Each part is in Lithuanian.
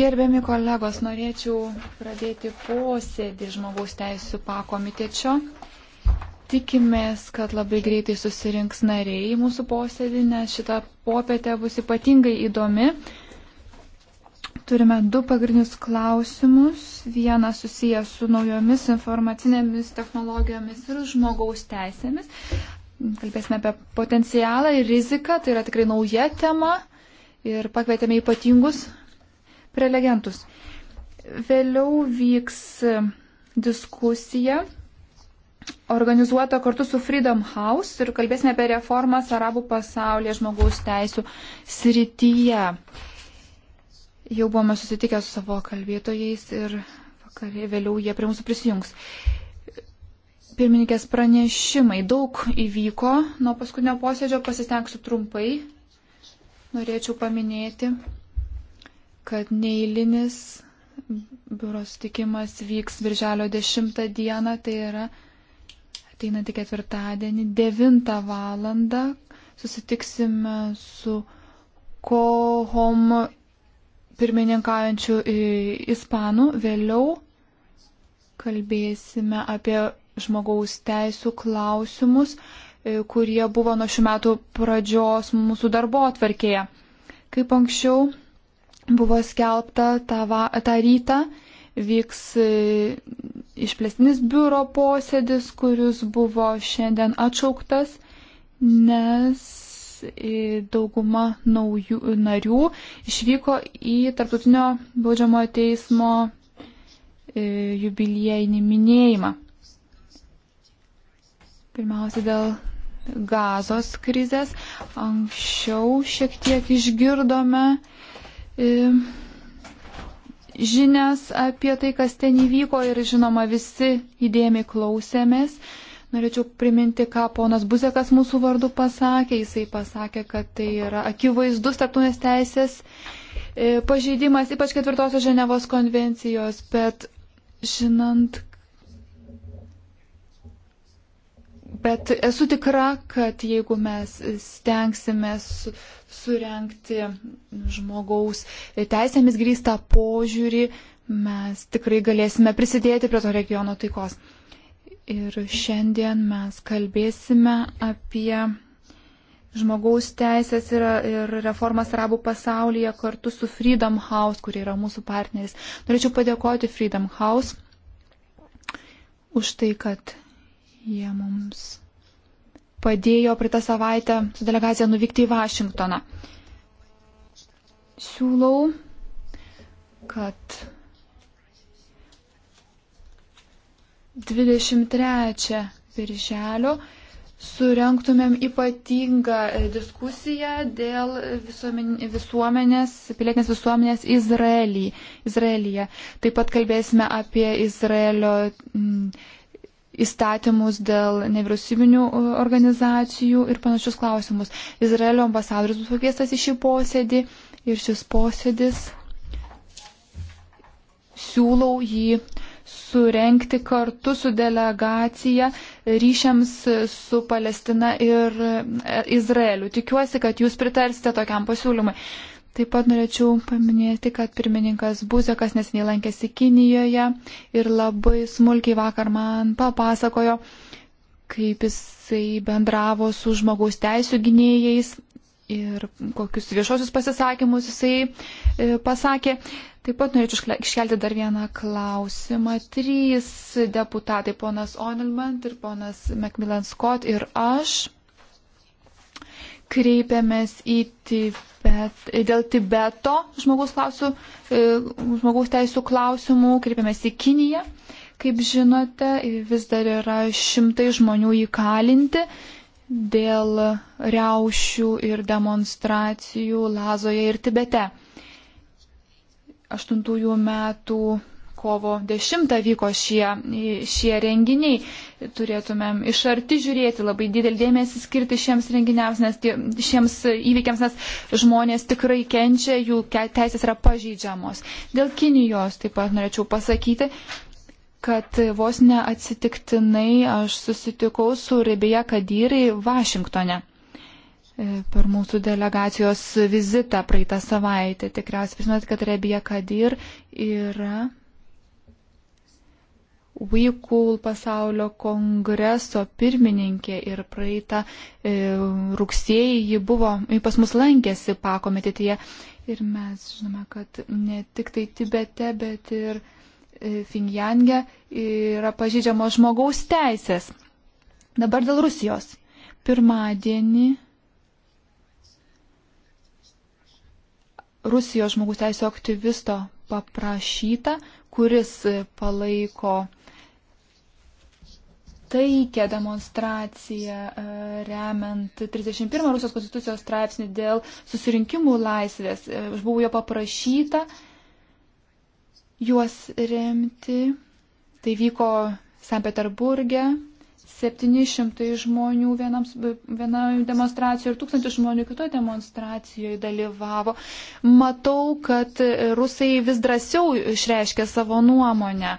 Gerbiami kolegos, norėčiau pradėti posėdį žmogaus teisų pakomitečio. Tikimės, kad labai greitai susirinks nariai į mūsų posėdį, nes šita popietė bus ypatingai įdomi. Turime du pagrindinius klausimus. Vienas susijęs su naujomis informacinėmis technologijomis ir žmogaus teisėmis kalbėsime apie potencialą ir riziką, tai yra tikrai nauja tema ir pakvietėme ypatingus prelegentus. Vėliau vyks diskusija organizuota kartu su Freedom House ir kalbėsime apie reformas arabų pasaulyje žmogaus teisų srityje. Jau buvome susitikę su savo kalbėtojais ir vakarė, vėliau jie prie mūsų prisijungs. Pirmininkės pranešimai daug įvyko nuo paskutinio posėdžio, pasistengsiu trumpai norėčiau paminėti, kad neįlinis biuro sutikimas vyks birželio 10 dieną, tai yra ateinantį ketvirtadienį 9 valandą. Susitiksime su kohom pirmininkaujančių ispanų. Vėliau kalbėsime apie žmogaus teisų klausimus E, kurie buvo nuo šių metų pradžios mūsų darbo atverkėje. Kaip anksčiau buvo skelbta tą, va, tą rytą, vyks e, išplėsnis biuro posėdis, kuris buvo šiandien atšauktas, nes e, dauguma naujų narių išvyko į Tartutinio baudžiamojo teismo jubiliejinį minėjimą. Pirmiausia, dėl gazos krizės. Anksčiau šiek tiek išgirdome e, žinias apie tai, kas ten įvyko ir žinoma visi įdėmiai klausėmės. Norėčiau priminti, ką ponas Buzekas mūsų vardu pasakė. Jisai pasakė, kad tai yra akivaizdus tarptautinės teisės e, pažeidimas, ypač ketvirtosios Ženevos konvencijos, bet žinant, Bet esu tikra, kad jeigu mes stengsime su, surenkti žmogaus teisėmis grįstą požiūrį, mes tikrai galėsime prisidėti prie to regiono taikos. Ir šiandien mes kalbėsime apie žmogaus teisės ir, ir reformas arabų pasaulyje kartu su Freedom House, kurie yra mūsų partneris. Norėčiau padėkoti Freedom House už tai, kad Jie mums padėjo praeitą savaitę su delegacija nuvykti į Vašingtoną. Siūlau, kad 23 birželio surenktumėm ypatingą diskusiją dėl visuomenės, pilietinės visuomenės Izraelį, Izraelyje. Taip pat kalbėsime apie Izraelio įstatymus dėl nevyriausybinių e, organizacijų ir panašius klausimus. Izraelio ambasadoris bus pakviestas į šį posėdį ir šis posėdis siūlau jį surenkti kartu su delegacija ryšiams su Palestina ir e, Izraeliu. Tikiuosi, kad jūs pritarsite tokiam pasiūlymui. Taip pat norėčiau paminėti, kad pirmininkas Buzekas nesiniai lankėsi Kinijoje ir labai smulkiai vakar man papasakojo, kaip jisai bendravo su žmogaus teisų gynėjais ir kokius viešosius pasisakymus jisai e, pasakė. Taip pat norėčiau iškelti dar vieną klausimą. Trys deputatai, ponas Onelman ir ponas Macmillan Scott ir aš kreipėmės į Tibet, dėl Tibeto žmogaus, klausiu, e, žmogaus teisų klausimų, kreipėmės į Kiniją. Kaip žinote, vis dar yra šimtai žmonių įkalinti dėl riaušių ir demonstracijų Lazoje ir Tibete. Aštuntųjų metų kovo 10 vyko šie, šie renginiai. Turėtumėm iš arti žiūrėti, labai didelį dėmesį skirti šiems renginiams, nes tie, šiems įvykiams, nes žmonės tikrai kenčia, jų teisės yra pažydžiamos. Dėl Kinijos taip pat norėčiau pasakyti, kad vos neatsitiktinai aš susitikau su Rebija Kadyrai Vašingtone e, per mūsų delegacijos vizitą praeitą savaitę. Tikriausiai prisimenat, kad Rebija Kadyr yra Weekul pasaulio kongreso pirmininkė ir praeitą e, rugsėjį ji buvo, ji pas mus lankėsi pakomitėtėje. Ir mes žinome, kad ne tik tai Tibete, bet ir e, Finjange yra pažydžiamos žmogaus teisės. Dabar dėl Rusijos. Pirmadienį Rusijos žmogus teisų aktyvisto paprašyta, kuris palaiko taikę demonstraciją e, remiant 31 Rusijos konstitucijos straipsnį dėl susirinkimų laisvės. E, aš buvau jo paprašyta juos remti. Tai vyko Sankt Peterburgė, 700 žmonių vienam, vienam demonstracijoje ir 1000 žmonių kitoje demonstracijoje dalyvavo. Matau, kad e, rusai vis drąsiau išreiškia savo nuomonę.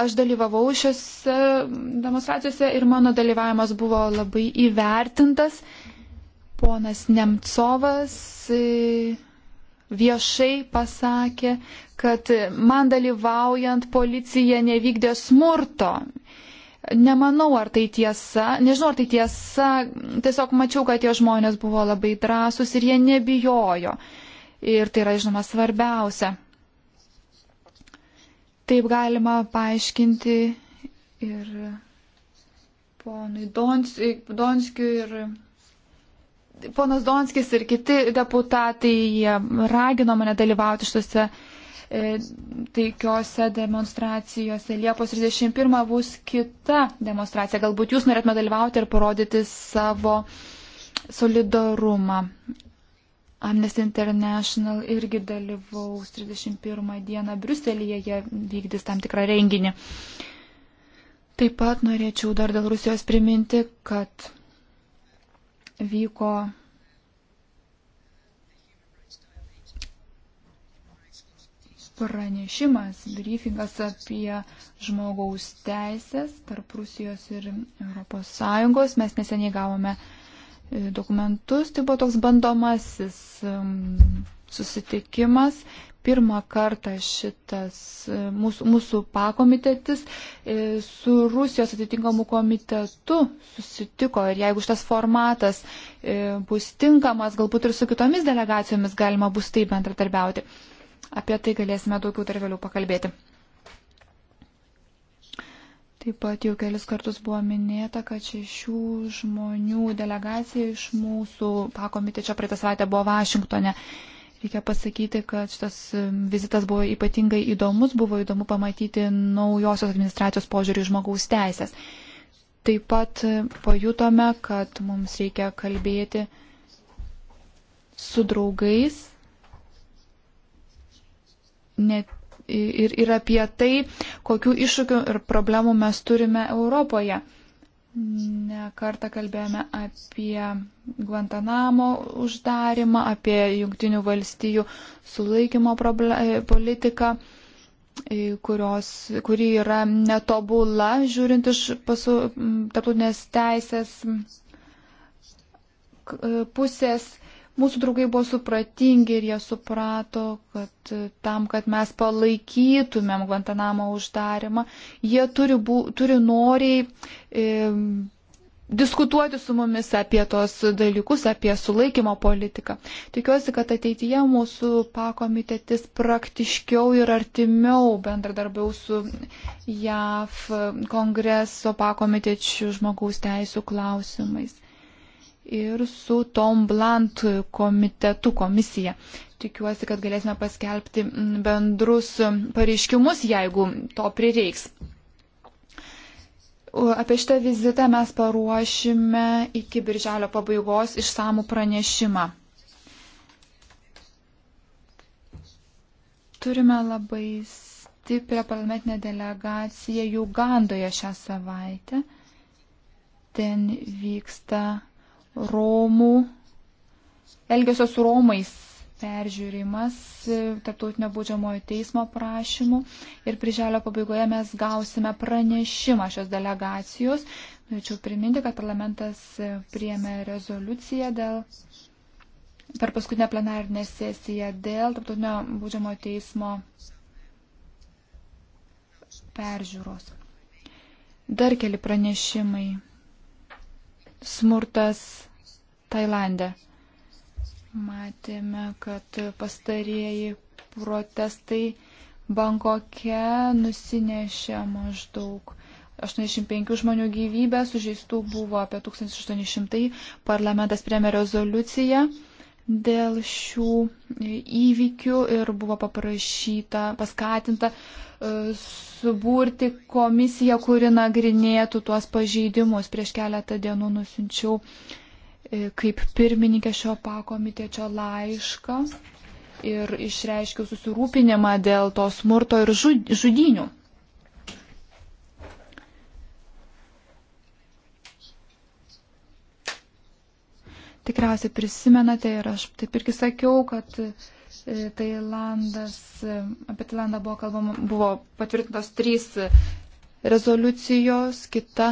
Aš dalyvavau šiuose demonstracijose ir mano dalyvavimas buvo labai įvertintas. Ponas Nemcovas e, viešai pasakė, kad man dalyvaujant policija nevykdė smurto. Nemanau, ar tai tiesa, nežinau, ar tai tiesa, tiesiog mačiau, kad tie žmonės buvo labai drąsūs ir jie nebijojo. Ir tai yra, žinoma, svarbiausia. Taip galima paaiškinti ir ponui Donskiu ir ponas Donskis ir kiti deputatai, jie ragino mane dalyvauti šiuose e, taikiose demonstracijose. Liepos 31 bus kita demonstracija. Galbūt jūs norėtume dalyvauti ir parodyti savo solidarumą. Amnesty International irgi dalyvaus 31 dieną Bruselėje, jie vykdys tam tikrą renginį. Taip pat norėčiau dar dėl Rusijos priminti, kad vyko pranešimas, briefingas apie žmogaus teisės tarp Rusijos ir ES. Mes neseniai gavome uh, dokumentus. Tai buvo toks bandomasis um, susitikimas. Pirmą kartą šitas um, mūsų, mūsų pakomitetis e, su Rusijos atitinkamu komitetu susitiko ir jeigu šitas formatas e, bus tinkamas, galbūt ir su kitomis delegacijomis galima bus taip bendratarbiauti. Apie tai galėsime daugiau dar vėliau pakalbėti. Taip pat jau kelis kartus buvo minėta, kad šešių žmonių delegacija iš mūsų pakomitečio praeitą savaitę buvo Vašingtone. Reikia pasakyti, kad šitas vizitas buvo ypatingai įdomus, buvo įdomu pamatyti naujosios administracijos požiūrį žmogaus teisės. Taip pat pajutome, kad mums reikia kalbėti su draugais, net ir, ir apie tai, kokių iššūkių ir problemų mes turime Europoje. Nekartą kalbėjome apie Guantanamo uždarimą, apie Junktinių valstijų sulaikymo politiką, kurios, kuri yra netobula, žiūrint iš tarptautinės teisės e, pusės Mūsų draugai buvo supratingi ir jie suprato, kad e, tam, kad mes palaikytumėm Guantanamo uždarimą, jie turi, bū, turi noriai e, diskutuoti su mumis apie tos dalykus, apie sulaikymo politiką. Tikiuosi, kad ateityje mūsų pakomitetis praktiškiau ir artimiau bendradarbiau su JAV kongreso pakomitečių žmogaus teisų klausimais ir su Tom Blant komitetu komisija. Tikiuosi, kad galėsime paskelbti bendrus pareiškimus, jeigu to prireiks. Apie šitą vizitą mes paruošime iki birželio pabaigos išsamų pranešimą. Turime labai stiprią parlamentinę delegaciją Jugandoje šią savaitę. Ten vyksta Romų, elgesio su Romais peržiūrimas tarptautinio būdžiamojo teismo prašymų ir priželio pabaigoje mes gausime pranešimą šios delegacijos. Norėčiau priminti, kad parlamentas priėmė rezoliuciją dėl per paskutinę plenarinę sesiją dėl tarptautinio būdžiamojo teismo peržiūros. Dar keli pranešimai smurtas Tailandė. Matėme, kad pastarieji protestai Bankoke nusinešė maždaug 85 žmonių gyvybę, sužeistų buvo apie 1800, parlamentas priemė rezoliuciją dėl šių įvykių ir buvo paprašyta, paskatinta e, suburti komisiją, kuri nagrinėtų tuos pažeidimus. Prieš keletą dienų nusinčiau e, kaip pirmininkė šio pakomitečio laišką ir išreiškiau susirūpinimą dėl to smurto ir žudinių. tikriausiai prisimenate ir aš taip irgi sakiau, kad e, Tailandas, e, apie Tailandą buvo kalbama, buvo patvirtintos trys rezoliucijos, kita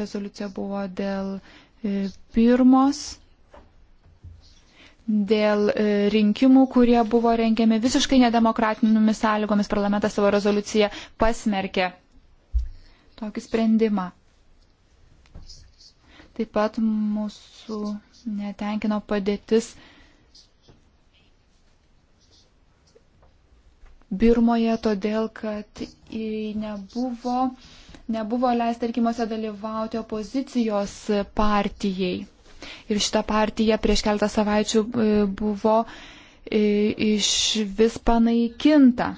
rezoliucija buvo dėl e, pirmos, dėl rinkimų, kurie buvo rengiami visiškai nedemokratinėmis sąlygomis, parlamentas savo rezoliuciją pasmerkė tokį sprendimą. Taip pat mūsų netenkino padėtis Birmoje, todėl kad nebuvo, nebuvo leista rinkimuose dalyvauti opozicijos partijai. Ir šita partija prieš keletą savaičių e, buvo e, iš vis panaikinta.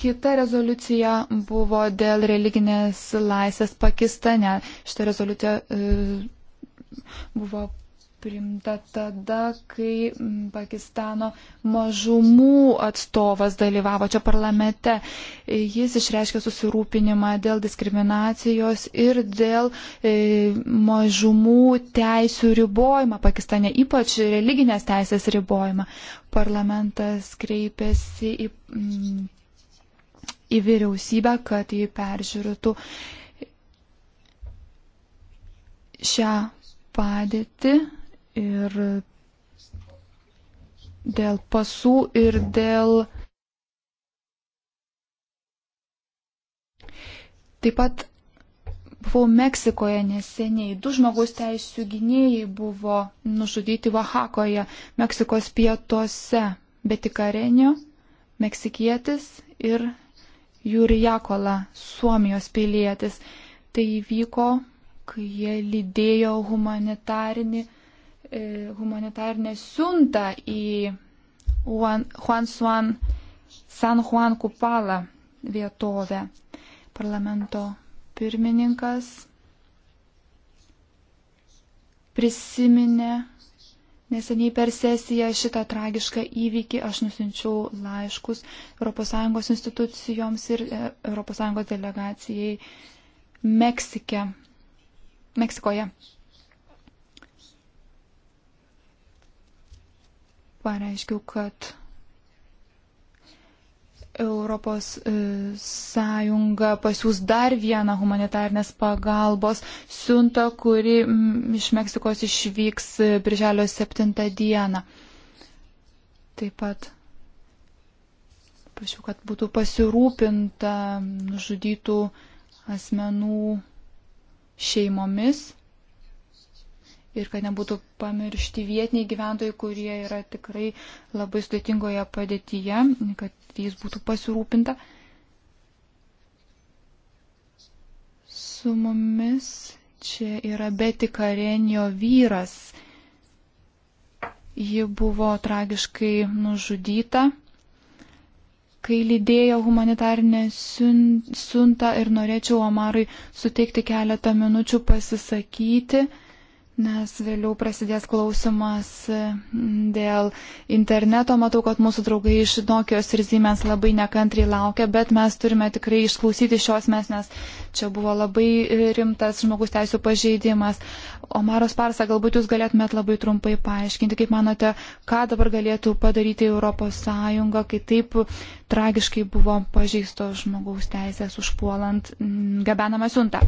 Kita rezoliucija buvo dėl religinės laisvės Pakistane. Šitą rezoliuciją e, buvo primta tada, kai Pakistano mažumų atstovas dalyvavo čia parlamente. Jis išreiškė susirūpinimą dėl diskriminacijos ir dėl e, mažumų teisų ribojimą Pakistane, ypač religinės teisės ribojimą. Parlamentas kreipėsi į. Mm, į vyriausybę, kad jį peržiūrėtų šią padėtį ir dėl pasų ir dėl. Taip pat buvau Meksikoje neseniai. Du žmogaus teisų gynėjai buvo nužudyti Oaxakoje, Meksikos pietuose. Betikarenio, meksikietis ir Jurijakola, Suomijos pilietis. Tai įvyko, kai jie lydėjo humanitarinį, e, humanitarinę siuntą į Juan, Juan Suan, San Juan Kupala vietovę. Parlamento pirmininkas prisiminė Neseniai per sesiją šitą tragišką įvykį aš nusinčiau laiškus ES institucijoms ir ES delegacijai Meksike, Meksikoje. Pareiškiau, kad Europos e, Sąjunga pasiūs dar vieną humanitarnės pagalbos siuntą, kuri iš Meksikos išvyks e, birželio 7 dieną. Taip pat prašiau, kad būtų pasirūpinta nužudytų asmenų šeimomis ir kad nebūtų pamiršti vietiniai gyventojai, kurie yra tikrai labai sudėtingoje padėtyje, kad jais būtų pasirūpinta. Su mumis čia yra Beti Karenio vyras. Ji buvo tragiškai nužudyta, kai lydėjo humanitarinę siuntą ir norėčiau Omarai suteikti keletą minučių pasisakyti nes vėliau prasidės klausimas mm, dėl interneto. Matau, kad mūsų draugai iš Nokijos ir Zymens labai nekantriai laukia, bet mes turime tikrai išklausyti šios mes, nes čia buvo labai rimtas žmogus teisų pažeidimas. O Maros Parsa, galbūt jūs galėtumėt labai trumpai paaiškinti, kaip manote, ką dabar galėtų padaryti ES, kai taip tragiškai buvo pažeistos žmogaus teisės užpuolant mm, gabenamą siuntą.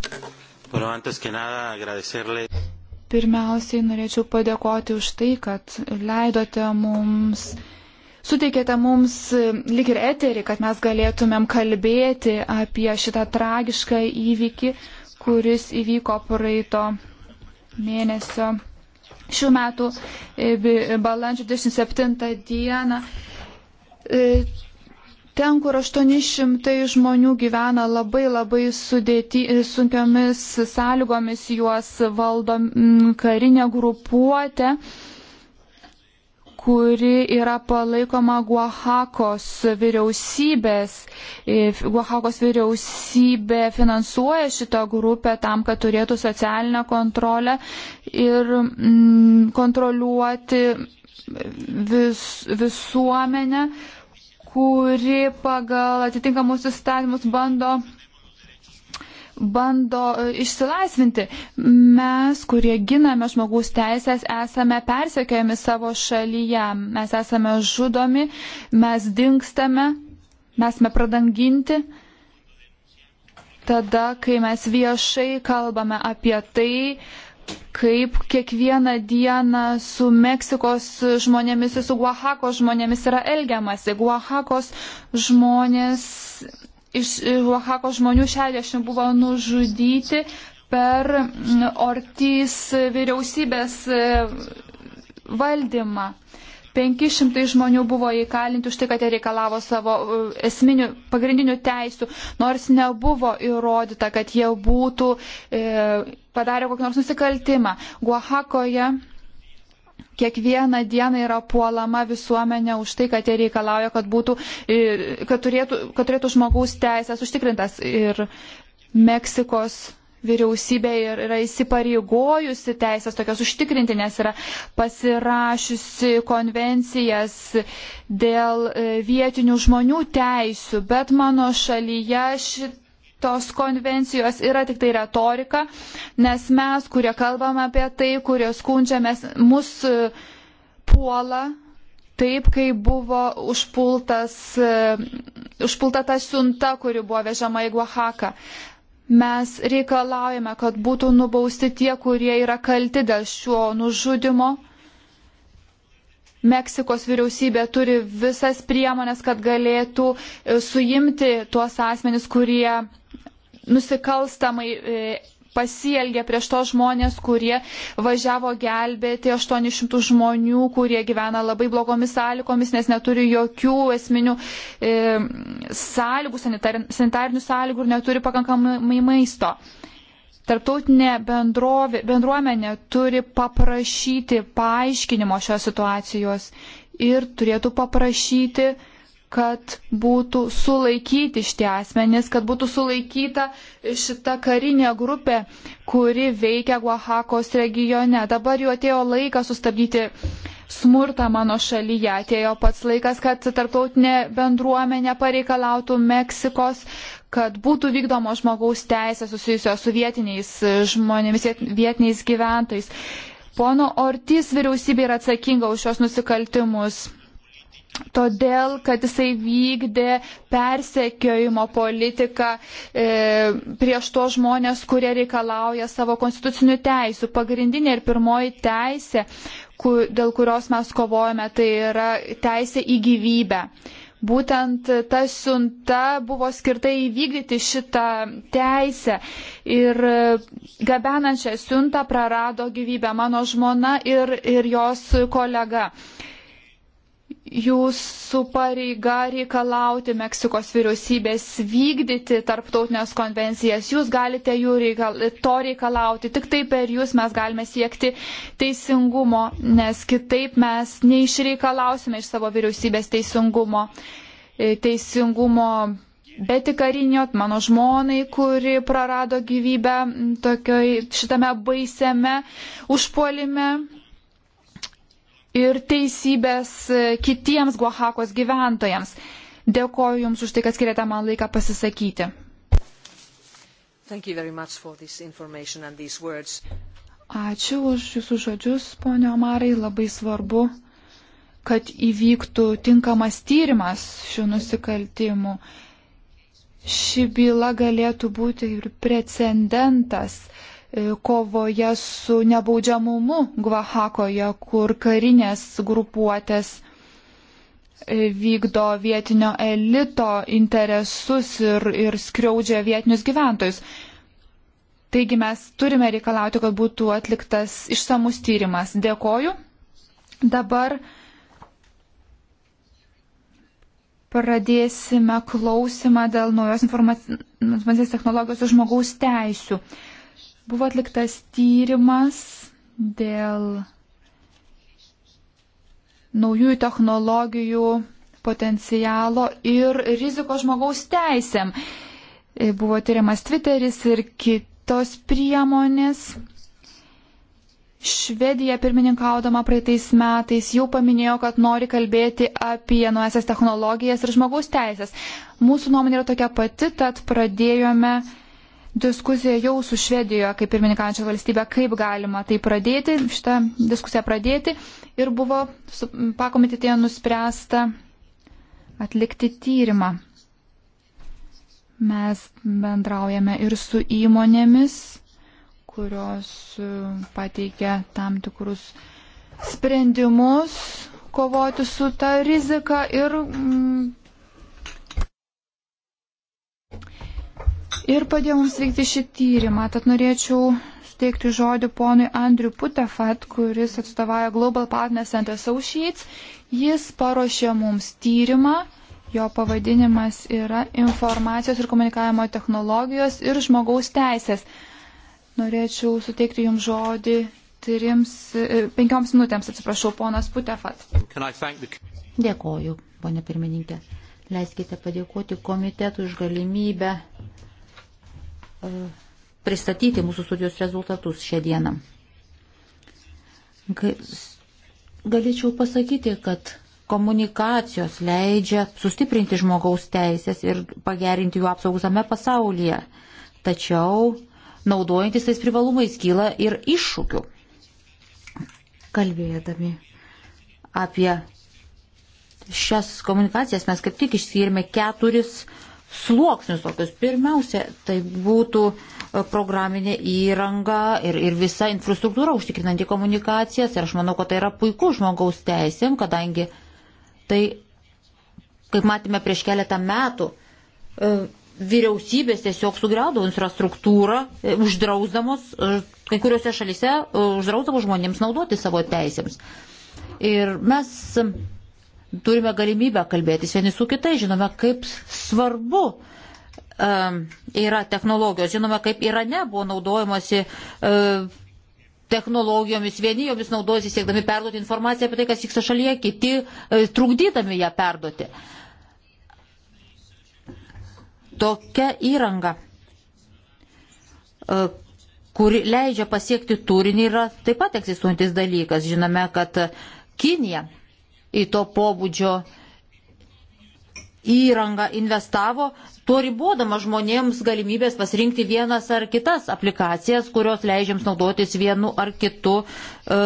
Bueno, antes que nada agradecerle. Pirmiausiai norėčiau padėkoti už tai, kad leidote mums, suteikėte mums lik ir eterį, kad mes galėtumėm kalbėti apie šitą tragišką įvykį, kuris įvyko praeito mėnesio šių metų e, balandžio 27 dieną. E, Ten, kur 800 žmonių gyvena labai labai sudėti, sunkiomis sąlygomis, juos valdo mm, karinė grupuotė kuri yra palaikoma Guahakos vyriausybės. Guahakos e, vyriausybė finansuoja šitą grupę tam, kad turėtų socialinę kontrolę ir mm, kontroliuoti vis, visuomenę kuri pagal atitinkamus įstatymus bando bando e, išsilaisvinti. Mes, kurie giname žmogaus teisės, esame persekiojami savo šalyje, mes esame žudomi, mes dinkstame, mes esame pradanginti. Tada, kai mes viešai kalbame apie tai, kaip kiekvieną dieną su Meksikos žmonėmis ir su Guahakos žmonėmis yra elgiamasi. Guahakos žmonės, iš Guahakos žmonių 60 buvo nužudyti per mm, Ortys vyriausybės e, valdymą. 500 žmonių buvo įkalinti už tai, kad jie reikalavo savo uh, esminių pagrindinių teisų, nors nebuvo įrodyta, kad jie būtų e, padarę kokį nors nusikaltimą. Guahakoje kiekvieną dieną yra puolama visuomenė už tai, kad jie reikalauja, kad, būtų, e, kad, turėtų, kad turėtų žmogaus teisės užtikrintas ir Meksikos vyriausybė yra įsipareigojusi teisės tokias užtikrinti, nes yra pasirašiusi konvencijas dėl e, vietinių žmonių teisų, bet mano šalyje šitą tos konvencijos yra tik tai retorika, nes mes, kurie kalbame apie tai, kurie skundžiamės, mus e, puola taip, kai buvo užpultas, e, užpulta ta siunta, kuri buvo vežama į Guahaką. Mes reikalaujame, kad būtų nubausti tie, kurie yra kalti dėl šio nužudimo. Meksikos vyriausybė turi visas priemonės, kad galėtų e, suimti tuos asmenys, kurie nusikalstamai e, pasielgė prieš to žmonės, kurie važiavo gelbėti 800 žmonių, kurie gyvena labai blogomis sąlygomis, nes neturi jokių esminių e, sąlygų, sanitar, sanitarinių sąlygų ir neturi pakankamai maisto. Tarptautinė bendrovė, bendruomenė turi paprašyti paaiškinimo šios situacijos ir turėtų paprašyti kad būtų sulaikyti šitie asmenys, kad būtų sulaikyta šita karinė grupė, kuri veikia Oaxakos regione. Dabar jau atėjo laikas sustabdyti smurtą mano šalyje. Atėjo pats laikas, kad tarptautinė bendruomenė pareikalautų Meksikos, kad būtų vykdomo žmogaus teisės susijusios su vietiniais žmonėmis, vietiniais gyventojais. Pono Ortis vyriausybė yra atsakinga už šios nusikaltimus todėl, kad jisai vykdė persekiojimo politiką e, prieš to žmonės, kurie reikalauja savo konstitucinių teisų. Pagrindinė ir pirmoji teisė, kur, dėl kurios mes kovojame, tai yra teisė į gyvybę. Būtent ta siunta buvo skirta įvykdyti šitą teisę ir gabenant šią siuntą prarado gyvybę mano žmona ir, ir jos kolega. E, jūsų pareiga reikalauti Meksikos vyriausybės vykdyti tarptautinės konvencijas. Jūs galite reikal, to reikalauti. Tik taip per jūs mes galime siekti teisingumo, nes kitaip mes neišreikalausime iš savo vyriausybės teisingumo. E, teisingumo Beti Karinio, mano žmonai, kuri prarado gyvybę tokioj, šitame baisiame užpuolime ir teisybės kitiems Guahakos gyventojams. Dėkoju Jums už tai, kad skiriate man laiką pasisakyti. Ačiū už Jūsų žodžius, ponio Omarai. Labai svarbu, kad įvyktų tinkamas tyrimas šių nusikaltimų. Ši byla galėtų būti ir precedentas uh, E, kovoje su nebaudžiamumu Gvahakoje, kur karinės grupuotės e, vykdo vietinio elito interesus ir, ir skriaudžia vietinius gyventojus. Taigi mes turime reikalauti, kad būtų atliktas išsamus tyrimas. Dėkoju. Dabar pradėsime klausimą dėl naujos informacinės technologijos ir žmogaus teisių. Buvo atliktas tyrimas dėl naujųjų technologijų potencialo ir riziko žmogaus teisėm. E, Buvo tyriamas Twitteris ir kitos priemonės. Švedija pirmininkaudama praeitais metais jau paminėjo, kad nori kalbėti apie nuesias technologijas ir žmogaus teisės. Mūsų nuomonė yra tokia pati, tad pradėjome diskusiją jau su Švedijoje, kaip pirmininkančia valstybė, kaip galima tai pradėti, šitą diskusiją pradėti. Ir buvo pakomitetėje nuspręsta atlikti tyrimą. Mes bendraujame ir su įmonėmis, kurios e, pateikia tam tikrus sprendimus kovoti su ta rizika ir. Mm, ir padėjo mums veikti šį tyrimą. Tad norėčiau suteikti žodį ponui Andriu Putefat, kuris atstovauja Global Partners and Associates. Jis paruošė mums tyrimą. Jo pavadinimas yra informacijos ir komunikavimo technologijos ir žmogaus teisės. Norėčiau suteikti jums žodį trims, e, penkioms minutėms, atsiprašau, ponas Putefat. Dėkoju, ponė pirmininkė. Leiskite padėkoti komitetui už galimybę pristatyti mūsų studijos rezultatus šią dieną. Galėčiau pasakyti, kad komunikacijos leidžia sustiprinti žmogaus teisės ir pagerinti jų apsaugą tame pasaulyje. Tačiau naudojantis tais privalumais kyla ir iššūkių. Kalbėdami apie šias komunikacijas mes kaip tik išskyrėme keturis uh, sluoksnius tokius. Pirmiausia, tai būtų e, programinė įranga ir, ir visa infrastruktūra užtikrinanti komunikacijas. Ir aš manau, kad tai yra puiku žmogaus teisėm, kadangi tai, kaip matėme prieš keletą metų, e, vyriausybės tiesiog sugriaudavo infrastruktūrą, e, uždrausdamos, kai kuriuose šalise uždrausdavo žmonėms naudoti savo teisėms. Ir mes turime galimybę kalbėtis vieni su kitais, žinome, kaip svarbu um, yra technologijos, žinome, kaip Irane buvo naudojamasi um, technologijomis, vieni jomis naudojasi siekdami perduoti informaciją apie tai, kas vyksta šalyje, kiti um, trukdydami ją perduoti. Tokia įranga, um, kuri leidžia pasiekti turinį, yra taip pat egzistuojantis dalykas. Žinome, kad Kinija į to pobūdžio įrangą investavo, tuo ribodama žmonėms galimybės pasirinkti vienas ar kitas aplikacijas, kurios leidžiams naudotis vienu ar kitu, e,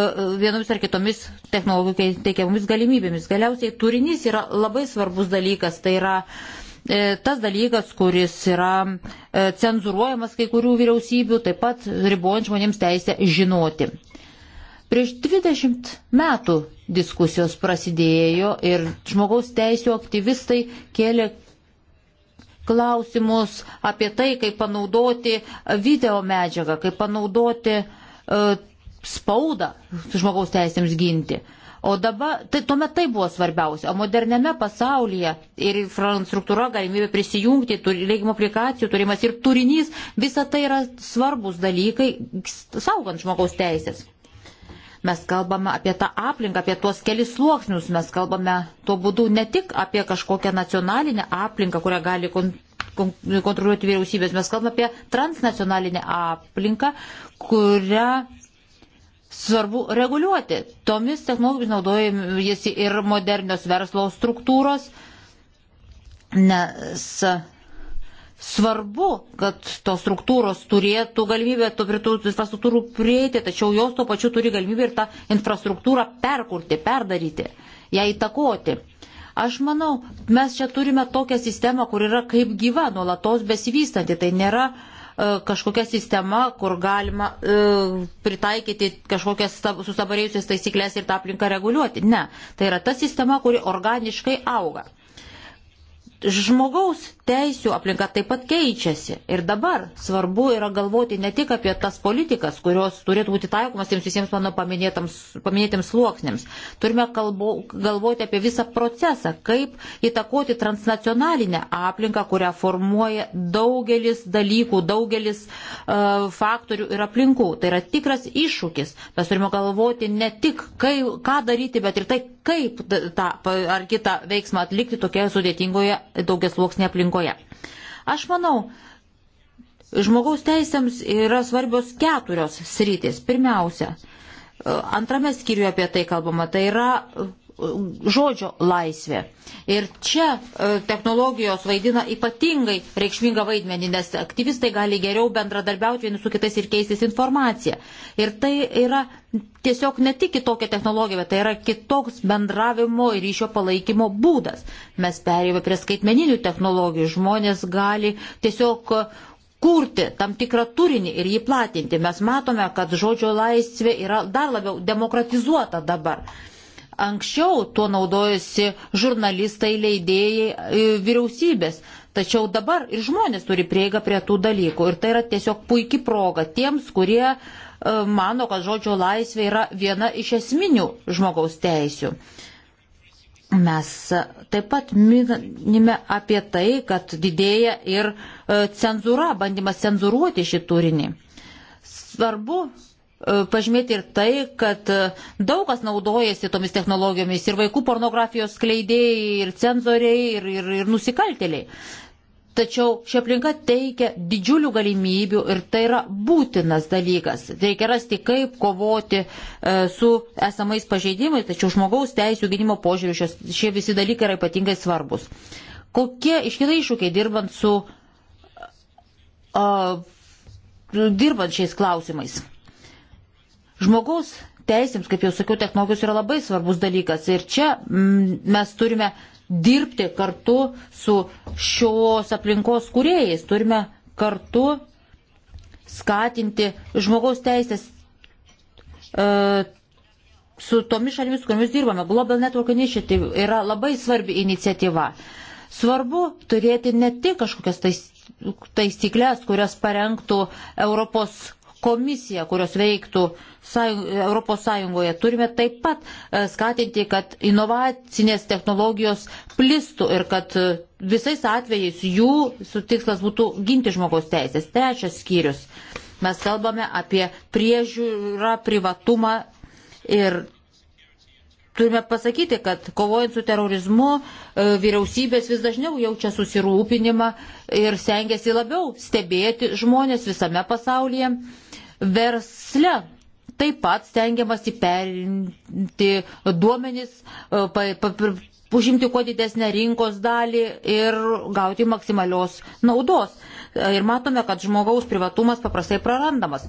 vienomis ar kitomis technologijų teikiamomis galimybėmis. Galiausiai turinys yra labai svarbus dalykas, tai yra e, tas dalykas, kuris yra e, cenzuruojamas kai kurių vyriausybių, taip pat ribojant žmonėms teisę žinoti. Prieš 20 metų diskusijos prasidėjo ir žmogaus teisų aktyvistai kėlė klausimus apie tai, kaip panaudoti video medžiagą, kaip panaudoti uh, spaudą žmogaus teisėms ginti. O dabar, tai tuomet tai buvo svarbiausia, o moderniame pasaulyje ir infrastruktūra, galimybė prisijungti, leidimo aplikacijų turimas ir turinys, visa tai yra svarbus dalykai, saugant žmogaus teisės. Mes kalbame apie tą aplinką, apie tuos kelis sluoksnius, mes kalbame tuo būdu ne tik apie kažkokią nacionalinę aplinką, kurią gali kon kon kontroliuoti vyriausybės, mes kalbame apie transnacionalinę aplinką, kurią svarbu reguliuoti. Tomis technologijomis naudojasi ir modernios verslo struktūros, nes Svarbu, kad tos struktūros turėtų galimybę to prie tų infrastruktūrų prieiti, tačiau jos tuo pačiu turi galimybę ir tą infrastruktūrą perkurti, perdaryti, ją įtakoti. Aš manau, mes čia turime tokią sistemą, kur yra kaip gyva, nuolatos besivystanti. Tai nėra e, kažkokia sistema, kur galima e, pritaikyti kažkokias sustabarėjusias taisyklės ir tą aplinką reguliuoti. Ne, tai yra ta sistema, kuri organiškai auga. Žmogaus teisių aplinka taip pat keičiasi. Ir dabar svarbu yra galvoti ne tik apie tas politikas, kurios turėtų būti taikomas tiems visiems mano paminėtiems sluoksnėms. Turime kalbo, galvoti apie visą procesą, kaip įtakoti transnacionalinę aplinką, kurią formuoja daugelis dalykų, daugelis uh, faktorių ir aplinkų. Tai yra tikras iššūkis. Mes turime galvoti ne tik, kai, ką daryti, bet ir tai, kaip tą ar kitą veiksmą atlikti tokioje sudėtingoje daugiasluoksnėje aplinkoje aplinkoje. Aš manau, žmogaus teisėms yra svarbios keturios sritis. Pirmiausia, antrame skyriuje apie tai kalbama, tai yra E, žodžio laisvė. Ir čia e, technologijos vaidina ypatingai reikšmingą vaidmenį, nes aktyvistai gali geriau bendradarbiauti vieni su kitais ir keistis informaciją. Ir tai yra tiesiog ne tik kitokia technologija, bet tai yra kitoks bendravimo ir ryšio palaikymo būdas. Mes perėjome prie skaitmeninių technologijų, žmonės gali tiesiog e, kurti tam tikrą turinį ir jį platinti. Mes matome, kad žodžio laisvė yra dar labiau demokratizuota dabar. Anksčiau tuo naudojosi žurnalistai, leidėjai, e, vyriausybės. Tačiau dabar ir žmonės turi prieigą prie tų dalykų. Ir tai yra tiesiog puikia proga tiems, kurie e, mano, kad žodžio laisvė yra viena iš esminių žmogaus teisių. Mes e, taip pat minime apie tai, kad didėja ir cenzūra, bandymas cenzuruoti šį turinį. Svarbu E, pažymėti ir tai, kad e, daug kas naudojasi tomis technologijomis ir vaikų pornografijos skleidėjai, ir cenzoriai, ir, ir, ir nusikaltėliai. Tačiau ši aplinka teikia didžiulių galimybių ir tai yra būtinas dalykas. Reikia rasti, kaip kovoti e, su esamais pažeidimais, tačiau žmogaus teisų gynimo požiūriu šie visi dalykai yra ypatingai svarbus. Kokie iškilai iššūkiai dirbant su. E, dirbant šiais klausimais? Žmogaus teisėms, kaip jau sakiau, technologijos yra labai svarbus dalykas ir čia mm, mes turime dirbti kartu su šios aplinkos kuriejais, turime kartu skatinti žmogaus teisės e, su tomis šalimis, kuriomis dirbame. Global Network Initiative yra labai svarbi iniciatyva. Svarbu turėti ne tik kažkokias tais, taisyklės, kurias parengtų Europos komisiją, kurios veiktų Europos Sąjungoje. Turime taip pat e, skatinti, kad inovacinės technologijos plistų ir kad e, visais atvejais jų tikslas būtų ginti žmogaus teisės. Trečias skyrius. Mes kalbame apie priežiūrą, privatumą ir turime pasakyti, kad kovojant su terorizmu e, vyriausybės vis dažniau jaučia susirūpinimą ir stengiasi labiau stebėti žmonės visame pasaulyje. Versle taip pat stengiamasi perimti duomenis, e, pa, pa, užimti kuo didesnę rinkos dalį ir gauti maksimalios naudos. E, ir matome, kad žmogaus privatumas paprastai prarandamas.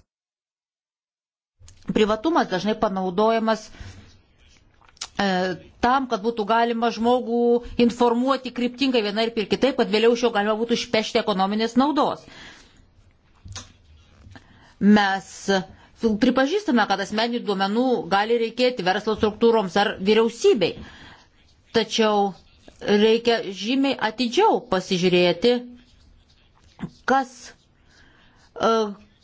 Privatumas dažnai panaudojamas e, tam, kad būtų galima žmogų informuoti kryptingai vienai ir kitaip, kad vėliau iš jo galima būtų išpešti ekonominės naudos. Mes pripažįstame, kad asmeninių duomenų gali reikėti verslo struktūroms ar vyriausybei. Tačiau reikia žymiai atidžiau pasižiūrėti, kas, e,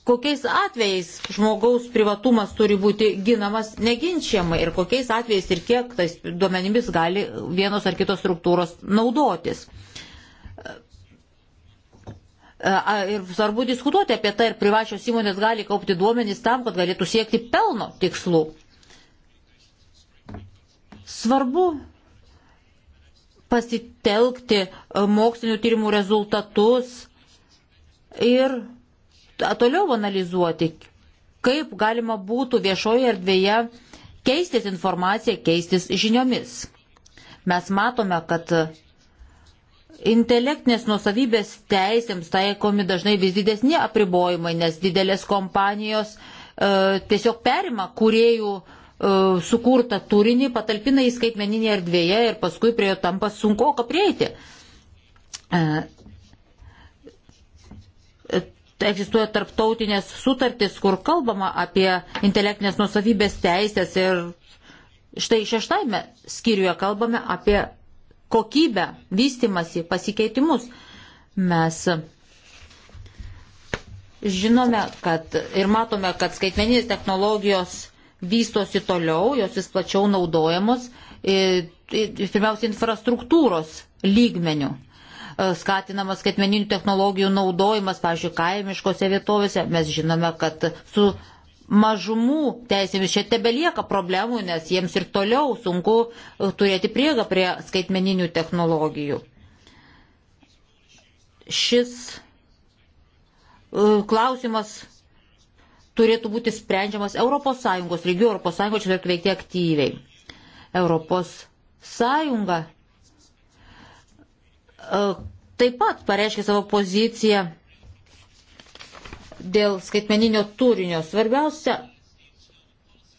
kokiais atvejais žmogaus privatumas turi būti ginamas neginčiamai ir kokiais atvejais ir kiek tais duomenimis gali vienos ar kitos struktūros naudotis. Ir svarbu diskutuoti apie tai, ar privačios įmonės gali kaupti duomenys tam, kad galėtų siekti pelno tikslų. Svarbu pasitelkti mokslinių tyrimų rezultatus ir toliau analizuoti, kaip galima būtų viešoje erdvėje keistis informacija, keistis žiniomis. Mes matome, kad Intelektinės nuosavybės teisėms taikomi dažnai vis didesni apribojimai, nes didelės kompanijos e, tiesiog perima kuriejų e, sukurtą turinį, patalpina į skaitmeninį erdvėje ir paskui prie jo tampa sunku prieiti. E, e, egzistuoja tarptautinės sutartys, kur kalbama apie intelektinės nusavybės teisės ir štai šeštame skyriuje kalbame apie kokybę, vystimasi, pasikeitimus. Mes žinome kad, ir matome, kad skaitmeninės technologijos vystosi toliau, jos vis plačiau naudojamos, pirmiausia, infrastruktūros lygmenių e, skatinamas skaitmeninių technologijų naudojimas, pavyzdžiui, kaimiškose vietovėse. Mes žinome, kad su mažumų teisėmis čia tebelieka problemų, nes jiems ir toliau sunku uh, turėti priegą prie skaitmeninių technologijų. Šis uh, klausimas turėtų būti sprendžiamas ES lygių, ES čia turėtų veikti aktyviai. ES uh, taip pat pareiškia savo poziciją dėl skaitmeninio turinio. Svarbiausia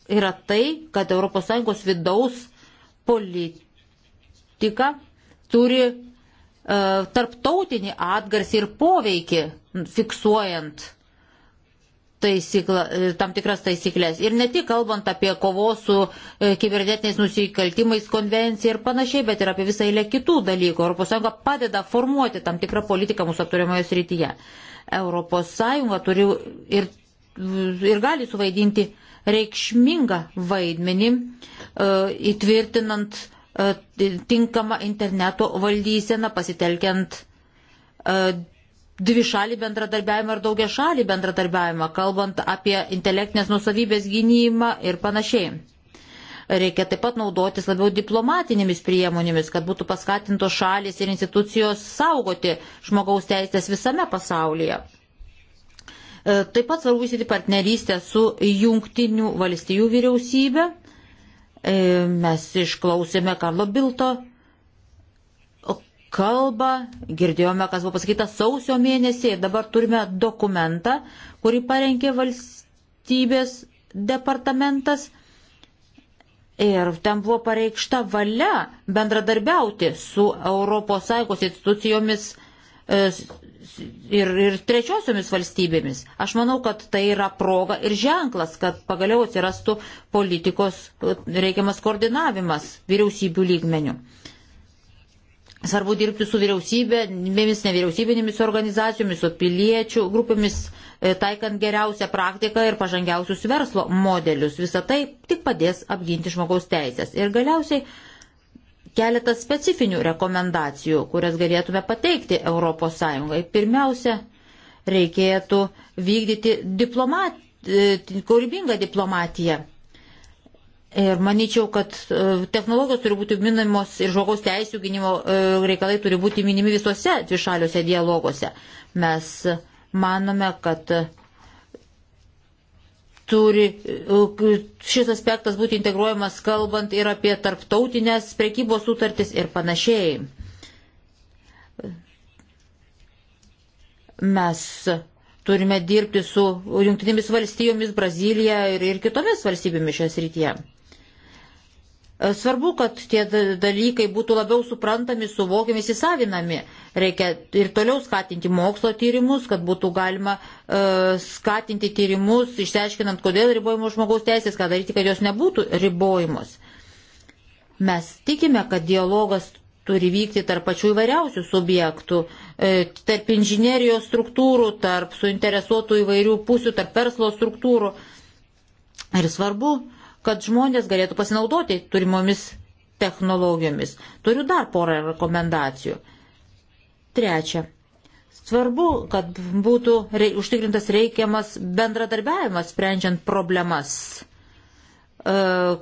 yra tai, kad ES vidaus politika turi e, tarptautinį atgarsį ir poveikį fiksuojant taisykla, e, tam tikras taisyklės. Ir ne tik kalbant apie kovos su e, kibernetiniais nusikaltimais konvenciją ir panašiai, bet ir apie visą eilę kitų dalykų. ES padeda formuoti tam tikrą politiką mūsų aptariamoje srityje. ES turi ir, ir gali suvaidinti reikšmingą vaidmenį e, įtvirtinant e, tinkamą interneto valdyseną, pasitelkiant e, dvišalį bendradarbiavimą ir daugia šalį bendradarbiavimą, kalbant apie intelektinės nusavybės gynimą ir panašiai. Reikia taip pat naudotis labiau diplomatinėmis priemonėmis, kad būtų paskatintos šalis ir institucijos saugoti žmogaus teisės visame pasaulyje. E, taip pat svarbu įsiti partnerystę su jungtinių valstijų vyriausybė. E, mes išklausėme Karlo Bilto kalbą, girdėjome, kas buvo pasakyta sausio mėnesį ir dabar turime dokumentą, kurį parengė valstybės departamentas Ir ten buvo pareikšta valia bendradarbiauti su ES institucijomis e, ir, ir trečiosiomis valstybėmis. Aš manau, kad tai yra proga ir ženklas, kad pagaliau atsirastų politikos e, reikiamas koordinavimas vyriausybių lygmenių. Svarbu dirbti su vyriausybėmis, nevyriausybinėmis organizacijomis, su piliečių grupėmis, E, taikant geriausią praktiką ir pažangiausius verslo modelius. Visą tai tik padės apginti žmogaus teisės. Ir galiausiai keletas specifinių rekomendacijų, kurias galėtume pateikti ES. Pirmiausia, reikėtų vykdyti diplomat, e, kūrybingą diplomatiją. Ir manyčiau, kad e, technologijos turi būti minimos ir žmogaus teisų gynimo reikalai turi būti minimi visuose dvišaliuose dialoguose. Mes manome, kad turi šis aspektas būti integruojamas, kalbant ir apie tarptautinės prekybos sutartis ir panašiai. Mes turime dirbti su jungtinėmis valstijomis, Brazilija ir, ir kitomis valstybėmis šios rytyje. E, svarbu, kad tie dalykai būtų labiau suprantami, suvokiami, įsisavinami. Reikia ir toliau skatinti mokslo tyrimus, kad būtų galima uh, skatinti tyrimus, išsiaiškinant, kodėl ribojamos žmogaus teisės, ką daryti, kad jos nebūtų ribojamos. Mes tikime, kad dialogas turi vykti tarp pačių įvairiausių subjektų, e, tarp inžinierijos struktūrų, tarp suinteresuotų įvairių pusių, tarp verslo struktūrų. Ir svarbu, kad žmonės galėtų pasinaudoti turimomis technologijomis. Turiu dar porą rekomendacijų. Trečia. Svarbu, kad būtų rei, užtikrintas reikiamas bendradarbiavimas sprendžiant problemas, e,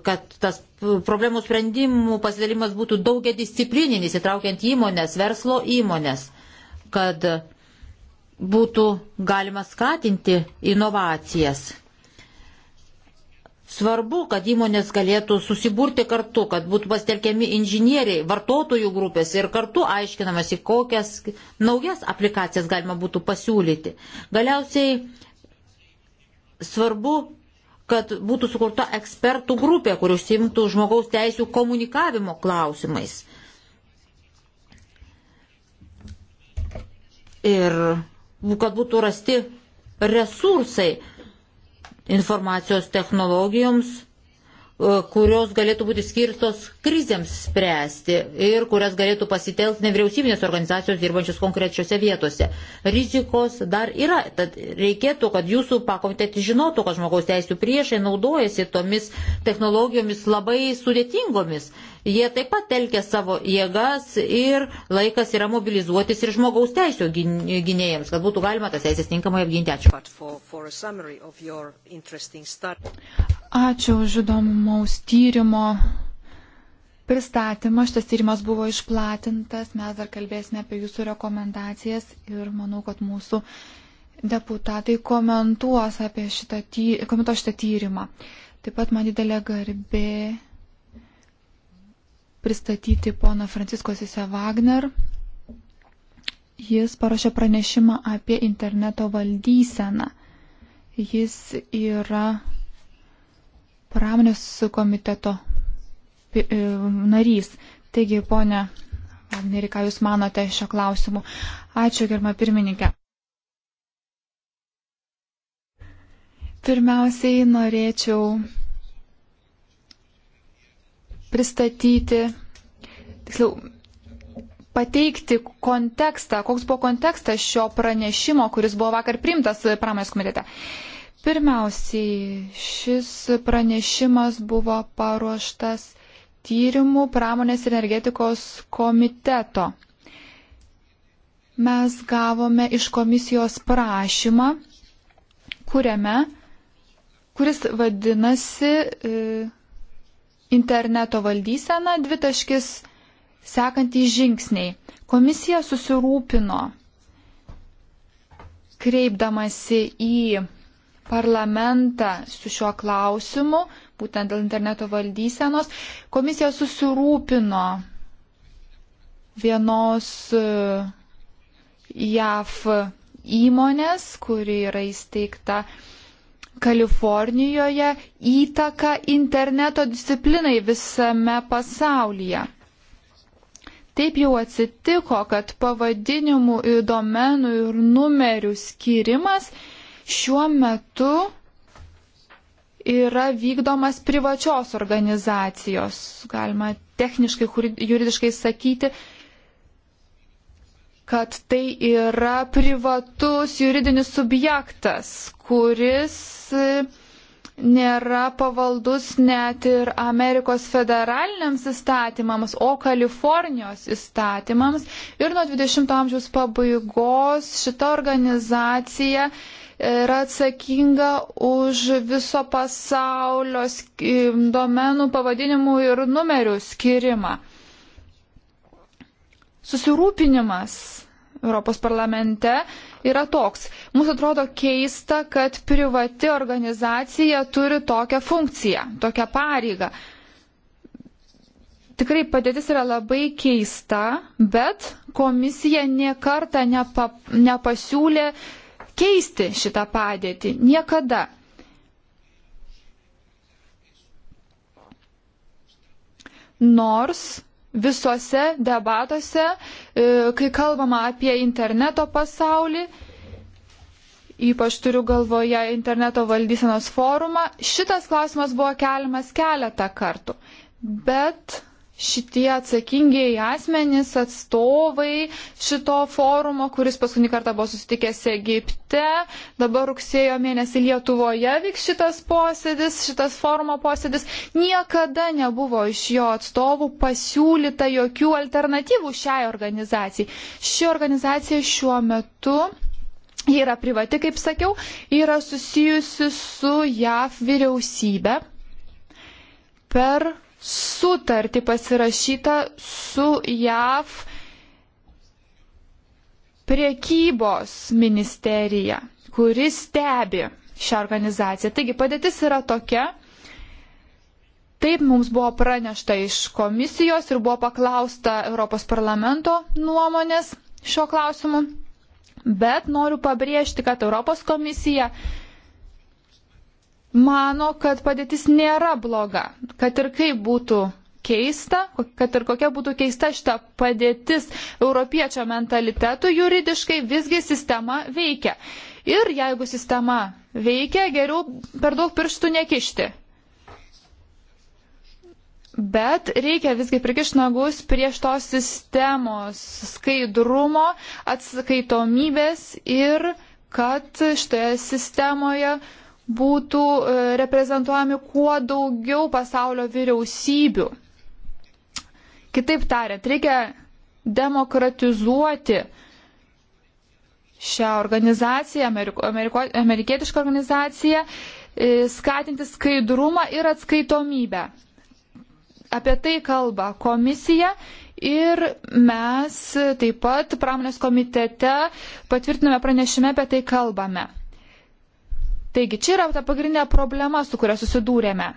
kad tas problemų sprendimų pasidalimas būtų daugia disciplininis, įtraukiant įmonės, verslo įmonės, kad būtų galima skatinti inovacijas Svarbu, kad įmonės galėtų susiburti kartu, kad būtų pasitelkiami inžinieriai, vartotojų grupės ir kartu aiškinamasi, kokias naujas aplikacijas galima būtų pasiūlyti. Galiausiai svarbu, kad būtų sukurta ekspertų grupė, kurios simtų žmogaus teisų komunikavimo klausimais. Ir kad būtų rasti resursai informacijos technologijoms, e, kurios galėtų būti skirtos krizėms spręsti ir kurias galėtų pasitelkti nevyriausybinės organizacijos dirbančios konkrečiose vietose. Rizikos dar yra, tad reikėtų, kad jūsų pakomitėti žinotų, kad žmogaus teisų priešai naudojasi tomis technologijomis labai sudėtingomis Jie taip pat telkia savo jėgas ir laikas yra mobilizuotis ir žmogaus teisų gynėjams, kad būtų galima tas teisės tinkamai apginti. Ačiū. Ačiū už įdomaus tyrimo pristatymą. Šitas tyrimas buvo išplatintas. Mes dar kalbėsime apie jūsų rekomendacijas ir manau, kad mūsų deputatai komentuos apie šitą, ty... komentuos šitą tyrimą. Taip pat man didelė garbė pristatyti pono Francisko Sise Wagner. Jis parašė pranešimą apie interneto valdyseną. Jis yra pramonės komiteto e, narys. Taigi, ponė Vagneri, ką Jūs manote šio klausimu? Ačiū, germa pirmininkė. Pirmiausiai norėčiau pristatyti, tiksliau, pateikti kontekstą, koks buvo kontekstas šio pranešimo, kuris buvo vakar priimtas pramonės komitete. Pirmiausiai, šis pranešimas buvo paruoštas tyrimų pramonės ir energetikos komiteto. Mes gavome iš komisijos prašymą, kuriame, kuris vadinasi. E, interneto valdysena, dvitaškis sekantys žingsniai. Komisija susirūpino, kreipdamasi į parlamentą su šiuo klausimu, būtent dėl interneto valdysenos, komisija susirūpino vienos e, JAF įmonės, kuri yra įsteigta uh, Kalifornijoje įtaką interneto disciplinai visame pasaulyje. Taip jau atsitiko, kad pavadinimų ir domenų ir numerių skirimas šiuo metu yra vykdomas privačios organizacijos, galima techniškai, juridiškai sakyti, kad tai yra privatus juridinis subjektas, kuris e, nėra pavaldus net ir Amerikos federaliniams įstatymams, o Kalifornijos įstatymams. Ir nuo 20-ojo amžiaus pabaigos šita organizacija yra atsakinga už viso pasaulio domenų pavadinimų ir numerių skirimą susirūpinimas Europos parlamente yra toks. Mums atrodo keista, kad privati organizacija turi tokią funkciją, tokią pareigą. Tikrai padėtis yra labai keista, bet komisija niekarta nepa, nepasiūlė keisti šitą padėtį. Niekada. Nors visuose debatuose, e, kai kalbama apie interneto pasaulį, ypač turiu galvoje interneto valdysenos forumą, šitas klausimas buvo keliamas keletą kartų. Bet šitie atsakingieji asmenys, atstovai šito forumo, kuris paskutinį kartą buvo susitikęs Egipte, dabar rugsėjo mėnesį Lietuvoje vyks šitas posėdis, šitas forumo posėdis, niekada nebuvo iš jo atstovų pasiūlyta jokių alternatyvų šiai organizacijai. Ši organizacija šiuo metu Ji yra privati, kaip sakiau, yra susijusi su JAV vyriausybė per sutartį pasirašytą su JAV priekybos ministerija, kuris stebi šią organizaciją. Taigi padėtis yra tokia. Taip mums buvo pranešta iš komisijos ir buvo paklausta Europos parlamento nuomonės šio klausimu. Bet noriu pabrėžti, kad Europos komisija mano, kad padėtis nėra bloga, kad ir kaip būtų keista, kad ir kokia būtų keista šita padėtis europiečio mentalitetų, juridiškai visgi sistema veikia. Ir jeigu sistema veikia, geriau per daug pirštų nekišti. Bet reikia visgi prikišti nagus prieš tos sistemos skaidrumo, atskaitomybės ir kad šitoje sistemoje uh, būtų e, reprezentuojami kuo daugiau pasaulio vyriausybių. Kitaip tariant, reikia demokratizuoti šią organizaciją, Ameriko, Ameriko, amerikietišką organizaciją, e, skatinti skaidrumą ir atskaitomybę. Apie tai kalba komisija ir mes taip pat pramonės komitete patvirtiname pranešime apie tai kalbame. Taigi čia yra ta pagrindinė problema, su kuria susidūrėme.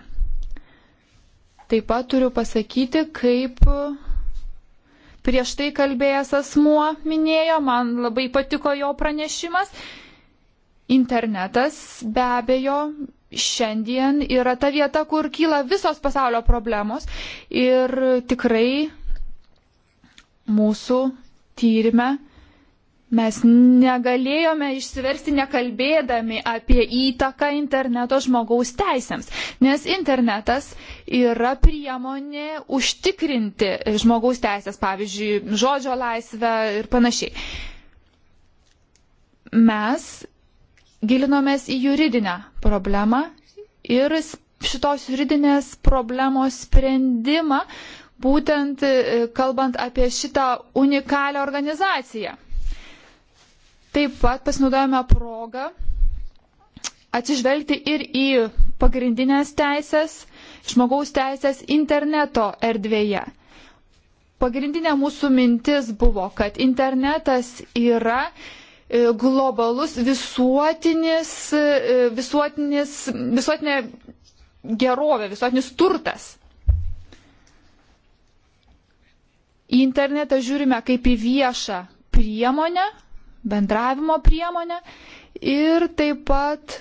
Taip pat turiu pasakyti, kaip prieš tai kalbėjęs asmuo minėjo, man labai patiko jo pranešimas. Internetas be abejo šiandien yra ta vieta, kur kyla visos pasaulio problemos ir tikrai mūsų tyrime Mes negalėjome išsiversti nekalbėdami apie įtaką interneto žmogaus teisėms, nes internetas yra priemonė užtikrinti žmogaus teisės, pavyzdžiui, žodžio laisvę ir panašiai. Mes gilinomės į juridinę problemą ir šitos juridinės problemos sprendimą, būtent e, kalbant apie šitą unikalią organizaciją. Taip pat pasinaudojame progą atsižvelgti ir į pagrindinės teisės, žmogaus teisės interneto erdvėje. Pagrindinė mūsų mintis buvo, kad internetas yra e, globalus visuotinis, e, visuotinis, visuotinė gerovė, visuotinis turtas. Į internetą žiūrime kaip į viešą priemonę, bendravimo priemonę ir taip pat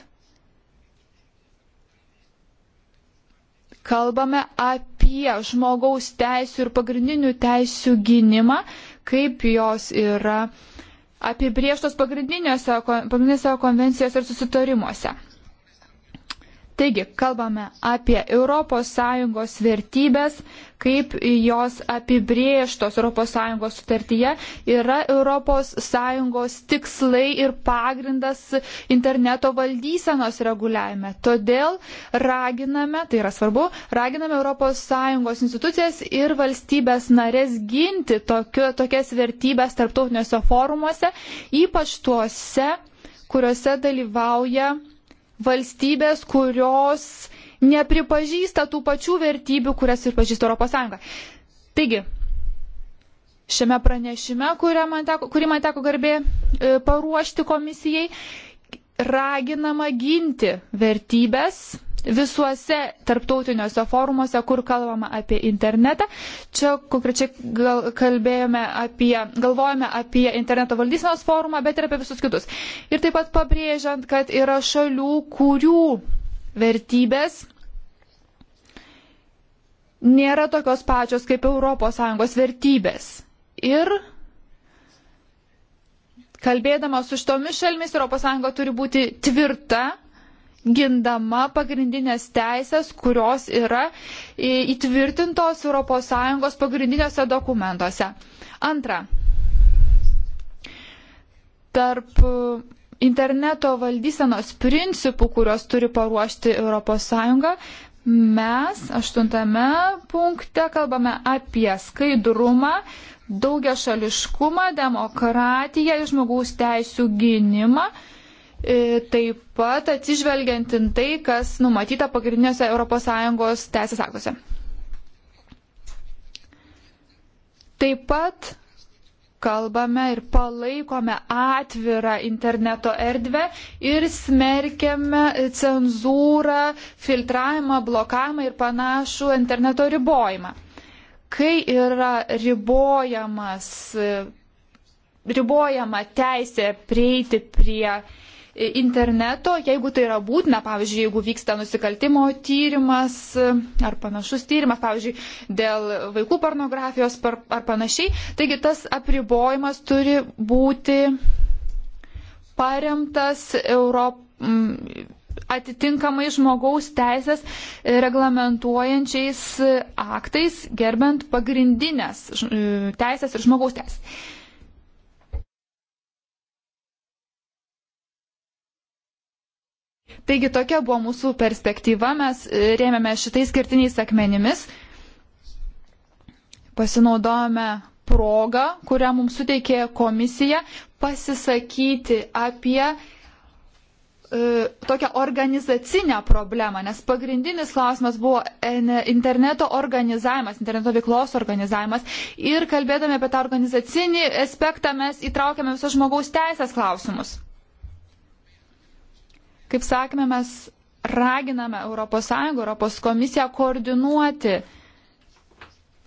kalbame apie žmogaus teisų ir pagrindinių teisų gynimą, kaip jos yra apibrieštos pagrindinėse, pagrindinėse konvencijose ir susitarimuose. Taigi, kalbame apie ES vertybės, kaip jos apibrieštos ES sutartyje yra ES tikslai ir pagrindas interneto valdysenos reguliavime. Todėl raginame, tai yra svarbu, raginame ES institucijas ir valstybės narės ginti tokio, tokias vertybės tarptautiniuose forumuose, ypač tuose, kuriuose dalyvauja valstybės, kurios nepripažįsta tų pačių vertybių, kurias ir pažįsta ES. Taigi, šiame pranešime, man teko, kurį man teko garbė e, paruošti komisijai, raginama ginti vertybės, visuose tarptautiniuose forumuose, kur kalbama apie internetą. Čia konkrečiai gal, kalbėjome apie, galvojame apie interneto valdysenos forumą, bet ir apie visus kitus. Ir taip pat pabrėžiant, kad yra šalių, kurių vertybės nėra tokios pačios kaip ES vertybės. Ir kalbėdama su šitomis šalmis, ES turi būti tvirta gindama pagrindinės teisės, kurios yra įtvirtintos ES pagrindiniuose dokumentuose. Antra, tarp interneto valdysenos principų, kuriuos turi paruošti ES, mes aštuntame punkte kalbame apie skaidrumą, daugia šališkumą, demokratiją ir žmogaus teisų gynimą E, taip pat atsižvelgiant į tai, kas numatyta pagrindiniuose ES teisės aktuose. Taip pat kalbame ir palaikome atvirą interneto erdvę ir smerkiame cenzūrą, filtravimą, blokavimą ir panašų interneto ribojimą. Kai yra ribojamas, ribojama teisė prieiti prie interneto, jeigu tai yra būtina, pavyzdžiui, jeigu vyksta nusikaltimo tyrimas e, ar panašus tyrimas, pavyzdžiui, dėl vaikų pornografijos ar panašiai. Taigi tas apribojimas turi būti paremtas Europ... atitinkamai žmogaus teisės reglamentuojančiais aktais, gerbent pagrindinės e, teisės ir žmogaus teisės. Taigi tokia buvo mūsų perspektyva, mes e, rėmėme šitais skirtiniais akmenimis, pasinaudojame progą, kurią mums suteikė komisija, pasisakyti apie e, tokią organizacinę problemą, nes pagrindinis klausimas buvo interneto organizavimas, interneto veiklos organizavimas ir kalbėdami apie tą organizacinį aspektą mes įtraukėme visos žmogaus teisės klausimus. Kaip sakėme, mes raginame ES, ES komisiją koordinuoti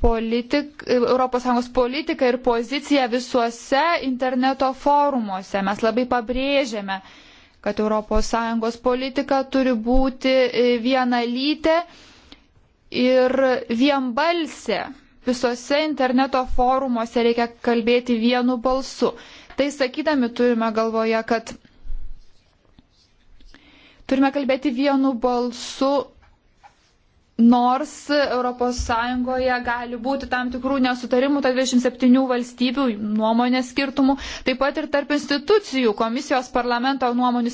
politik, ES politiką ir poziciją visuose interneto forumuose. Mes labai pabrėžiame, kad ES politika turi būti e, vienalytė ir vienbalsė. Visose interneto forumuose reikia kalbėti vienu balsu. Tai sakydami turime galvoje, kad Turime kalbėti vienu balsu, nors ES gali būti tam tikrų nesutarimų, tai 27 valstybių nuomonės skirtumų, taip pat ir tarp institucijų, komisijos parlamento nuomonių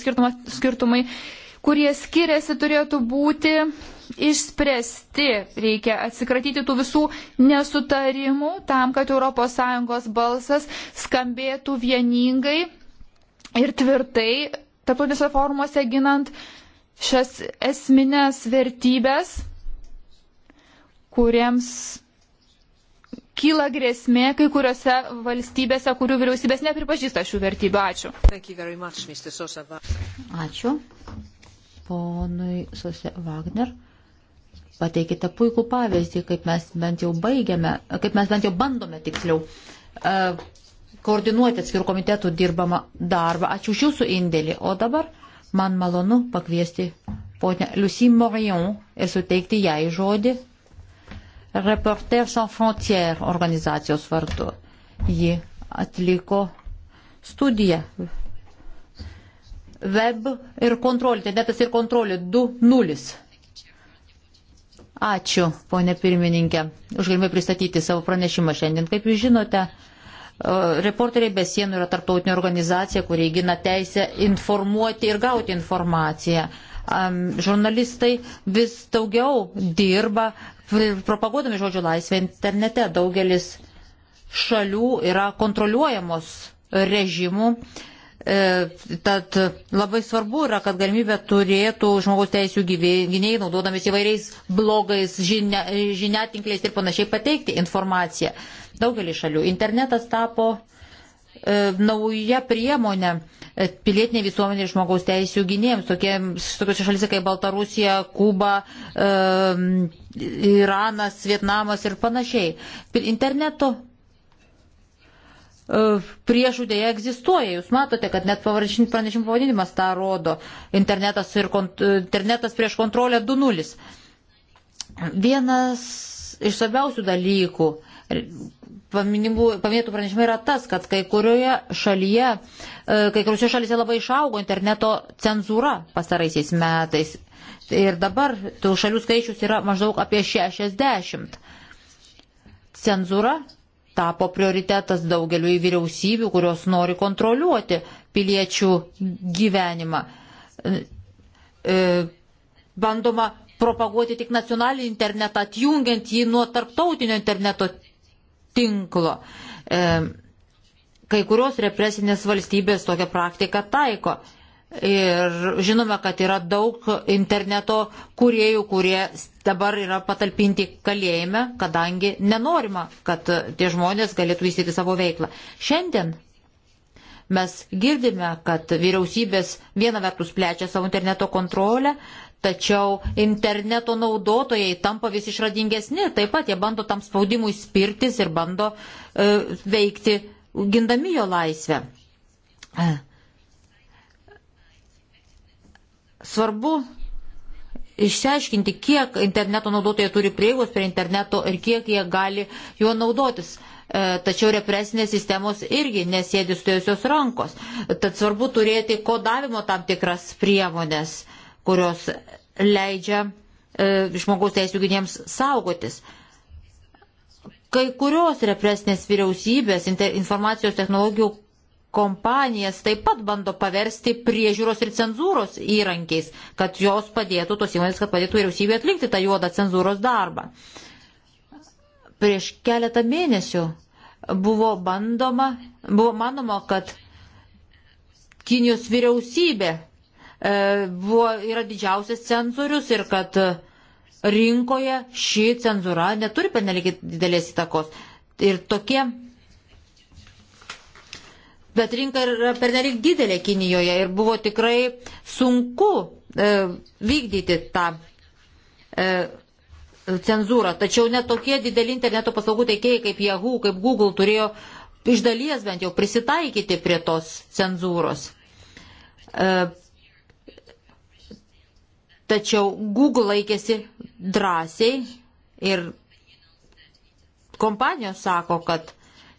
skirtumai, kurie skiriasi, turėtų būti išspręsti. Reikia atsikratyti tų visų nesutarimų tam, kad ES balsas skambėtų vieningai ir tvirtai tarptautiniuose forumuose ginant šias esminės vertybės, kuriems kyla grėsmė kai kuriuose valstybėse, kurių vyriausybės nepripažįsta šių vertybių. Ačiū. Much, Ačiū. Ponui Sose Wagner. Pateikite puikų pavyzdį, kaip mes bent jau baigiame, kaip mes bent jau bandome tiksliau e, koordinuoti atskirų komitetų dirbamą darbą. Ačiū už jūsų indėlį. O dabar man malonu pakviesti ponę Lucy Morion ir suteikti jai žodį Reporters sans frontières organizacijos vardu. Ji atliko studiją web ir kontrolė, tai netas ir kontrolė 2.0. Ačiū, ponė pirmininkė, už galimybę pristatyti savo pranešimą šiandien. Kaip jūs žinote, E, reporteriai be sienų yra tarptautinė organizacija, kurie gina teisę informuoti ir gauti informaciją. Žurnalistai vis daugiau dirba propaguodami žodžio laisvę internete. Daugelis šalių yra kontroliuojamos režimų E, tad labai svarbu yra, kad galimybę turėtų žmogaus teisų gyvėjai, naudodamis įvairiais blogais žinia, žiniatinkliais ir panašiai pateikti informaciją. Daugelį šalių internetas tapo e, nauja priemonė e, pilietinė visuomenė ir žmogaus teisų gynėjams, tokiuose šalise kaip Baltarusija, Kuba, e, Iranas, Vietnamas ir panašiai. Interneto E, priešų dėja egzistuoja. Jūs matote, kad net pranešimų pavadinimas tą rodo. Internetas, ir kont, e, internetas prieš kontrolę 2.0. Vienas iš svarbiausių dalykų e, paminėtų pranešimai yra tas, kad kai kurioje šalyje, kai kuriuose šalyse labai išaugo interneto cenzūra pastaraisiais metais. Ir dabar tų šalių skaičius yra maždaug apie 60. Cenzūra tapo prioritetas daugeliu į vyriausybių, kurios nori kontroliuoti piliečių gyvenimą. E, bandoma propaguoti tik nacionalinį internetą, atjungiant jį nuo tarptautinio interneto tinklo. E, kai kurios represinės valstybės tokią praktiką taiko. E, Ir žinome, kad yra daug interneto kuriejų, kurie dabar yra patalpinti kalėjime, kadangi nenorima, kad tie žmonės galėtų vystyti savo veiklą. Šiandien mes girdime, kad vyriausybės viena vertus plečia savo interneto kontrolę, tačiau interneto naudotojai tampa vis išradingesni, taip pat jie bando tam spaudimui spirtis ir bando e, veikti gindami jo laisvę. E Svarbu išsiaiškinti, kiek interneto naudotojai turi prieigos prie interneto ir kiek jie gali juo naudotis. E, tačiau represinės sistemos irgi nesėdi stojosios rankos. Tad svarbu turėti kodavimo tam tikras priemonės, kurios leidžia e, žmogaus teisų gynėjams saugotis. Kai kurios represinės vyriausybės informacijos technologijų kompanijas taip pat bando paversti priežiūros ir cenzūros įrankiais, kad jos padėtų, tos įmonės, kad padėtų vyriausybė atlikti tą juodą cenzūros darbą. Prieš keletą mėnesių buvo bandoma, buvo manoma, kad Kinijos vyriausybė e, buvo, yra didžiausias cenzorius ir kad e, rinkoje ši cenzūra neturi penelikį didelės įtakos. Ir tokie bet rinka yra pernelyg didelė Kinijoje ir buvo tikrai sunku e, vykdyti tą e, cenzūrą. Tačiau net tokie dideli interneto paslaugų teikėjai kaip Yahoo, kaip Google turėjo iš dalies bent jau prisitaikyti prie tos cenzūros. E, tačiau Google laikėsi drąsiai ir kompanijos sako, kad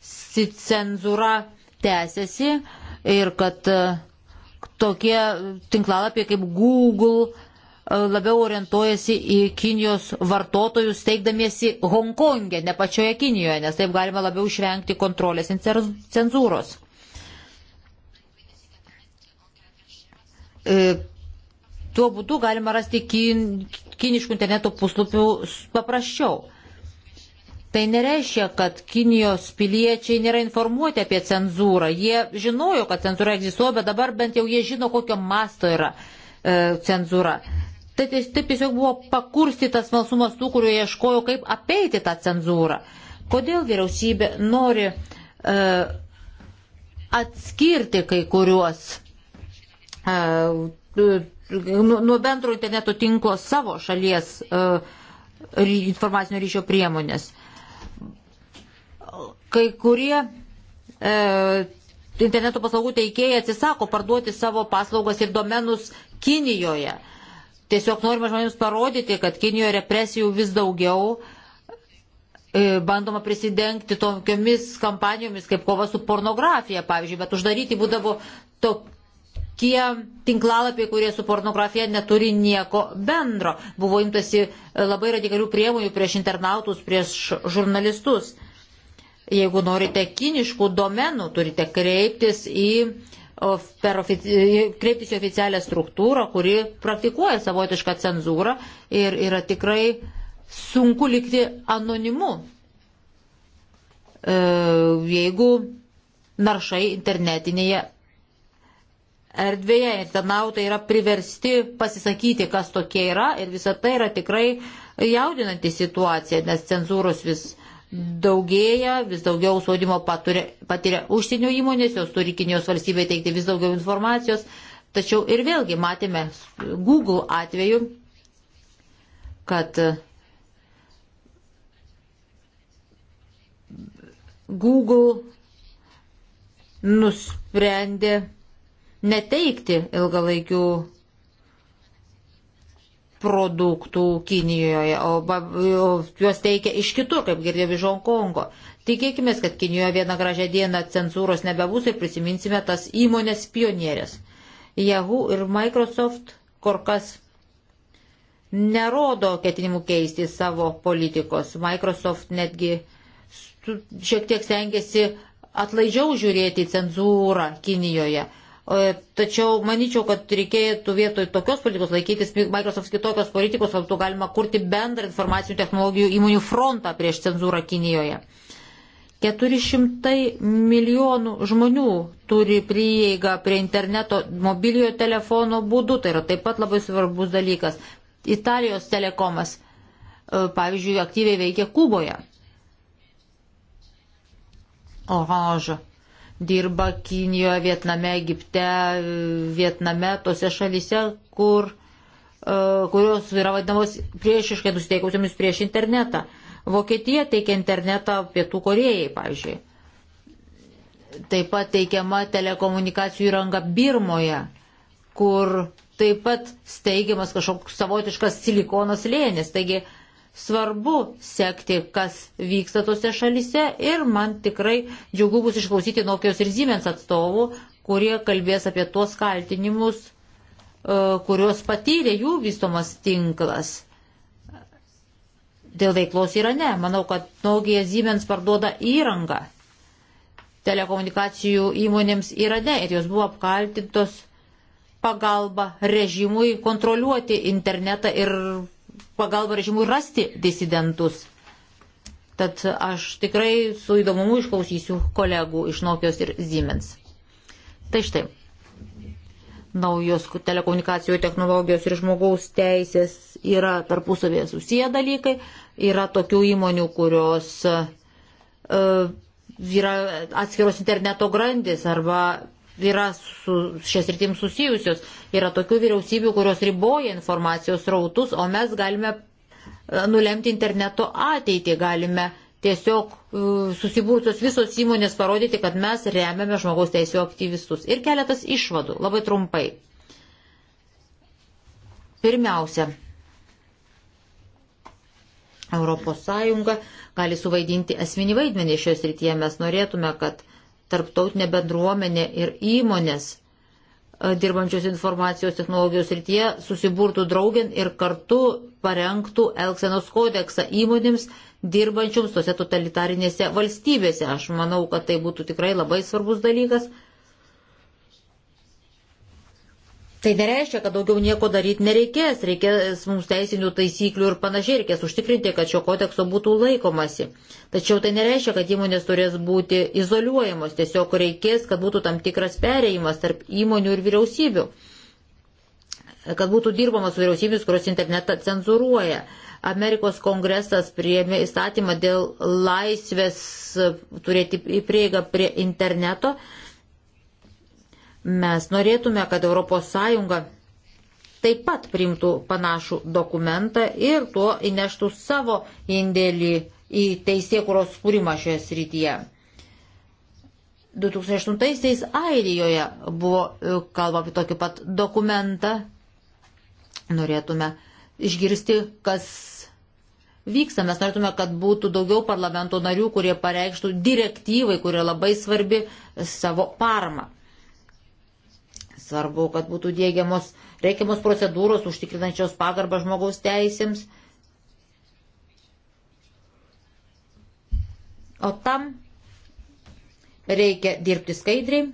cenzūra tęsiasi ir kad e, tokie tinklalapiai kaip Google e, labiau orientuojasi į Kinijos vartotojus, teikdamiesi Hongkongė, e, ne pačioje Kinijoje, nes taip galima labiau išvengti kontrolės ir cenzūros. E, tuo būdu galima rasti kin, kiniškų interneto puslapių paprasčiau. Tai nereiškia, kad Kinijos piliečiai nėra informuoti apie cenzūrą. Jie žinojo, kad cenzūra egzistuoja, bet dabar bent jau jie žino, kokio masto yra e, cenzūra. Tai taip tiesiog buvo pakurstytas malsumas tų, kurie ieškojo, kaip apeiti tą cenzūrą. Kodėl vyriausybė nori e, atskirti kai kuriuos e, nu, nuo nu bendro interneto tinklo savo šalies e, informacinio ryšio priemonės. E, Kai kurie e, interneto paslaugų teikėjai atsisako parduoti savo paslaugas ir domenus Kinijoje. Tiesiog norime žmonėms parodyti, kad Kinijoje represijų vis daugiau, e, bandoma prisidengti tokiomis kampanijomis kaip kova su pornografija, pavyzdžiui, bet uždaryti būdavo tokie tinklalapiai, kurie su pornografija neturi nieko bendro. Buvo imtasi labai radikalių priemonių prieš internautus, prieš žurnalistus. Jeigu norite kiniškų domenų, turite kreiptis į, per, kreiptis į oficialią struktūrą, kuri praktikuoja savotišką cenzūrą ir yra tikrai sunku likti anonimu, e, jeigu naršai internetinėje erdvėje internautai yra priversti pasisakyti, kas tokie yra ir visa tai yra tikrai jaudinanti situacija, nes cenzūros vis daugėja, vis daugiau spaudimo patiria užsienio įmonės, jos turi Kinijos valstybei teikti vis daugiau informacijos. Tačiau ir vėlgi matėme Google atveju, kad Google nusprendė neteikti ilgalaikių produktų Kinijoje, o, o juos teikia iš kitur, kaip girdėjome iš Hongkongo. Tikėkime, kad Kinijoje vieną gražią dieną cenzūros nebebus ir prisiminsime tas įmonės pionierės. Yahoo ir Microsoft kol kas nerodo ketinimų keisti savo politikos. Microsoft netgi šiek tiek stengiasi atlaidžiau žiūrėti cenzūrą Kinijoje Tačiau manyčiau, kad reikėtų vietoj tokios politikos laikytis Microsoft kitokios politikos, kad būtų galima kurti bendrą informacinių technologijų įmonių frontą prieš cenzūrą Kinijoje. 400 milijonų žmonių turi prieigą prie interneto mobiliojo telefono būdu, tai yra taip pat labai svarbus dalykas. Italijos telekomas, e, pavyzdžiui, aktyviai veikia Kuboje. Orange dirba Kinijoje, Vietname, Egipte, Vietname, tose šalise, kur, e, kurios yra vadinamos priešiškai nusiteikusiamis prieš internetą. Vokietija teikia internetą Pietų Korejai, pavyzdžiui. Taip pat teikiama telekomunikacijų įranga Birmoje, kur taip pat steigiamas kažkoks savotiškas silikonas lėnis. Taigi svarbu sekti, kas vyksta tose šalise ir man tikrai džiugu bus išklausyti Nokijos ir Siemens atstovų, kurie kalbės apie tuos kaltinimus, e, kuriuos patyrė jų vystomas tinklas. Dėl veiklos yra ne. Manau, kad Nokija Siemens parduoda įrangą telekomunikacijų įmonėms yra ne ir jos buvo apkaltintos pagalba režimui kontroliuoti internetą ir pagalba režimui rasti disidentus. Tad aš tikrai su įdomumu išklausysiu kolegų iš Nokijos ir Siemens. Tai štai. Naujos telekomunikacijų technologijos ir žmogaus teisės yra tarpusavėje susiję dalykai. Yra tokių įmonių, kurios uh, yra atskiros interneto grandis arba yra su šias rytim susijusios. Yra tokių vyriausybių, kurios riboja informacijos rautus, o mes galime e, nulemti interneto ateitį, galime tiesiog e, susibūrusios visos įmonės parodyti, kad mes remiame žmogaus teisų aktyvistus. Ir keletas išvadų, labai trumpai. Pirmiausia, ES gali suvaidinti esminį vaidmenį šioje srityje. Mes norėtume, kad uh, tarptautinė bendruomenė ir įmonės e, dirbančios informacijos technologijos rytyje susiburtų draugin ir kartu parengtų Elksenos kodeksą įmonėms dirbančioms tose totalitarinėse valstybėse. Aš manau, kad tai būtų tikrai labai svarbus dalykas. Tai nereiškia, kad daugiau nieko daryti nereikės, reikės mums teisinių taisyklių ir panašiai, reikės užtikrinti, kad šio kodekso būtų laikomasi. Tačiau tai nereiškia, kad įmonės turės būti izoliuojamos, tiesiog reikės, kad būtų tam tikras perėjimas tarp įmonių ir vyriausybių, kad būtų dirbama su vyriausybės, kurios internetą cenzuruoja. Amerikos kongresas priėmė įstatymą dėl laisvės turėti prieigą prie interneto Mes norėtume, kad ES taip pat primtų panašų dokumentą ir tuo įneštų savo indėlį į teisėkuros kūrimą šioje srityje. 2008-aisiais Airijoje buvo e, kalba apie tokį pat dokumentą. Norėtume išgirsti, kas vyksta. Mes norėtume, kad būtų daugiau parlamento narių, kurie pareikštų direktyvai, kurie labai svarbi e, savo paramą. Svarbu, kad būtų dėgiamos reikiamos procedūros užtikrinančios pagarbą žmogaus teisėms. O tam reikia dirbti skaidriai.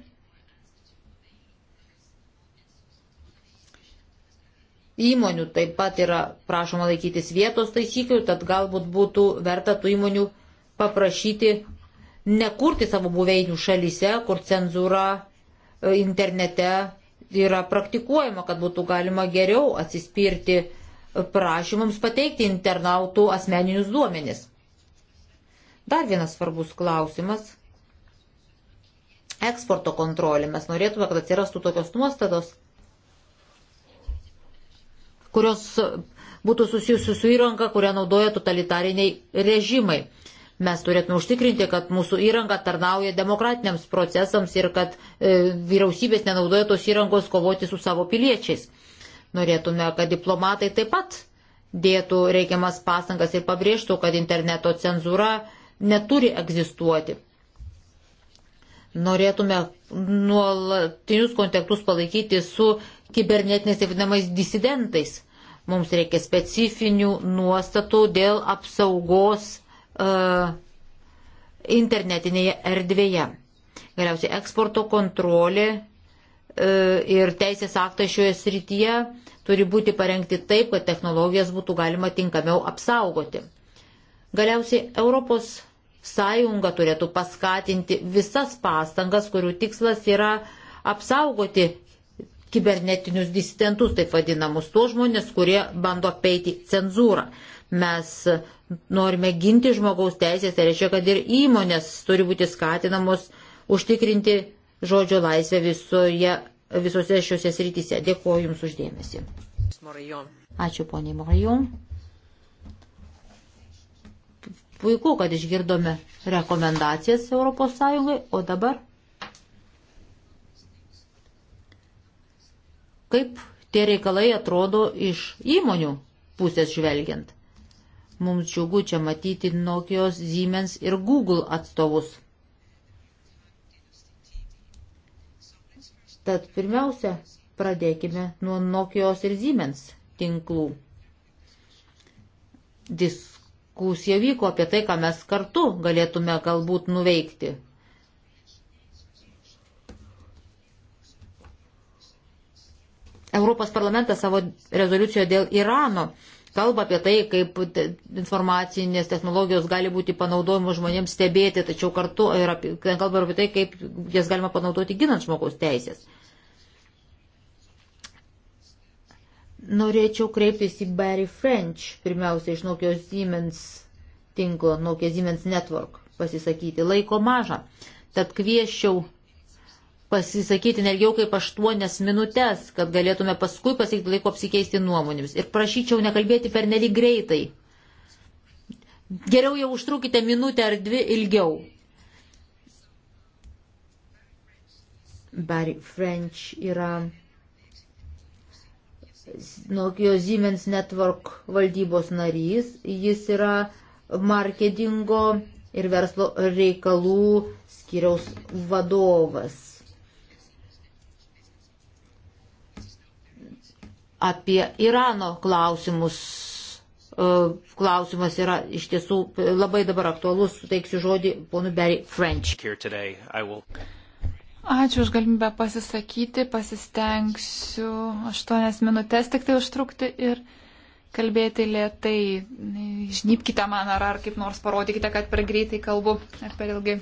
Įmonių taip pat yra prašoma laikytis vietos taisyklių, tad galbūt būtų verta tų įmonių paprašyti nekurti savo buveinių šalyse, kur cenzūra e, internete yra praktikuojama, kad būtų galima geriau atsispirti prašymams pateikti internautų asmeninius duomenis. Dar vienas svarbus klausimas - eksporto kontrolė. Mes norėtume, kad atsirastų tokios nuostatos, kurios būtų susijusios su įranga, kurią naudoja totalitariniai režimai. Mes turėtume užtikrinti, kad mūsų įranga tarnauja demokratiniams procesams ir kad e, vyriausybės nenaudoja tos įrangos kovoti su savo piliečiais. Norėtume, kad diplomatai taip pat dėtų reikiamas pastangas ir pabrėžtų, kad interneto cenzūra neturi egzistuoti. Norėtume nuolatinius kontaktus palaikyti su kibernetiniais taip vadinamais disidentais mums reikia specifinių nuostatų dėl apsaugos uh, internetinėje erdvėje. Galiausiai eksporto kontrolė uh, ir teisės aktai šioje srityje turi būti parengti taip, kad technologijas būtų galima tinkamiau apsaugoti. Galiausiai Europos Sąjunga turėtų paskatinti visas pastangas, kurių tikslas yra apsaugoti kibernetinius disidentus, taip vadinamus, tuos žmonės, kurie bando peiti cenzūrą. Mes norime ginti žmogaus teisės, tai reiškia, kad ir įmonės turi būti skatinamos užtikrinti žodžio laisvę visoje, visose šiuose srityse. Dėkuoju Jums uždėmesi. Ačiū poniai Morijon. Puiku, kad išgirdome rekomendacijas ES, o dabar kaip tie reikalai atrodo iš įmonių pusės žvelgiant. Mums džiugu čia matyti Nokijos, Siemens ir Google atstovus. Tad pirmiausia, pradėkime nuo Nokijos ir Siemens tinklų. Diskusija vyko apie tai, ką mes kartu galėtume galbūt nuveikti. Europos parlamentas savo rezoliucijoje dėl Irano kalba apie tai, kaip informacinės technologijos gali būti panaudojamos žmonėms stebėti, tačiau kartu ir apie, kalba ir apie tai, kaip jas galima panaudoti ginant žmogaus teisės. Norėčiau kreiptis į Barry French, pirmiausia iš Nokia Siemens tinklo, Nokia Siemens Network pasisakyti. Laiko maža, tad kvieščiau pasisakyti nelgiau kaip aštuonias minutės, kad galėtume paskui pasiekti laiko apsikeisti nuomonėmis. Ir prašyčiau nekalbėti per nelik greitai. Geriau jau užtrukite minutę ar dvi ilgiau. Barry French yra Nokia Siemens Network valdybos narys. Jis yra marketingo ir verslo reikalų skiriaus vadovas. apie Irano klausimus. E, klausimas yra iš tiesų labai dabar aktualus, suteiksiu žodį ponu Barry French. Ačiū už galimybę pasisakyti, pasistengsiu aštuonias minutės tik tai užtrukti ir kalbėti lietai. Žnypkite man ar, ar kaip nors parodykite, kad per greitai kalbu ar per ilgai.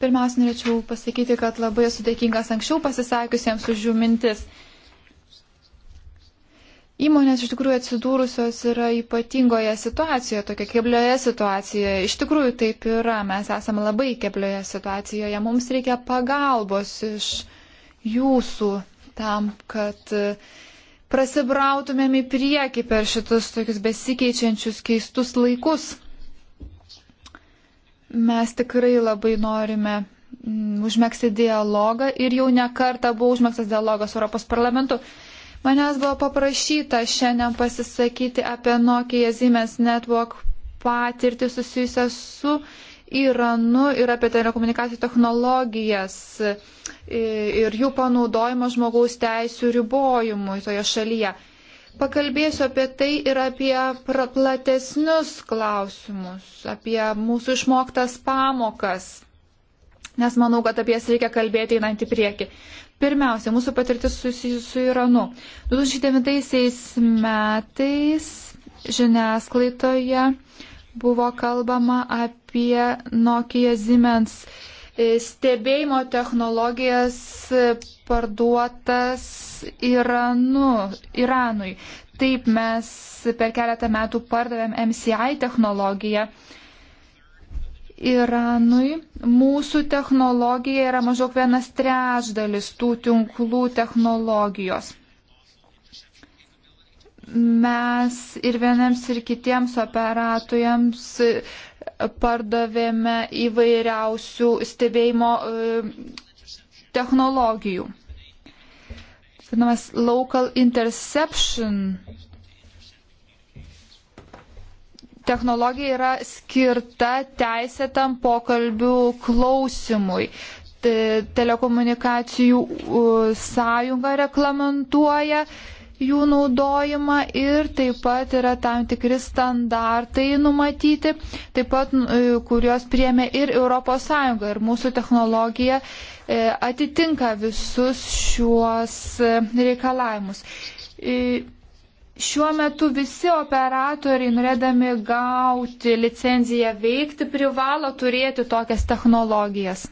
Pirmiausia, norėčiau pasakyti, kad labai sudėkingas anksčiau pasisakiusiems už jų mintis. Uh, Įmonės iš tikrųjų atsidūrusios yra ypatingoje situacijoje, tokia keblioje situacijoje. Iš tikrųjų taip yra, mes esame labai keblioje situacijoje, mums reikia pagalbos iš jūsų tam, kad e, prasibrautumėm į priekį per šitus tokius besikeičiančius keistus laikus. Mes tikrai labai norime mm, užmėgsti dialogą ir jau nekarta buvo užmėgstas dialogas su Europos parlamentu. Manęs buvo paprašyta šiandien pasisakyti apie Nokia Siemens Network patirtį susijusią su Iranu ir apie telekomunikacijų technologijas ir jų panaudojimą žmogaus teisų ribojimui toje šalyje. Pakalbėsiu apie tai ir apie platesnius klausimus, apie mūsų išmoktas pamokas, nes manau, kad apie jas reikia kalbėti einant į priekį. Pirmiausia, mūsų patirtis susijusi su Iranu. 2009 metais žiniasklaidoje buvo kalbama apie Nokia Siemens e, stebėjimo technologijas parduotas Iranu, Iranui. Taip mes per keletą metų pardavėm MCI technologiją. Uh, Iranui mūsų technologija yra maždaug vienas trečdalis tų tinklų technologijos. Mes ir vienams ir kitiems operatoriams pardavėme įvairiausių stebėjimo e, technologijų. Vadinamas local interception technologija yra skirta teisėtam pokalbių klausimui telekomunikacijų sąjunga reglamentuoja jų naudojimą ir taip pat yra tam tikri standartai numatyti, taip pat e, kuriuos priemė ir ES ir mūsų technologija e, atitinka visus šiuos e, reikalavimus. Šiuo metu visi operatoriai, norėdami gauti licenciją veikti, privalo turėti tokias technologijas.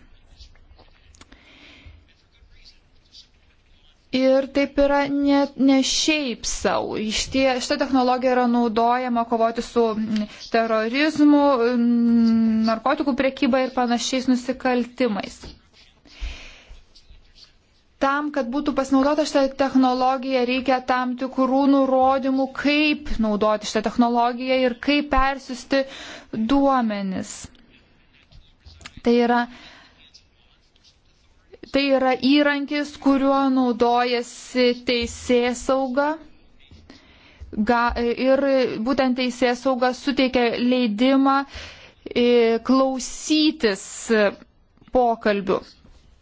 Ir taip yra ne, ne šiaip savo. Štie, šita technologija yra naudojama kovoti su mm, terorizmu, mm, narkotikų priekyba ir panašiais nusikaltimais tam, kad būtų pasinaudota šitą technologiją, reikia tam tikrų nurodymų, kaip naudoti šitą technologiją ir kaip persiusti duomenis. Tai yra, tai yra įrankis, kuriuo naudojasi teisėsauga. Ir būtent teisėsauga suteikia leidimą e, klausytis pokalbių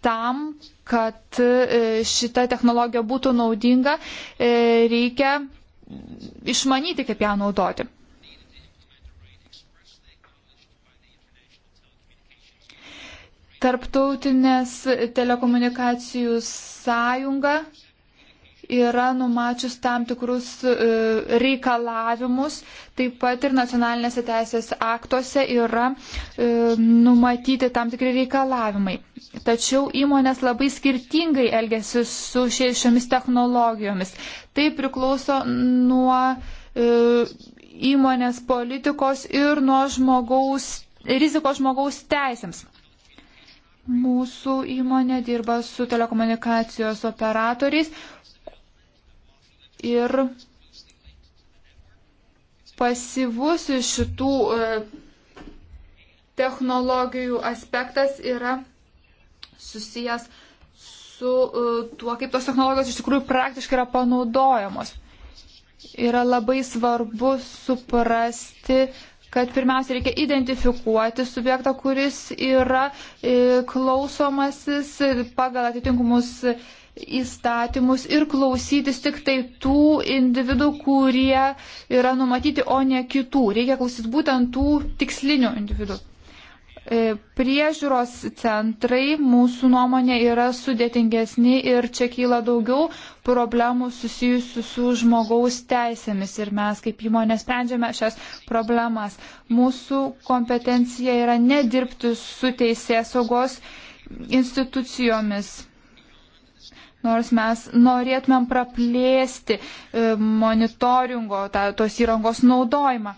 tam, kad e, šita technologija būtų naudinga, e, reikia išmanyti, kaip ją naudoti. Tarptautinės telekomunikacijų sąjunga yra numačius tam tikrus e, reikalavimus, taip pat ir nacionalinėse teisės aktuose yra e, numatyti tam tikri reikalavimai. Tačiau įmonės labai skirtingai elgesi su šiomis technologijomis. Tai priklauso nuo e, įmonės politikos ir nuo žmogaus, rizikos žmogaus teisėms. Mūsų įmonė dirba su telekomunikacijos operatoriais, ir pasyvus šitų e, technologijų aspektas yra susijęs su e, tuo, kaip tos technologijos iš tikrųjų praktiškai yra panaudojamos. Yra labai svarbu suprasti, kad pirmiausia reikia identifikuoti subjektą, kuris yra e, klausomasi pagal atitinkamus įstatymus ir klausytis tik tai tų individų, kurie yra numatyti, o ne kitų. Reikia klausytis būtent tų tikslinių individų. E, priežiūros centrai mūsų nuomonė yra sudėtingesni ir čia kyla daugiau problemų susijusių su žmogaus teisėmis ir mes kaip įmonė sprendžiame šias problemas. Mūsų kompetencija yra nedirbti su teisės saugos institucijomis nors mes norėtumėm praplėsti e, monitoringo, ta, tos įrangos naudojimą.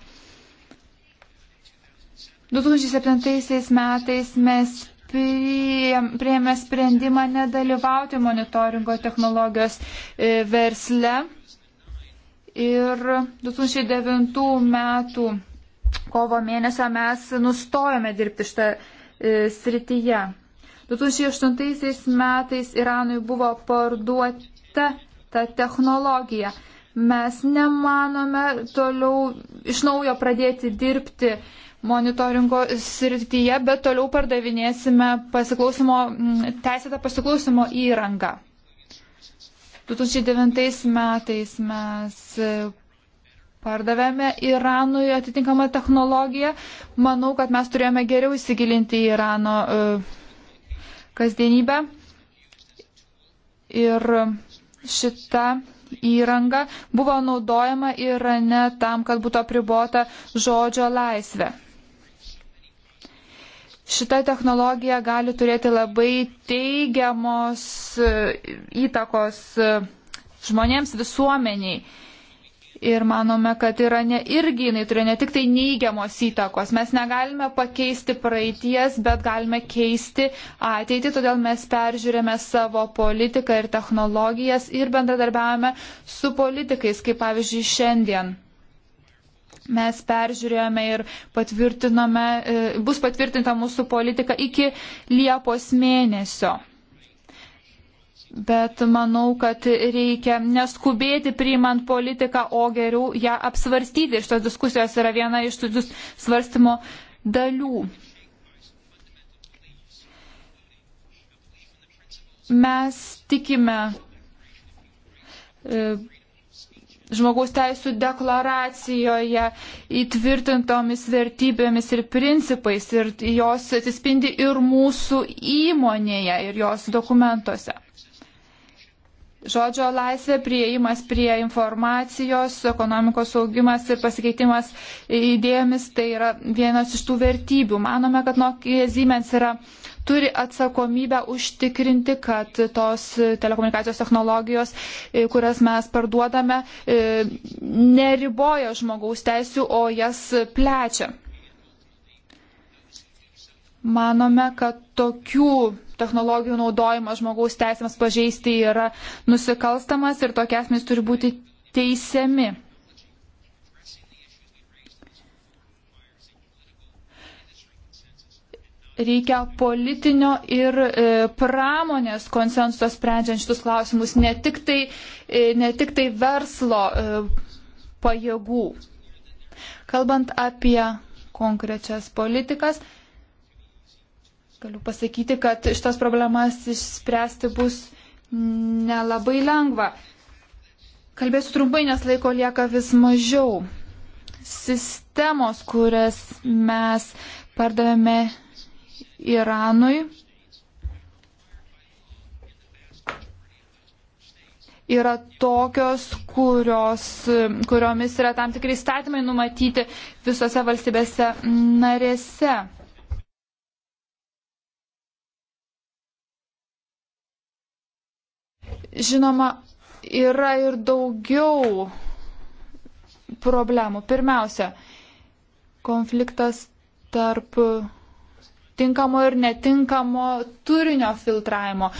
2007 metais mes priėmė sprendimą nedalyvauti monitoringo technologijos e, versle ir 2009 metų kovo mėnesio mes nustojame dirbti šitą e, srityje. 2008 metais Iranui buvo parduota ta technologija. Mes nemanome toliau iš naujo pradėti dirbti monitoringo srityje, bet toliau pardavinėsime pasiklausimo, mm, teisėtą pasiklausimo įrangą. 2009 metais mes pardavėme Iranui atitinkamą technologiją. Manau, kad mes turėjome geriau įsigilinti į Irano uh, kasdienybę. Ir šita įranga buvo naudojama Irane tam, kad būtų apribota žodžio laisvė. Šita technologija gali turėti labai teigiamos e, įtakos e, žmonėms visuomeniai. Ir manome, kad yra ne, irgi jinai turi ne tik tai neigiamos įtakos. Mes negalime pakeisti praeities, bet galime keisti ateitį, todėl mes peržiūrėme savo politiką ir technologijas ir bendradarbiavame su politikais, kaip pavyzdžiui šiandien. Mes peržiūrėjome ir patvirtinome, e, bus patvirtinta mūsų politika iki Liepos mėnesio. Bet manau, kad reikia neskubėti priimant politiką, o geriau ją apsvarstyti. Ir šios diskusijos yra viena iš tų svarstymo dalių. Mes tikime e, žmogaus teisų deklaracijoje įtvirtintomis vertybėmis ir principais ir jos atsispindi ir mūsų įmonėje ir jos dokumentuose žodžio laisvė, prieimas prie informacijos, ekonomikos augimas ir pasikeitimas idėjomis, tai yra vienas iš tų vertybių. Manome, kad Nokia Siemens yra, turi atsakomybę užtikrinti, kad tos telekomunikacijos technologijos, e, kurias mes parduodame, e, neriboja žmogaus teisų, o jas plečia. Manome, kad tokių technologijų naudojimas žmogaus teisėms pažeisti yra nusikalstamas ir tokie asmenys turi būti teisiami. Reikia politinio ir e, pramonės konsensuso sprendžiant šitus klausimus, ne tik tai, e, ne tik tai verslo e, pajėgų. Kalbant apie konkrečias politikas, Galiu pasakyti, kad šitas problemas išspręsti bus nelabai lengva. Kalbėsiu trumpai, nes laiko lieka vis mažiau. Sistemos, kurias mes pardavėme Iranui, yra tokios, kurios, kuriomis yra tam tikri įstatymai numatyti visose valstybėse narėse. Žinoma, yra ir daugiau problemų. Pirmiausia, konfliktas tarp tinkamo ir netinkamo turinio filtravimo.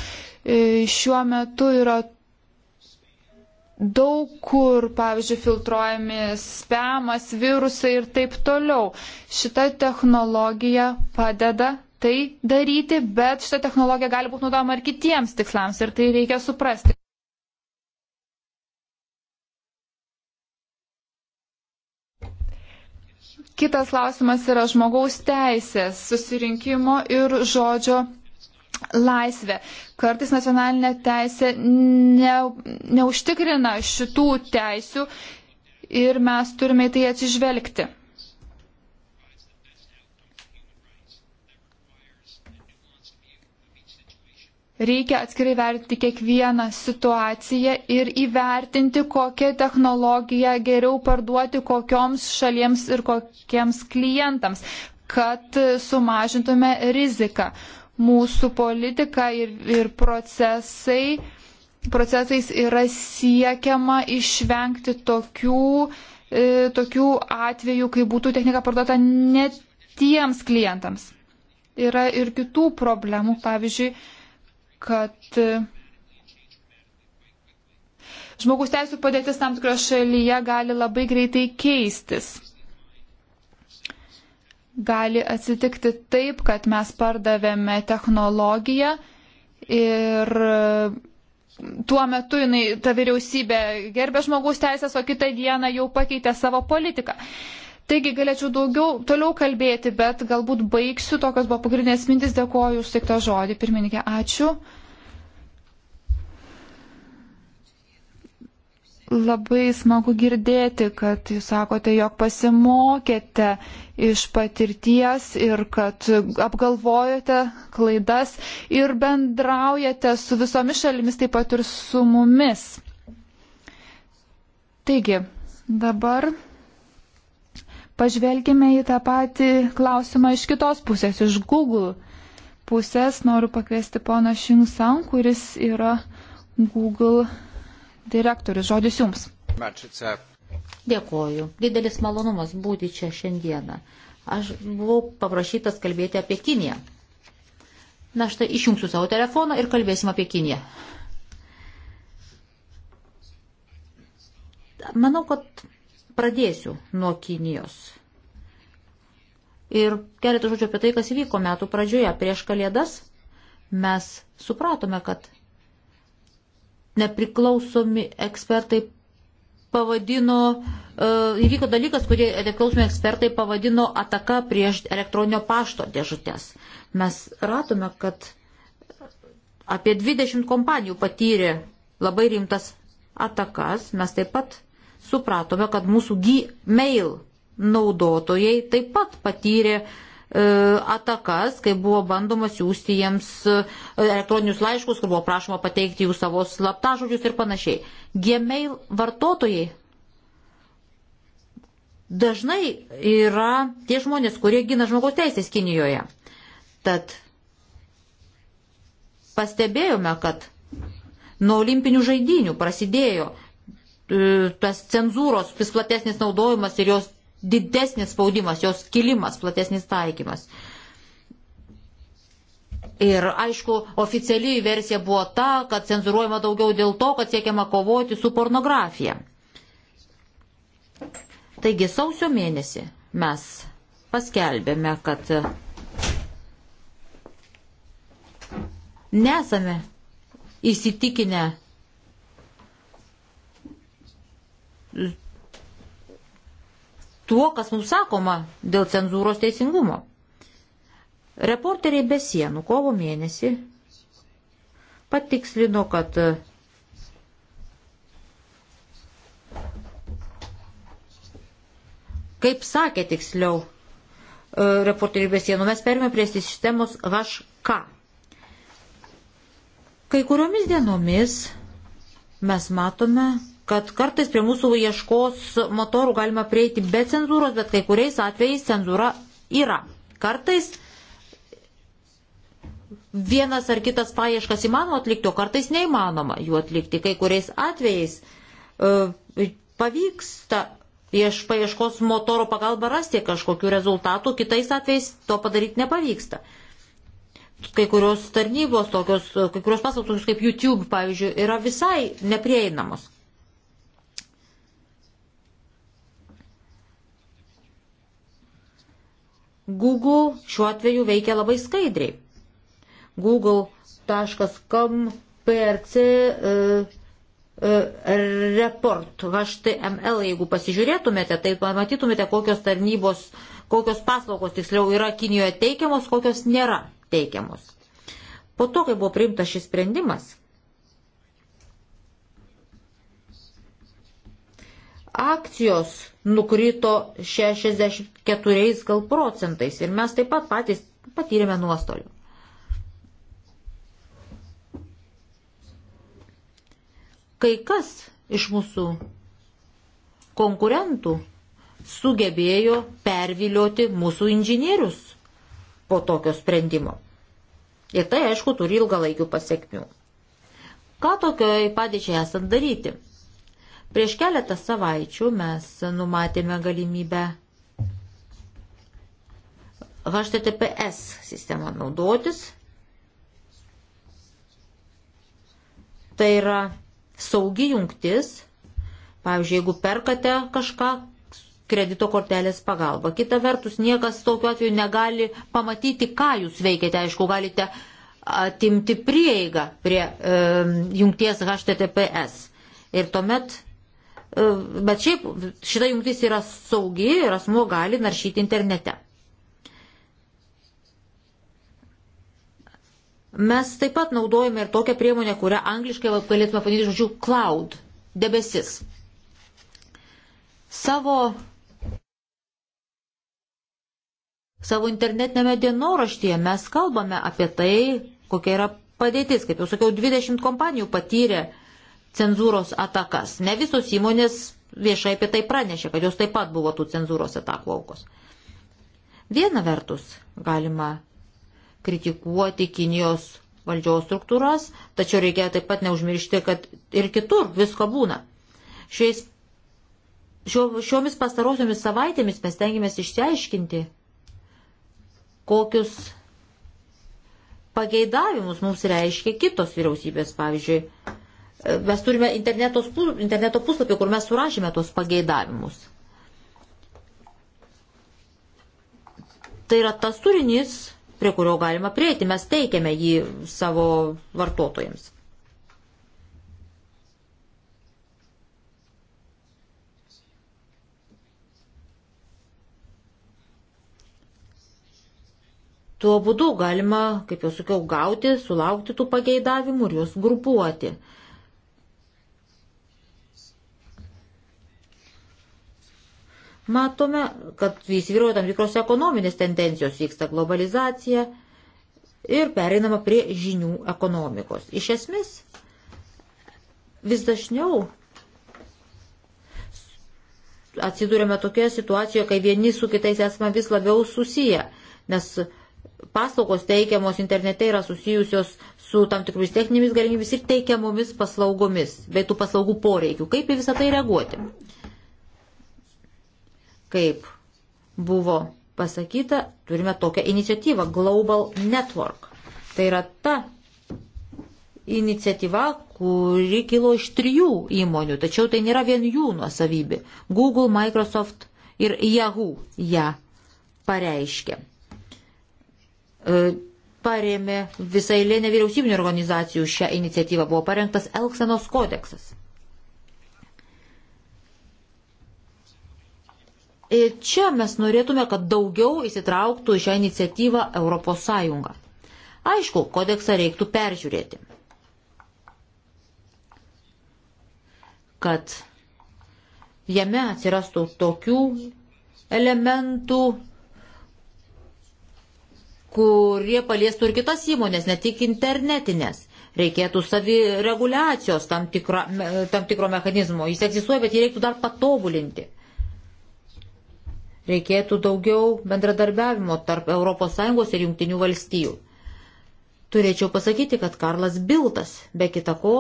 E, šiuo metu yra daug kur, pavyzdžiui, filtruojami spamas, virusai ir taip toliau. Šita technologija padeda tai daryti, bet šitą technologiją gali būti naudojama ir kitiems tikslams ir tai reikia suprasti. Kitas klausimas yra žmogaus teisės, susirinkimo ir žodžio laisvė. Kartais nacionalinė teisė ne, neužtikrina šitų teisių ir mes turime į tai atsižvelgti. Reikia atskirai vertinti kiekvieną situaciją ir įvertinti, kokią technologiją geriau parduoti kokioms šalims ir kokiems klientams, kad sumažintume riziką. Mūsų politika ir, ir procesai, procesais yra siekiama išvengti tokių, e, tokių atvejų, kai būtų technika parduota ne tiems klientams. Yra ir kitų problemų, pavyzdžiui, kad e, žmogus teisų padėtis tam tikroje šalyje gali labai greitai keistis. Gali atsitikti taip, kad mes pardavėme technologiją ir e, tuo metu jinai, ta vyriausybė gerbė žmogaus teisės, o kitą dieną jau pakeitė savo politiką. Taigi galėčiau daugiau toliau kalbėti, bet galbūt baigsiu. Tokios buvo pagrindinės mintis. Dėkoju už teiktą žodį. Pirmininkė, ačiū. Labai smagu girdėti, kad jūs sakote, jog pasimokėte iš patirties ir kad apgalvojate klaidas ir bendraujate su visomis šalimis, taip pat ir su mumis. Taigi, dabar Pažvelgime į tą patį klausimą iš kitos pusės, iš Google pusės. Noriu pakviesti poną Šinsan, kuris yra Google direktorius. Žodis jums. Dėkoju. Didelis malonumas būti čia šiandieną. Aš buvau paprašytas kalbėti apie Kiniją. Na štai išjungsiu savo telefoną ir kalbėsim apie Kiniją. Manau, kad Pradėsiu nuo Kinijos. Ir keletą žodžių apie tai, kas įvyko metų pradžioje. Prieš kalėdas mes supratome, kad nepriklausomi ekspertai pavadino, uh, įvyko dalykas, kurį nepriklausomi ekspertai pavadino ataka prieš elektroninio pašto dėžutės. Mes ratome, kad apie 20 kompanijų patyrė labai rimtas atakas. Mes taip pat supratome, kad mūsų Gmail naudotojai taip pat patyrė e, atakas, kai buvo bandoma siūsti jiems e, elektroninius laiškus, kur buvo prašoma pateikti jų savo slaptažodžius ir panašiai. Gmail vartotojai dažnai yra tie žmonės, kurie gina žmogaus teisės Kinijoje. Tad pastebėjome, kad nuo olimpinių žaidinių prasidėjo E, tas cenzūros vis platesnis naudojimas ir jos didesnis spaudimas, jos kilimas, platesnis taikymas. Ir aišku, oficiali versija buvo ta, kad cenzuruojama daugiau dėl to, kad siekiama kovoti su pornografija. Taigi sausio mėnesį mes paskelbėme, kad nesame įsitikinę tuo, kas mums sakoma dėl cenzūros teisingumo. Reporteriai be sienų kovo mėnesį patikslino, kad kaip sakė tiksliau e, reporteriai be sienų, mes perėmė prie sistemos HK. Kai kuriomis dienomis mes matome kad kartais prie mūsų ieškos motorų galima prieiti be cenzūros, bet kai kuriais atvejais cenzūra yra. Kartais vienas ar kitas paieškas įmanoma atlikti, o kartais neįmanoma jų atlikti. Kai kuriais atvejais e, pavyksta iš paieškos motoro pagalba rasti kažkokių rezultatų, kitais atvejais to padaryti nepavyksta. Kai kurios tarnybos, tokios, e, kai kurios paslaugos kaip YouTube, pavyzdžiui, yra visai neprieinamos. Google šiuo atveju veikia labai skaidriai. Google.com PRC e, e, report HTML, jeigu pasižiūrėtumėte, tai pamatytumėte, kokios tarnybos, kokios paslaugos tiksliau yra Kinijoje teikiamos, kokios nėra teikiamos. Po to, kai buvo priimtas šis sprendimas, akcijos nukrito 64 gal procentais ir mes taip pat patys patyrėme nuostolių. Kai kas iš mūsų konkurentų sugebėjo pervilioti mūsų inžinierius po tokio sprendimo. Ir tai, aišku, turi ilgalaikių pasiekmių. Ką tokioj padėčiai esant daryti? Prieš keletą savaičių mes numatėme galimybę HTTPS sistemą naudotis. Tai yra saugi jungtis. Pavyzdžiui, jeigu perkate kažką kredito kortelės pagalba. Kita vertus, niekas tokiu atveju negali pamatyti, ką jūs veikiate. Aišku, galite atimti prieigą prie e, jungties HTTPS. Ir tuomet E, bet šiaip šita jungtis yra saugi ir asmuo gali naršyti internete. Mes taip pat naudojame ir tokią priemonę, kurią angliškai galėtume pavadinti žodžiu cloud, debesis. Savo, savo internetinėme dienoraštyje mes kalbame apie tai, kokia yra padėtis. Kaip jau sakiau, 20 kompanijų patyrė cenzūros atakas. Ne visos įmonės viešai apie tai pranešė, kad jos taip pat buvo tų cenzūros atakų aukos. Viena vertus galima kritikuoti Kinijos valdžios struktūras, tačiau reikia taip pat neužmiršti, kad ir kitur visko būna. Šiais, šio, šiomis pastarosiomis savaitėmis mes tengiamės išsiaiškinti, kokius pageidavimus mums reiškia kitos vyriausybės, pavyzdžiui, Mes turime interneto puslapį, kur mes surašėme tos pageidavimus. Tai yra tas turinys, prie kurio galima prieiti, mes teikiame jį savo vartotojams. Tuo būdu galima, kaip jau sakiau, gauti, sulaukti tų pageidavimų ir juos grupuoti. Matome, kad įsivyruoja tam tikros ekonominės tendencijos, vyksta globalizacija ir pereinama prie žinių ekonomikos. Iš esmės, vis dažniau atsidūrėme tokioje situacijoje, kai vieni su kitais esame vis labiau susiję, nes paslaugos teikiamos internete yra susijusios su tam tikromis techninėmis galimybėmis ir teikiamomis paslaugomis, bei tų paslaugų poreikių. Kaip į visą tai reaguoti? Kaip buvo pasakyta, turime tokią iniciatyvą Global Network. Tai yra ta iniciatyva, kuri kilo iš trijų įmonių, tačiau tai nėra vien jų nuosavybė. Google, Microsoft ir Yahoo ją pareiškė. E, parėmė visai lė nevyriausybinio organizacijų šią iniciatyvą, buvo parengtas Elksenos kodeksas. Ir čia mes norėtume, kad daugiau įsitrauktų į šią iniciatyvą ES. Aišku, kodeksą reiktų peržiūrėti. Kad jame atsirastų tokių elementų, kurie paliestų ir kitas įmonės, ne tik internetinės. Reikėtų savireguliacijos tam, tikra, tam tikro mechanizmo. Jis egzistuoja, bet jį reiktų dar patobulinti. Reikėtų daugiau bendradarbiavimo tarp ES ir Junktinių valstijų. Turėčiau pasakyti, kad Karlas Biltas, be kita ko,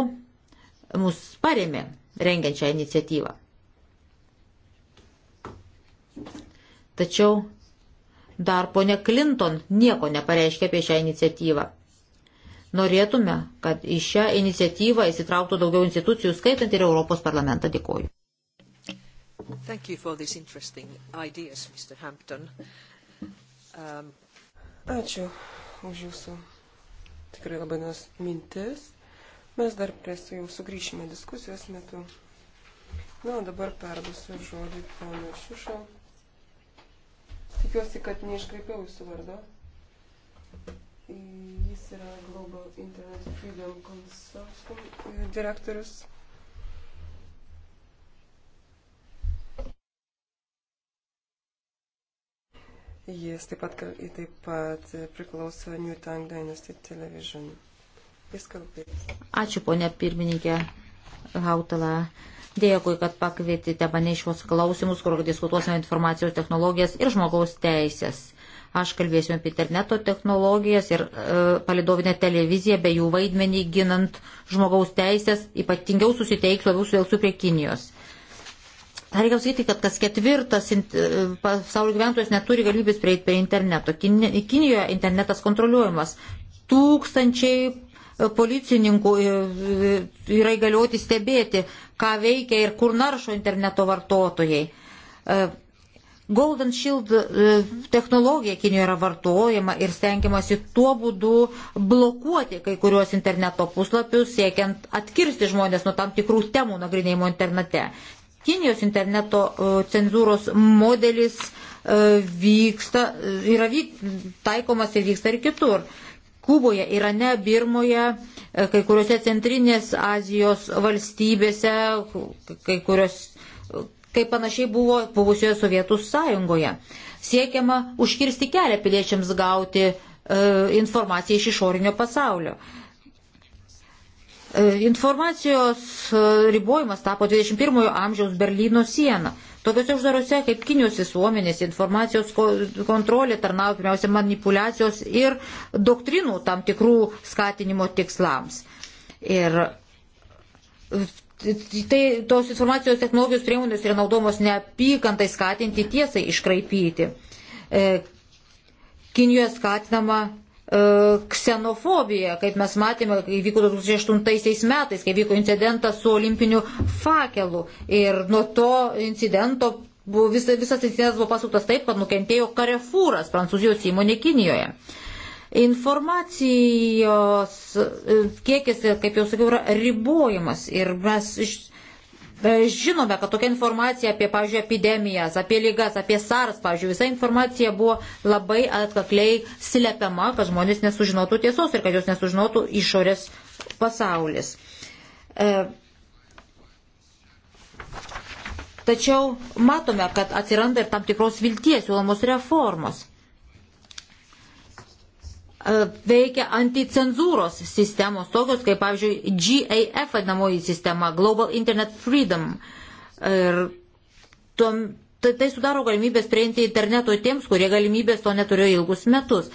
mus paremė rengiančią iniciatyvą. Tačiau dar ponia Clinton nieko nepareiškė apie šią iniciatyvą. Norėtume, kad į šią iniciatyvą įsitrauktų daugiau institucijų, skaitant ir Europos parlamentą. Dėkoju. Thank you for these interesting ideas, Mr. Hampton. Um... Ačiū už jūsų tikrai labai nes mintis. Mes dar prie su jau sugrįšime diskusijos metu. Na, o dabar perdusiu žodį ponui Šiušo. Tikiuosi, kad neiškreipiau jūsų vardo. Jis yra Global Internet Freedom Consortium e, direktorius. Jis taip pat, taip pat e, priklauso New Tank Dynasty Television. Jis kalbės. Ačiū, ponė pirmininkė Hautala. Dėkui, kad pakvietėte mane iš šios klausimus, kur diskutuosime informacijos technologijas ir žmogaus teisės. Aš kalbėsiu apie interneto technologijas ir e, palidovinę televiziją bei jų vaidmenį ginant žmogaus teisės, ypatingiau susiteiksiu labiau suvilksiu prie Kinijos. Dar reikia sakyti, kad kas ketvirtas pasaulio gyventojas neturi galimybės prieiti prie interneto. Kinijoje internetas kontroliuojamas. Tūkstančiai e, policininkų e, e, yra įgalioti stebėti, ką veikia ir kur naršo interneto vartotojai. Golden Shield technologija Kinijoje yra vartojama ir stengiamasi tuo būdu blokuoti kai kuriuos interneto puslapius, siekiant atkirsti žmonės nuo tam tikrų temų nagrinėjimo internete. Kinijos interneto e, cenzūros modelis e, vyksta, e, yra vyk, taikomas ir vyksta ir kitur. Kuboje, Irane, Birmoje, kai kuriuose centrinės Azijos valstybėse, kai kurios, kaip panašiai buvo buvusioje Sovietų sąjungoje. Siekiama užkirsti kelią piliečiams gauti e, informaciją iš išorinio pasaulio. E, informacijos e, ribojimas tapo 21 amžiaus Berlyno siena. Tokiuose uždarose kaip Kinijos visuomenės informacijos kontrolė tarnauja pirmiausia manipulacijos ir doktrinų tam tikrų skatinimo tikslams. Ir e, tai tos informacijos technologijos priemonės yra naudomos neapykantai skatinti tiesai iškraipyti. Kinijoje skatinama E, ksenofobija, kaip mes matėme, kai vyko 2008 metais, kai vyko incidentas su olimpiniu fakelu. Ir nuo to incidento buvo, vis, visas incidentas buvo pasuktas taip, kad nukentėjo karefūras prancūzijos įmonė Kinijoje. Informacijos e, kiekis, kaip jau sakiau, yra ribojamas ir mes iš Žinome, kad tokia informacija apie, pavyzdžiui, epidemijas, apie lygas, apie SARS, pavyzdžiui, visa informacija buvo labai atkakliai slepiama, kad žmonės nesužinotų tiesos ir kad jos nesužinotų išorės pasaulis. E, tačiau matome, kad atsiranda ir tam tikros vilties siūlomos reformos. E, veikia anticenzūros sistemos, tokios kaip, pavyzdžiui, GAF vadinamoji sistema, Global Internet Freedom. Ir tom, tai, tai sudaro galimybės prieinti interneto tiems, kurie galimybės to neturėjo ilgus metus.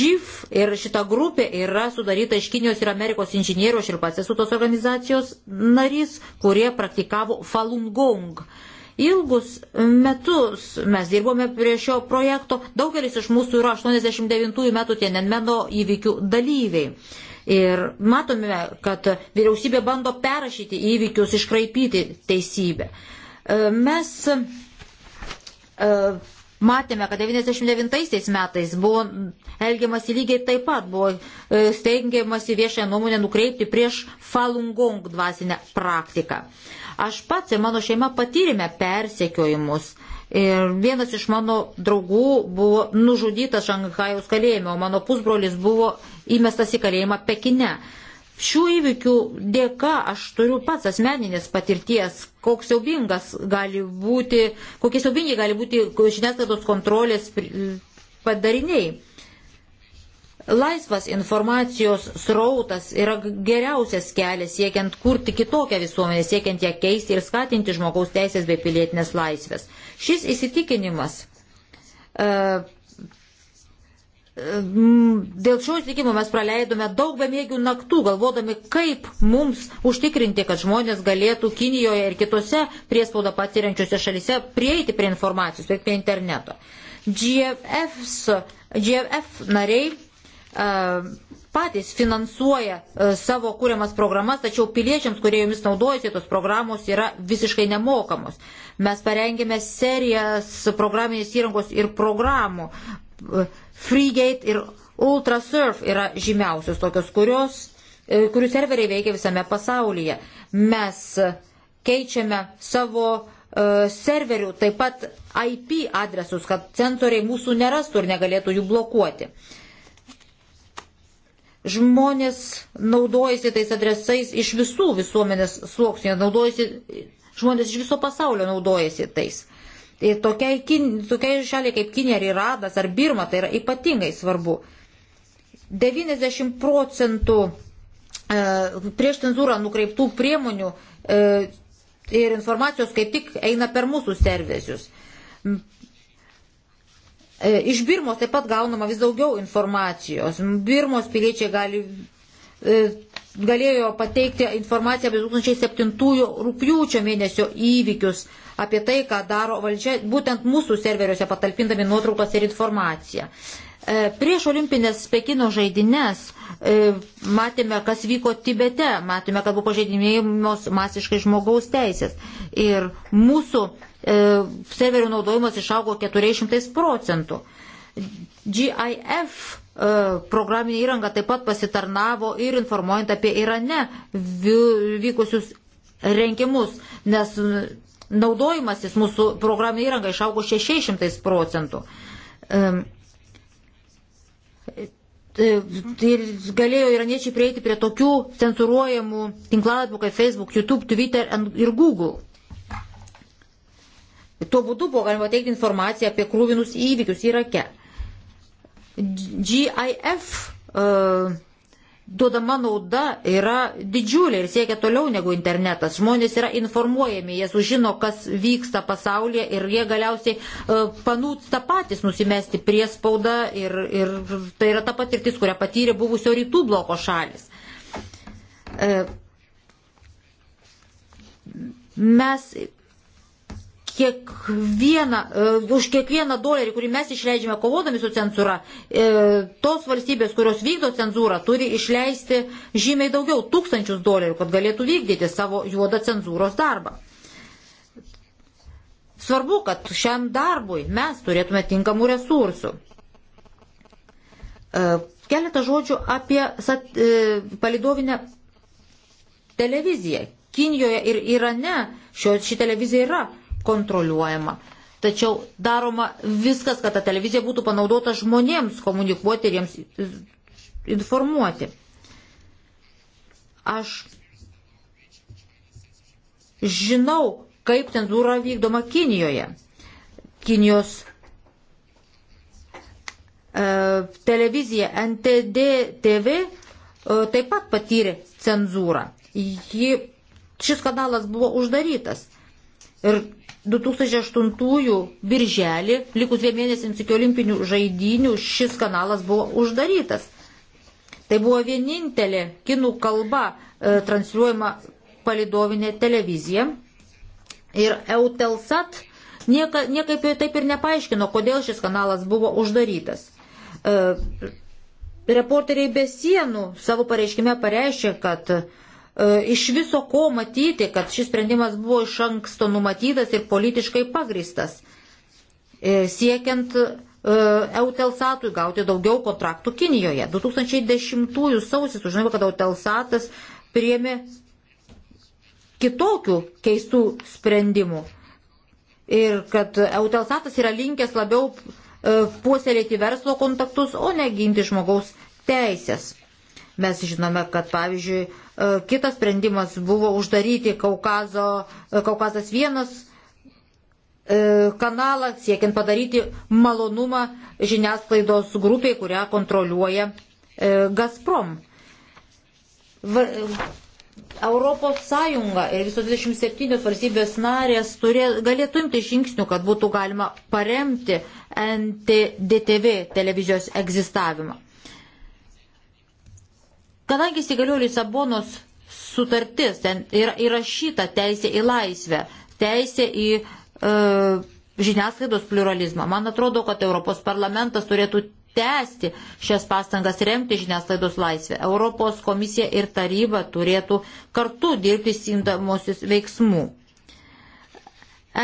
GIF ir šita grupė yra sudaryta iš Kinijos ir Amerikos inžinierių, aš ir pats esu tos organizacijos narys, kurie praktikavo Falun Gong. Uh, Ilgus metus mes dirbome prie šio projekto, daugelis iš mūsų yra 89 metų Tienenmeno įvykių dalyviai. Ir matome, kad vyriausybė bando perrašyti įvykius, iškraipyti teisybę. E, mes e, matėme, kad 99 metais buvo elgiamasi lygiai taip pat, buvo e, stengiamasi viešąją nuomonę nukreipti prieš Falungong dvasinę praktiką. Aš pats ir mano šeima patyrėme persekiojimus. Ir vienas iš mano draugų buvo nužudytas Šanghajaus kalėjime, o mano pusbrolis buvo įmestas į kalėjimą Pekine. Šių įvykių dėka aš turiu pats asmeninės patirties, koks siaubingas gali būti, kokie siaubingi gali būti žiniasklaidos kontrolės padariniai. Laisvas informacijos srautas yra geriausias kelias siekiant kurti kitokią visuomenę, siekiant ją keisti ir skatinti žmogaus teisės bei pilietinės laisvės. Šis įsitikinimas. Uh, Dėl šio įsitikinimo mes praleidome daug bemėgių naktų, galvodami, kaip mums užtikrinti, kad žmonės galėtų Kinijoje ir kitose priespaudą patiriančiose šalise prieiti prie informacijos, prie interneto. GFS, GFF nariai patys finansuoja e, savo kūriamas programas, tačiau piliečiams, kurie jomis naudojasi, tos programos yra visiškai nemokamos. Mes parengėme serijas programinės įrangos ir programų. E, Freegate ir Ultrasurf yra žymiausios tokios, kurios, e, kurių serveriai veikia visame pasaulyje. Mes keičiame savo serverių, taip pat IP adresus, kad sensoriai mūsų nerastų ir negalėtų jų blokuoti. Uh, Žmonės naudojasi tais adresais iš visų visuomenės sluoksnių, naudojasi, žmonės iš viso pasaulio naudojasi tais. Ir tokiai, kin, tokiai šaliai kaip Kinė ar Iradas ar Birma tai yra ypatingai svarbu. 90 procentų e, prieš cenzūrą nukreiptų priemonių e, ir informacijos kaip tik eina per mūsų servisius. E, iš Birmos taip pat gaunama vis daugiau informacijos. Birmos piliečiai gali, e, galėjo pateikti informaciją apie 2007 rūpjūčio mėnesio įvykius, apie tai, ką daro valdžia, būtent mūsų serveriuose patalpindami nuotraukas ir informaciją. E, prieš olimpinės Pekino žaidinės matėme, kas vyko Tibete, matėme, kad buvo pažeidinėjimos masiškai žmogaus teisės. Ir mūsų E, serverių naudojimas išaugo 400 procentų. GIF e, programinė įranga taip pat pasitarnavo ir informuojant apie Irane vykusius renkimus, nes naudojimasis mūsų programinė įranga išaugo 600 procentų. E, ir galėjo iraniečiai prieiti prie tokių cenzuruojamų tinklalapių kaip Facebook, YouTube, Twitter ir Google. Tuo būdu buvo galima teikti informaciją apie krūvinus įvykius Irake. GIF uh, e, duodama nauda yra didžiulė ir siekia toliau negu internetas. Žmonės yra informuojami, jie sužino, kas vyksta pasaulyje ir jie galiausiai uh, panūsta patys nusimesti priespaudą ir, ir tai yra ta patirtis, kurią patyrė buvusio rytų bloko šalis. Uh, mes kiekvieną, e, už kiekvieną dolerį, kurį mes išleidžiame kovodami su cenzūra, e, tos valstybės, kurios vykdo cenzūrą, turi išleisti žymiai daugiau tūkstančius dolerių, kad galėtų vykdyti savo juodą cenzūros darbą. Svarbu, kad šiam darbui mes turėtume tinkamų resursų. E, keletą žodžių apie sat, palidovinę televiziją. Kinijoje ir Irane šio, ši televizija yra kontroliuojama. Tačiau daroma viskas, kad ta televizija būtų panaudota žmonėms komunikuoti ir jiems informuoti. Aš žinau, kaip cenzūra vykdoma Kinijoje. Kinijos e, televizija NTD TV e, taip pat patyrė cenzūrą. Ji, šis kanalas buvo uždarytas. Ir 2008 birželį, likus dviem mėnesiams iki olimpinių žaidynių, šis kanalas buvo uždarytas. Tai buvo vienintelė kinų kalba e, transliuojama palidovinė televizija. Ir Eutelsat nieka, niekaip taip ir nepaaiškino, kodėl šis kanalas buvo uždarytas. E, reporteriai be sienų savo pareiškime pareiškė, kad e, E, iš viso ko matyti, kad šis sprendimas buvo iš anksto numatytas ir politiškai pagristas, e, siekiant e, Eutelsatui gauti daugiau kontraktų Kinijoje. 2010 sausis sužinojome, kad Eutelsatas priemė kitokių keistų sprendimų ir kad Eutelsatas yra linkęs labiau puoselėti verslo kontaktus, o ne ginti žmogaus teisės. Mes žinome, kad pavyzdžiui, E, kitas sprendimas buvo uždaryti Kaukazo, e, Kaukazas vienas e, kanalą, siekiant padaryti malonumą žiniasklaidos grupiai, kurią kontroliuoja Gazprom. V Europos Sąjunga ir visos 27 valstybės narės turė, galėtų imti žingsnių, kad būtų galima paremti NTDTV televizijos egzistavimą. Kadangi įsigaliojo Lisabonos sutartis, ten yra įrašyta teisė į laisvę, teisė į e, žiniasklaidos pluralizmą, man atrodo, kad Europos parlamentas turėtų tęsti šias pastangas remti žiniasklaidos laisvę. Europos komisija ir taryba turėtų kartu dirbti simdamosis veiksmų.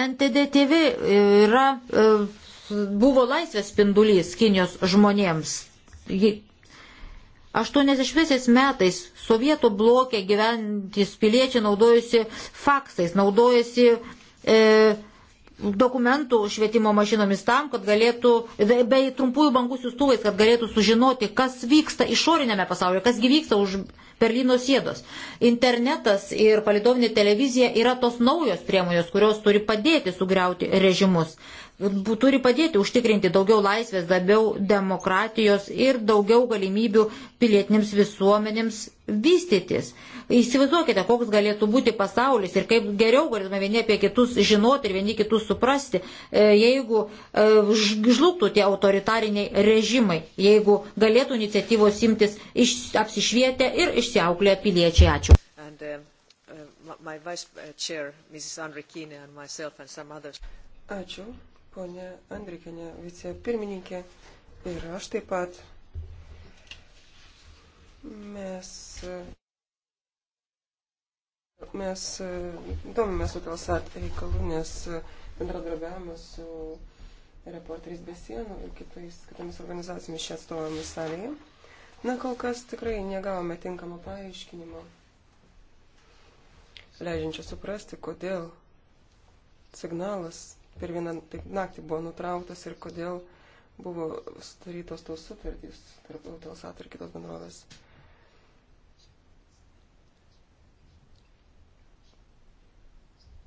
NTDTV yra, e, buvo laisvės spindulys Kinijos žmonėms. 80 metais sovietų blokė gyventys piliečiai naudojusi faksais, naudojusi e, dokumentų švietimo mašinomis tam, kad galėtų, bei trumpųjų bangų siūstuvais, kad galėtų sužinoti, kas vyksta išorinėme pasaulyje, kas gyvyksta už Berlyno sėdos. Internetas ir palidovinė televizija yra tos naujos priemonės, kurios turi padėti sugriauti režimus turi padėti užtikrinti daugiau laisvės, labiau demokratijos ir daugiau galimybių pilietinėms visuomenėms vystytis. Įsivaizduokite, koks galėtų būti pasaulis ir kaip geriau galėtume vieni apie kitus žinoti ir vieni kitus suprasti, e, jeigu e, žlugtų tie autoritariniai režimai, jeigu galėtų iniciatyvos imtis iš, apsišvietę ir išsiauklę piliečiai. Ačiū. And, uh, uh, my vice uh, chair, Mrs. Andrikine, and myself and some others. Ačiū ponė Andrikinė, vicepirmininkė ir aš taip pat. Mes, mes domimės Utelsat reikalų, nes bendradarbiavimas su reporteriais be sienų ir kitais, kitomis organizacijomis čia atstovomis salėje. Na, kol kas tikrai negavome tinkamo paaiškinimo, leidžiančio suprasti, kodėl signalas per vieną taip, naktį buvo nutrauktas ir kodėl buvo sudarytos tos sutartys tarp Eutelsat ir kitos bendrovės.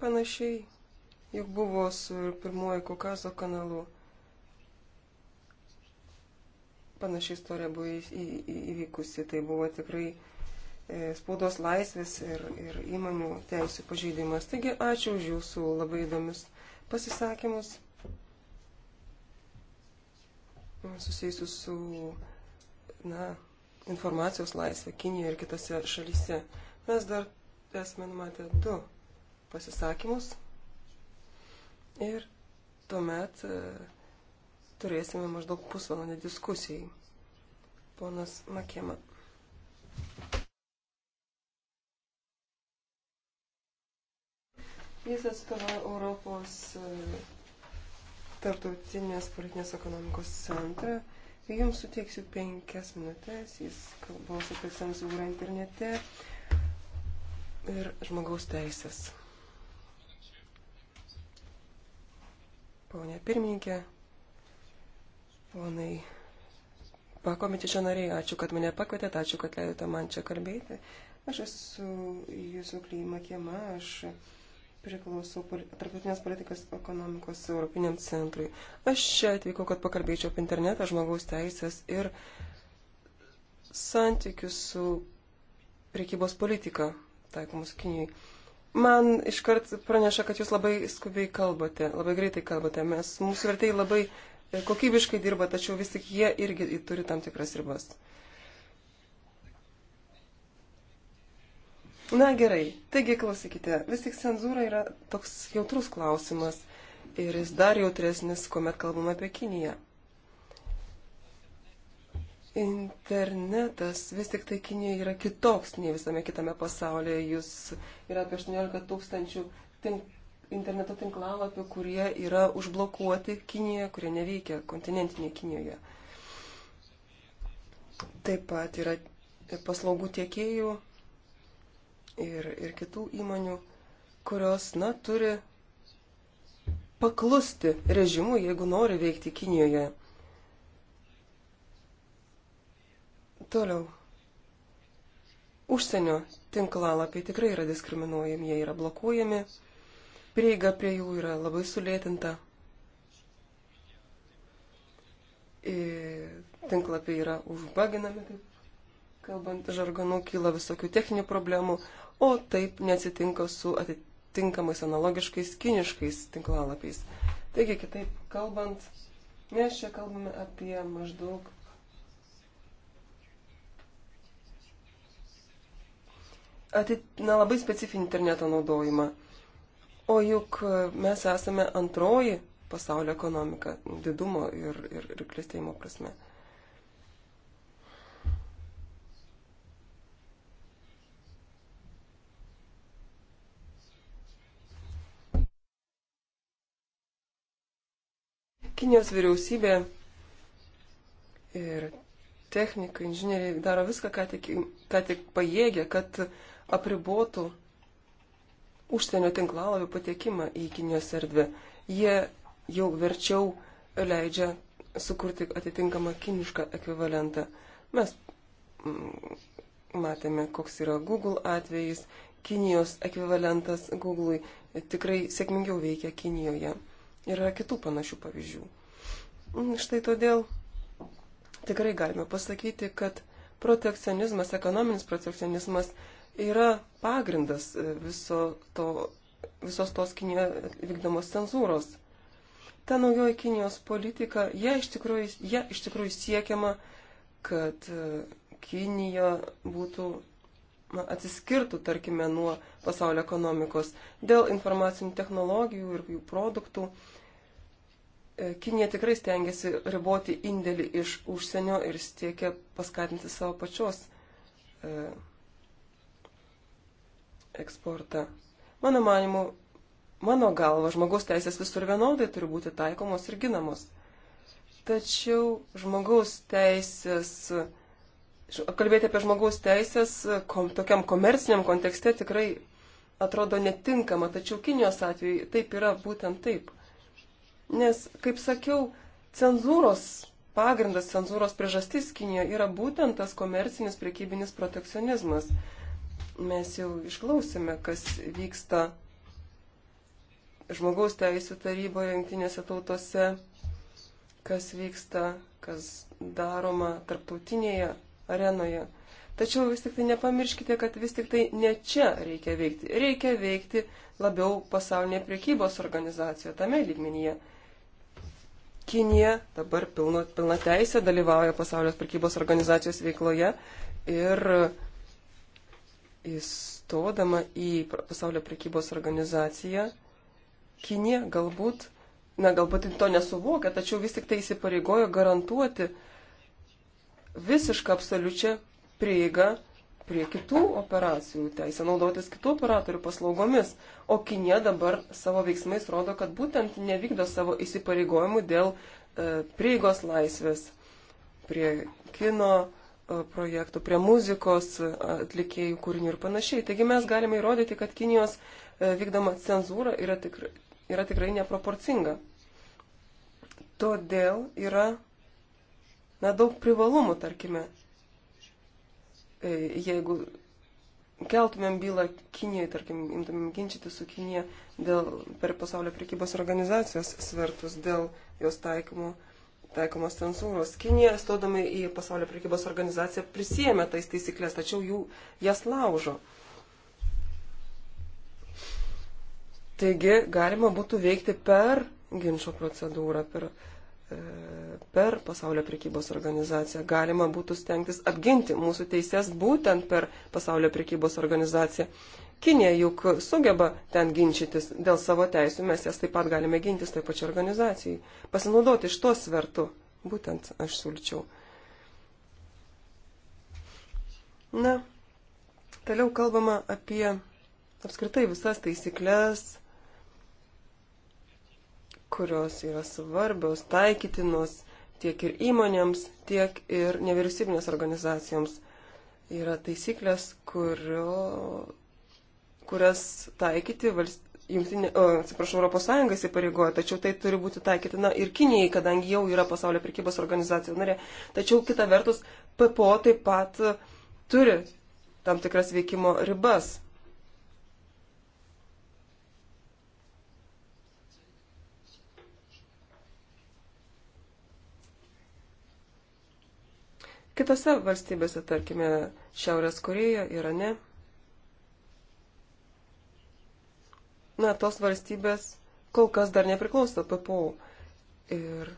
Panašiai, juk buvo su pirmuoju Kaukazo kanalu. Panašiai istorija buvo į, į, į, įvykusi, tai buvo tikrai e, spaudos laisvės ir, ir įmonių teisų pažeidimas. Taigi ačiū už jūsų labai įdomius pasisakymus susijusius su na, informacijos laisvė Kinijoje ir kitose šalyse. Mes dar esame numatę du pasisakymus ir tuomet e, turėsime maždaug pusvalandį diskusijai. Ponas Makėma. Jis atstovauja Europos e, tarptautinės politinės ekonomikos centrą. Jums suteiksiu penkias minutės. Jis kalbos apie cenzūrą internete ir žmogaus teisės. Pone pirmininkė, ponai pakomitečio nariai, ačiū, kad mane pakvietėte, ačiū, kad leidote man čia kalbėti. Aš esu Jūsų Klyma Kiema, aš priklausau tarptautinės politikos ekonomikos Europiniam centrui. Aš čia atvykau, kad pakalbėčiau apie internetą, žmogaus teisės ir santykius su priekybos politika taikomus Kinijai. Man iškart praneša, kad jūs labai skubiai kalbate, labai greitai kalbate. Mes, mūsų vertėjai labai kokybiškai dirba, tačiau vis tik jie irgi turi tam tikras ribas. Uh, Na gerai, taigi klausykite, vis tik cenzūra yra toks jautrus klausimas ir jis dar jautresnis, kuomet kalbam apie Kiniją. Internetas vis tik tai Kinijoje yra kitoks nei visame kitame pasaulyje. Jūs yra apie 18 tūkstančių tink, interneto tinklalapių, kurie yra užblokuoti Kinijoje, kurie neveikia kontinentinėje Kinijoje. Taip pat yra paslaugų tiekėjų ir, ir kitų įmonių, kurios, na, turi paklusti režimui, jeigu nori veikti Kinijoje. Toliau. Užsienio tinklalapiai tikrai yra diskriminuojami, jie yra blokuojami, prieiga prie jų yra labai sulėtinta. Tinklapiai yra užbaginami, kaip kalbant žargonu, kyla visokių techninių problemų, o taip neatsitinka su atitinkamais analogiškais kiniškais tinklalapiais. Taigi, kitaip kalbant, mes čia kalbame apie maždaug atit, na, labai specifinį interneto naudojimą. O juk mes esame antroji pasaulio ekonomika didumo ir, ir, ir klėstėjimo prasme. Kinijos vyriausybė ir technikai, inžinieriai daro viską, ką tik, ką tik pajėgia, kad apribotų užsienio tinklalapių patekimą į Kinijos erdvę. Jie jau verčiau leidžia sukurti atitinkamą kinišką ekvivalentą. Mes mm, matėme, koks yra Google atvejis, Kinijos ekvivalentas Google'ui tikrai sėkmingiau veikia Kinijoje. Yra kitų panašių pavyzdžių. Štai todėl tikrai galime pasakyti, kad protekcionizmas, ekonominis protekcionizmas yra pagrindas e, viso to, visos tos Kinijoje vykdomos cenzūros. Ta naujoji Kinijos politika, jie iš tikrųjų, jie iš tikrųjų siekiama, kad e, Kinija būtų na, atsiskirtų, tarkime, nuo pasaulio ekonomikos dėl informacinių technologijų ir jų produktų. Uh, E, Kinija tikrai stengiasi riboti indėlį iš užsienio ir siekia paskatinti savo pačios e, eksportą. Mano manimu, mano galva, žmogaus teisės visur vienodai turi būti taikomos ir ginamos. Tačiau žmogaus teisės, kalbėti apie žmogaus teisės e, kom, tokiam komerciniam kontekste tikrai atrodo netinkama, tačiau Kinijos atveju taip yra būtent taip. Nes, kaip sakiau, cenzūros pagrindas, cenzūros priežastis Kinijoje yra būtent tas komercinis priekybinis protekcionizmas. Mes jau išklausėme, kas vyksta žmogaus teisų taryboje, jungtinėse tautose, kas vyksta, kas daroma tarptautinėje arenoje. Tačiau vis tik tai nepamirškite, kad vis tik tai ne čia reikia veikti. Reikia veikti labiau pasaulinėje priekybos organizacijoje, tame lygmenyje. Kinija dabar pilno, pilna teisė dalyvauja pasaulio prekybos organizacijos veikloje ir įstodama į pasaulio prekybos organizaciją, Kinija galbūt, na galbūt tai to nesuvokia, tačiau vis tik tai įsipareigojo garantuoti visišką absoliučią prieigą prie kitų operacijų, teisę naudotis kitų operatorių paslaugomis, o Kinė dabar savo veiksmais rodo, kad būtent nevykdo savo įsipareigojimų dėl e, prieigos laisvės prie kino e, projektų, prie muzikos e, atlikėjų kūrinių ir panašiai. Taigi mes galime įrodyti, kad Kinijos e, vykdoma cenzūra yra, tikr, yra tikrai neproporcinga. Todėl yra na, daug privalumų, tarkime, E, jeigu keltumėm bylą Kinijai, tarkim, imtumėm ginčyti su Kinija dėl per pasaulio prekybos organizacijos svertus, dėl jos taikymo, taikomos cenzūros. Kinija, stodama į pasaulio prekybos organizaciją, prisėmė tais taisyklės, tačiau jų jas laužo. Taigi galima būtų veikti per ginčio procedūrą, per E, per pasaulio prekybos organizaciją galima būtų stengtis apginti mūsų teises būtent per pasaulio prekybos organizaciją. Kinė juk sugeba ten ginčytis dėl savo teisų, mes jas taip pat galime gintis taip pačiai organizacijai. Pasinaudoti iš to svertų, būtent aš siūlyčiau. Na, toliau kalbama apie apskritai visas taisyklės kurios yra svarbios, taikytinos tiek ir įmonėms, tiek ir nevyriausybinės organizacijoms. Yra taisyklės, kurio, kurias taikyti valst... Jungtinė, o, atsiprašau, ES įpareigoja, tačiau tai turi būti taikytina ir Kinijai, kadangi jau yra pasaulio prekybos organizacijos narė. Tačiau kita vertus, PPO taip pat turi tam tikras veikimo ribas. kitose valstybėse, tarkime, Šiaurės Koreja, Irane. Na, tos valstybės kol kas dar nepriklauso PPO. Ir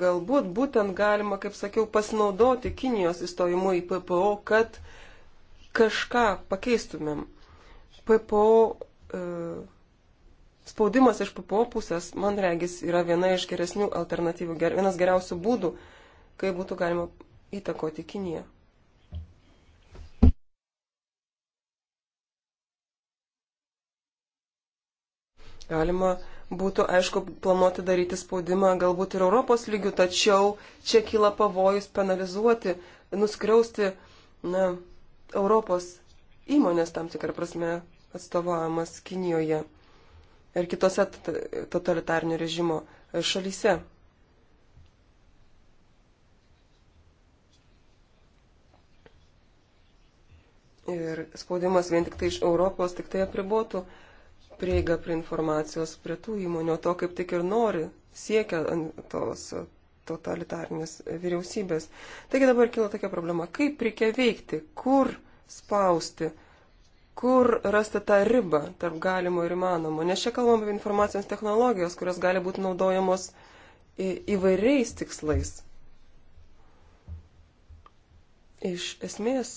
galbūt būtent galima, kaip sakiau, pasinaudoti Kinijos įstojimu į PPO, kad kažką pakeistumėm. PPO e, spaudimas iš PPO pusės, man regis, yra viena iš geresnių alternatyvų, ger, vienas geriausių būdų, kaip būtų galima įtakoti Kiniją. Galima būtų, aišku, planuoti daryti spaudimą galbūt ir Europos lygių, tačiau čia kyla pavojus penalizuoti, nuskriausti na, Europos įmonės tam tikrą prasme atstovaujamas Kinijoje ir kitose totalitarnio režimo šalyse. Ir spaudimas vien tik tai iš Europos tik tai apribotų prieigą prie informacijos, prie tų įmonių, to kaip tik ir nori, siekia tos totalitarnės vyriausybės. Taigi dabar kilo tokia problema, kaip reikia veikti, kur spausti, kur rasti tą ribą tarp galimo ir įmanomo. Nes čia kalbam apie informacijos technologijos, kurios gali būti naudojamos įvairiais tikslais. Iš esmės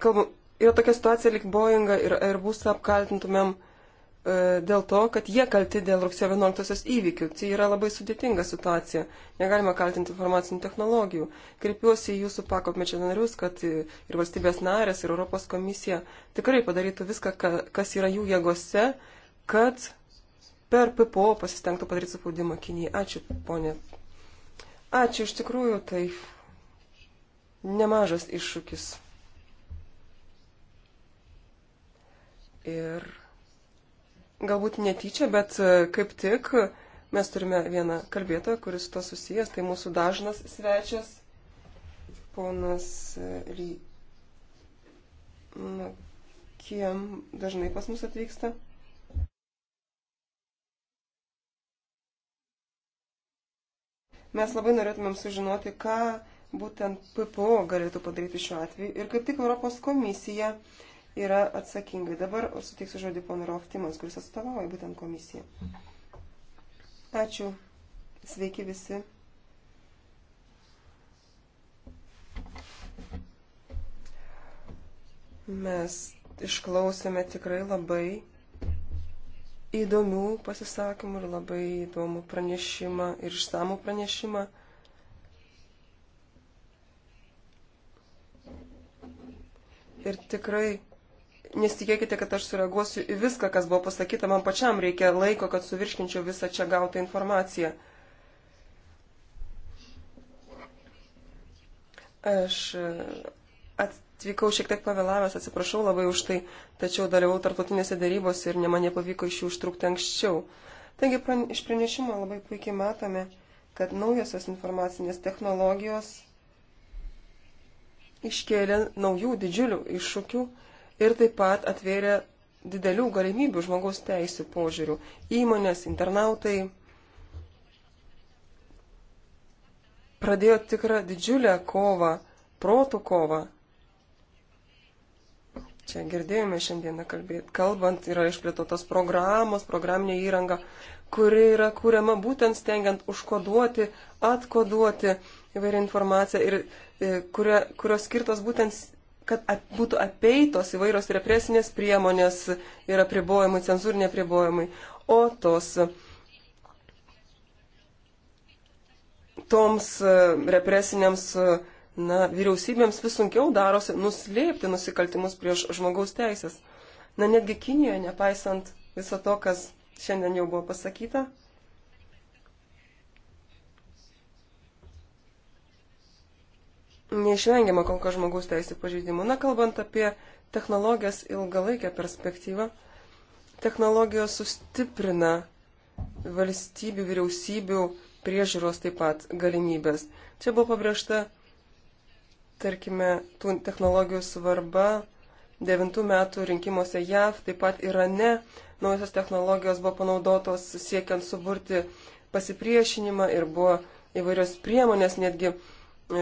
kalbam, yra tokia situacija, lik Boeingą ir Airbusą apkaltintumėm e, dėl to, kad jie kalti dėl rugsėjo 11-osios įvykių. Tai yra labai sudėtinga situacija. Negalima kaltinti informacinių technologijų. Kreipiuosi į jūsų pakopmečio narius, kad ir valstybės narės, ir Europos komisija tikrai padarytų viską, ka, kas yra jų jėgose, kad per PPO pasistengtų padaryti spaudimą Kinijai. Ačiū, ponė. Ačiū, iš tikrųjų, tai nemažas iššūkis. Ir galbūt netyčia, bet e, kaip tik mes turime vieną kalbėtoją, kuris su to susijęs, tai mūsų dažnas svečias, ponas e, Ry. Na, kiem dažnai pas mus atvyksta. Mes labai norėtumėm sužinoti, ką būtent PPO galėtų padaryti šiuo atveju. Ir kaip tik Europos komisija uh, yra atsakingai. Dabar suteiksiu žodį ponui Rochtimans, kuris atstovauja būtent komisiją. Ačiū. Sveiki visi. Mes išklausėme tikrai labai įdomių pasisakymų ir labai įdomų pranešimą ir išsamų pranešimą. Ir tikrai nesitikėkite, kad aš sureaguosiu į viską, kas buvo pasakyta, man pačiam reikia laiko, kad suvirškinčiau visą čia gautą informaciją. Aš e, atvykau šiek tiek pavėlavęs, atsiprašau labai už tai, tačiau dalyvau tarptautinėse darybose ir ne man nepavyko iš jų užtrukti anksčiau. Taigi pran, iš pranešimo labai puikiai matome, kad naujosios informacinės technologijos iškėlė naujų didžiulių iššūkių ir taip pat atvėrė didelių galimybių žmogaus teisų požiūrių. Įmonės, internautai pradėjo tikrą didžiulę kovą, protų kovą. Čia girdėjome šiandieną kalbėt, kalbant, yra išplėtotos programos, programinė įranga, kuri yra kūriama būtent stengiant užkoduoti, atkoduoti įvairią informaciją ir e, kurio, kurios skirtos būtent kad būtų apeitos įvairios represinės priemonės ir apribojimai, cenzūriniai apribojimai. O tos toms e, represinėms e, na, vyriausybėms vis sunkiau darosi nuslėpti nusikaltimus prieš žmogaus teisės. Na netgi Kinijoje, nepaisant viso to, kas šiandien jau buvo pasakyta, neišvengiama konka žmogaus teisų pažeidimų. Na, kalbant apie technologijas ilgalaikę perspektyvą, technologijos sustiprina valstybių, vyriausybių priežiūros taip pat galimybės. Čia buvo pabrėžta, tarkime, tų technologijų svarba devintų metų rinkimuose JAV, taip pat Irane naujosios technologijos buvo panaudotos siekiant suburti pasipriešinimą ir buvo įvairios priemonės netgi E,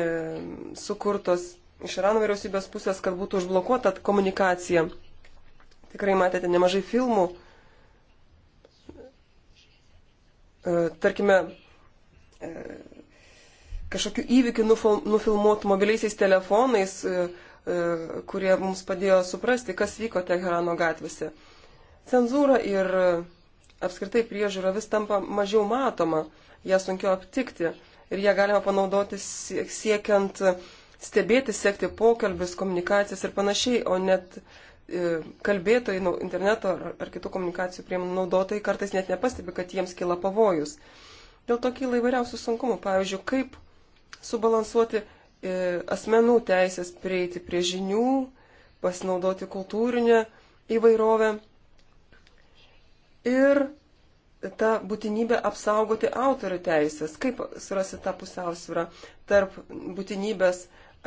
sukurtos iš Irano vyriausybės pusės, kad būtų užblokuota komunikacija. Tikrai matėte nemažai filmų. E, tarkime, e, kažkokių įvykių nufilmuotų mobiliaisiais telefonais, kurie mums padėjo suprasti, kas vyko Teherano gatvėse. Cenzūra ir apskritai priežiūra vis tampa mažiau matoma, ją sunkiau aptikti ir ją galima panaudoti siekiant stebėti, sekti pokalbius, komunikacijas ir panašiai, o net e, kalbėtojai, interneto ar kitų komunikacijų priemonių naudotojai kartais net nepastebi, kad jiems kila pavojus. Dėl to kyla įvairiausių sunkumų. Pavyzdžiui, kaip subalansuoti e, asmenų teisės prieiti prie žinių, pasinaudoti kultūrinę įvairovę ir ta būtinybė apsaugoti autorių teisės, kaip surasti tą pusiausvyrą tarp būtinybės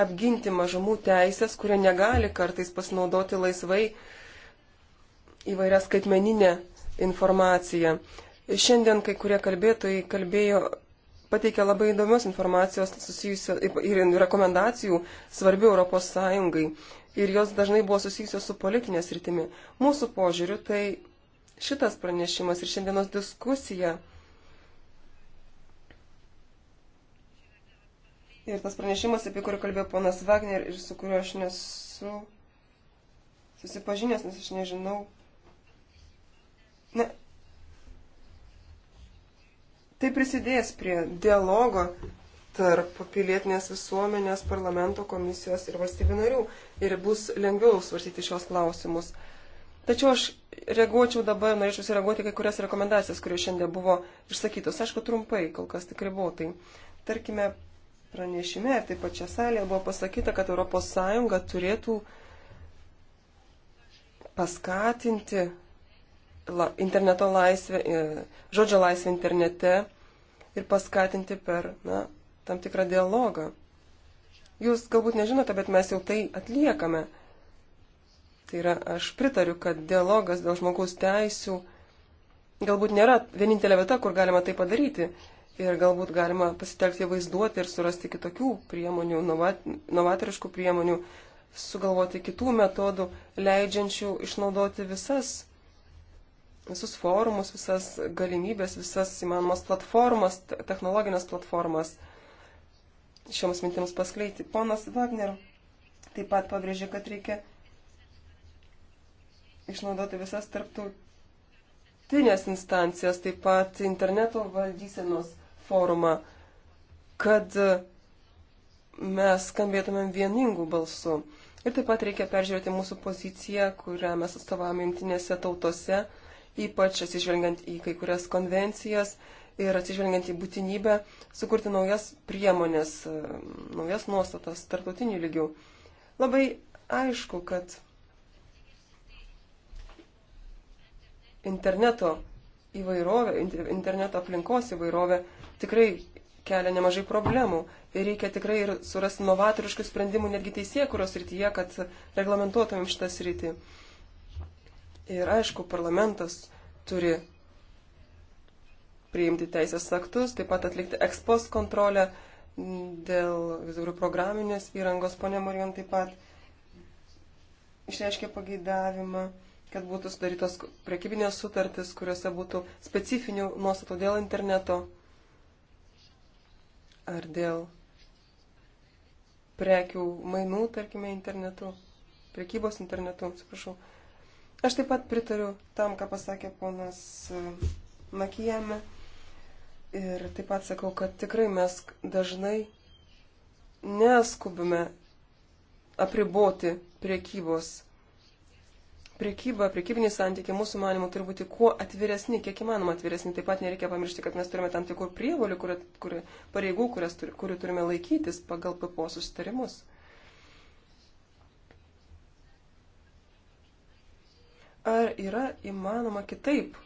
apginti mažumų teisės, kurie negali kartais pasinaudoti laisvai įvairią skaitmeninę informaciją. Šiandien kai kurie kalbėtojai kalbėjo, pateikė labai įdomios informacijos susijusio ir rekomendacijų svarbių Europos Sąjungai ir jos dažnai buvo susijusios su politinės rytimi. Mūsų požiūriu tai šitas pranešimas ir šiandienos diskusija. Ir tas pranešimas, apie kurį kalbėjo ponas Wagner ir su kuriuo aš nesu susipažinęs, nes aš nežinau. Ne. Tai prisidės prie dialogo tarp pilietinės visuomenės, parlamento komisijos ir valstybių narių ir bus lengviau svarstyti šios klausimus. Tačiau aš reaguočiau dabar, norėčiau sureaguoti kai kurias rekomendacijas, kurios šiandien buvo išsakytos. Aišku, trumpai, kol kas tik ribotai. Tarkime, pranešime ir taip pat čia salėje buvo pasakyta, kad ES turėtų paskatinti la, interneto laisvę, e, žodžio laisvę internete ir paskatinti per na, tam tikrą dialogą. Jūs galbūt nežinote, bet mes jau tai atliekame Tai yra, aš pritariu, kad dialogas dėl žmogaus teisų galbūt nėra vienintelė vieta, kur galima tai padaryti. Ir galbūt galima pasitelkti vaizduoti ir surasti kitokių priemonių, novat, novatoriškų priemonių, sugalvoti kitų metodų, leidžiančių išnaudoti visas, visus forumus, visas galimybės, visas įmanomas platformas, technologinės platformas šioms mintims paskleiti. Ponas Wagner taip pat pabrėžė, kad reikia išnaudoti visas tarptautinės instancijas, taip pat interneto valdysenos forumą, kad mes skambėtumėm vieningų balsų. Ir taip pat reikia peržiūrėti mūsų poziciją, kurią mes atstovavome jungtinėse tautose, ypač atsižvelgiant į kai kurias konvencijas ir atsižvelgiant į būtinybę sukurti naujas priemonės, naujas nuostatas tarptautinių lygių. Labai aišku, kad interneto įvairovė, interneto aplinkos įvairovė tikrai kelia nemažai problemų. Ir reikia tikrai ir surasti novatoriškų sprendimų netgi teisėkuros rytyje, kad reglamentuotumėm šitą sritį. Ir aišku, parlamentas turi priimti teisės aktus, taip pat atlikti ekspos kontrolę dėl vizorių programinės įrangos, ponė Marion taip pat išreiškė pageidavimą kad būtų sudarytos prekybinės sutartis, kuriuose būtų specifinių nuostatų dėl interneto ar dėl prekių mainų, tarkime, internetu, prekybos internetu, atsiprašau. Aš taip pat pritariu tam, ką pasakė ponas e, Makijame ir taip pat sakau, kad tikrai mes dažnai neskubime apriboti priekybos Prekyba, prekybiniai santykiai mūsų manimų turi būti kuo atviresni, kiek įmanoma atviresni. Taip pat nereikia pamiršti, kad mes turime tam tikrų prievolių, kur, kur, pareigų, kurias, kurių turime laikytis pagal PPO susitarimus. Ar yra įmanoma kitaip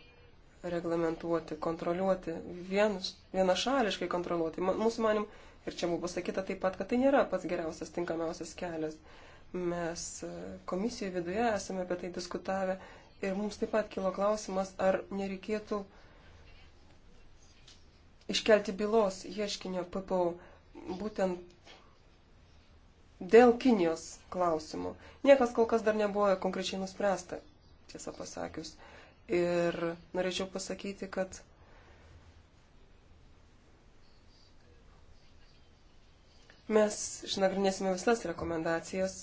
reglamentuoti, kontroliuoti, vien, vienašališkai kontroliuoti? Mūsų manim, ir čia buvo pasakyta taip pat, kad tai nėra pats geriausias, tinkamiausias kelias. Uh, Mes e, komisijoje viduje esame apie tai diskutavę ir mums taip pat kilo klausimas, ar nereikėtų iškelti bylos ieškinio PPO būtent dėl Kinijos klausimų. Niekas kol kas dar nebuvo konkrečiai nuspręsta, tiesą pasakius. Ir norėčiau pasakyti, kad mes išnagrinėsime visas rekomendacijas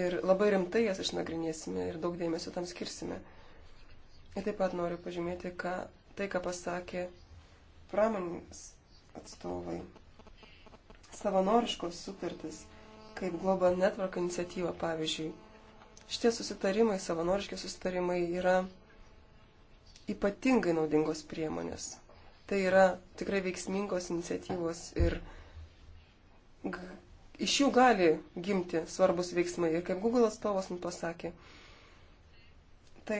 Ir labai rimtai jas išnagrinėsime ir daug dėmesio tam skirsime. Ir taip pat noriu pažymėti, ką, tai, ką pasakė pramonės atstovai. Savanoriškos sutartis, kaip Global Network iniciatyva, pavyzdžiui. Šitie susitarimai, savanoriški susitarimai yra ypatingai naudingos priemonės. Tai yra tikrai veiksmingos iniciatyvos ir iš jų gali gimti svarbus veiksmai. Ir kaip Google atstovas mums pasakė, tai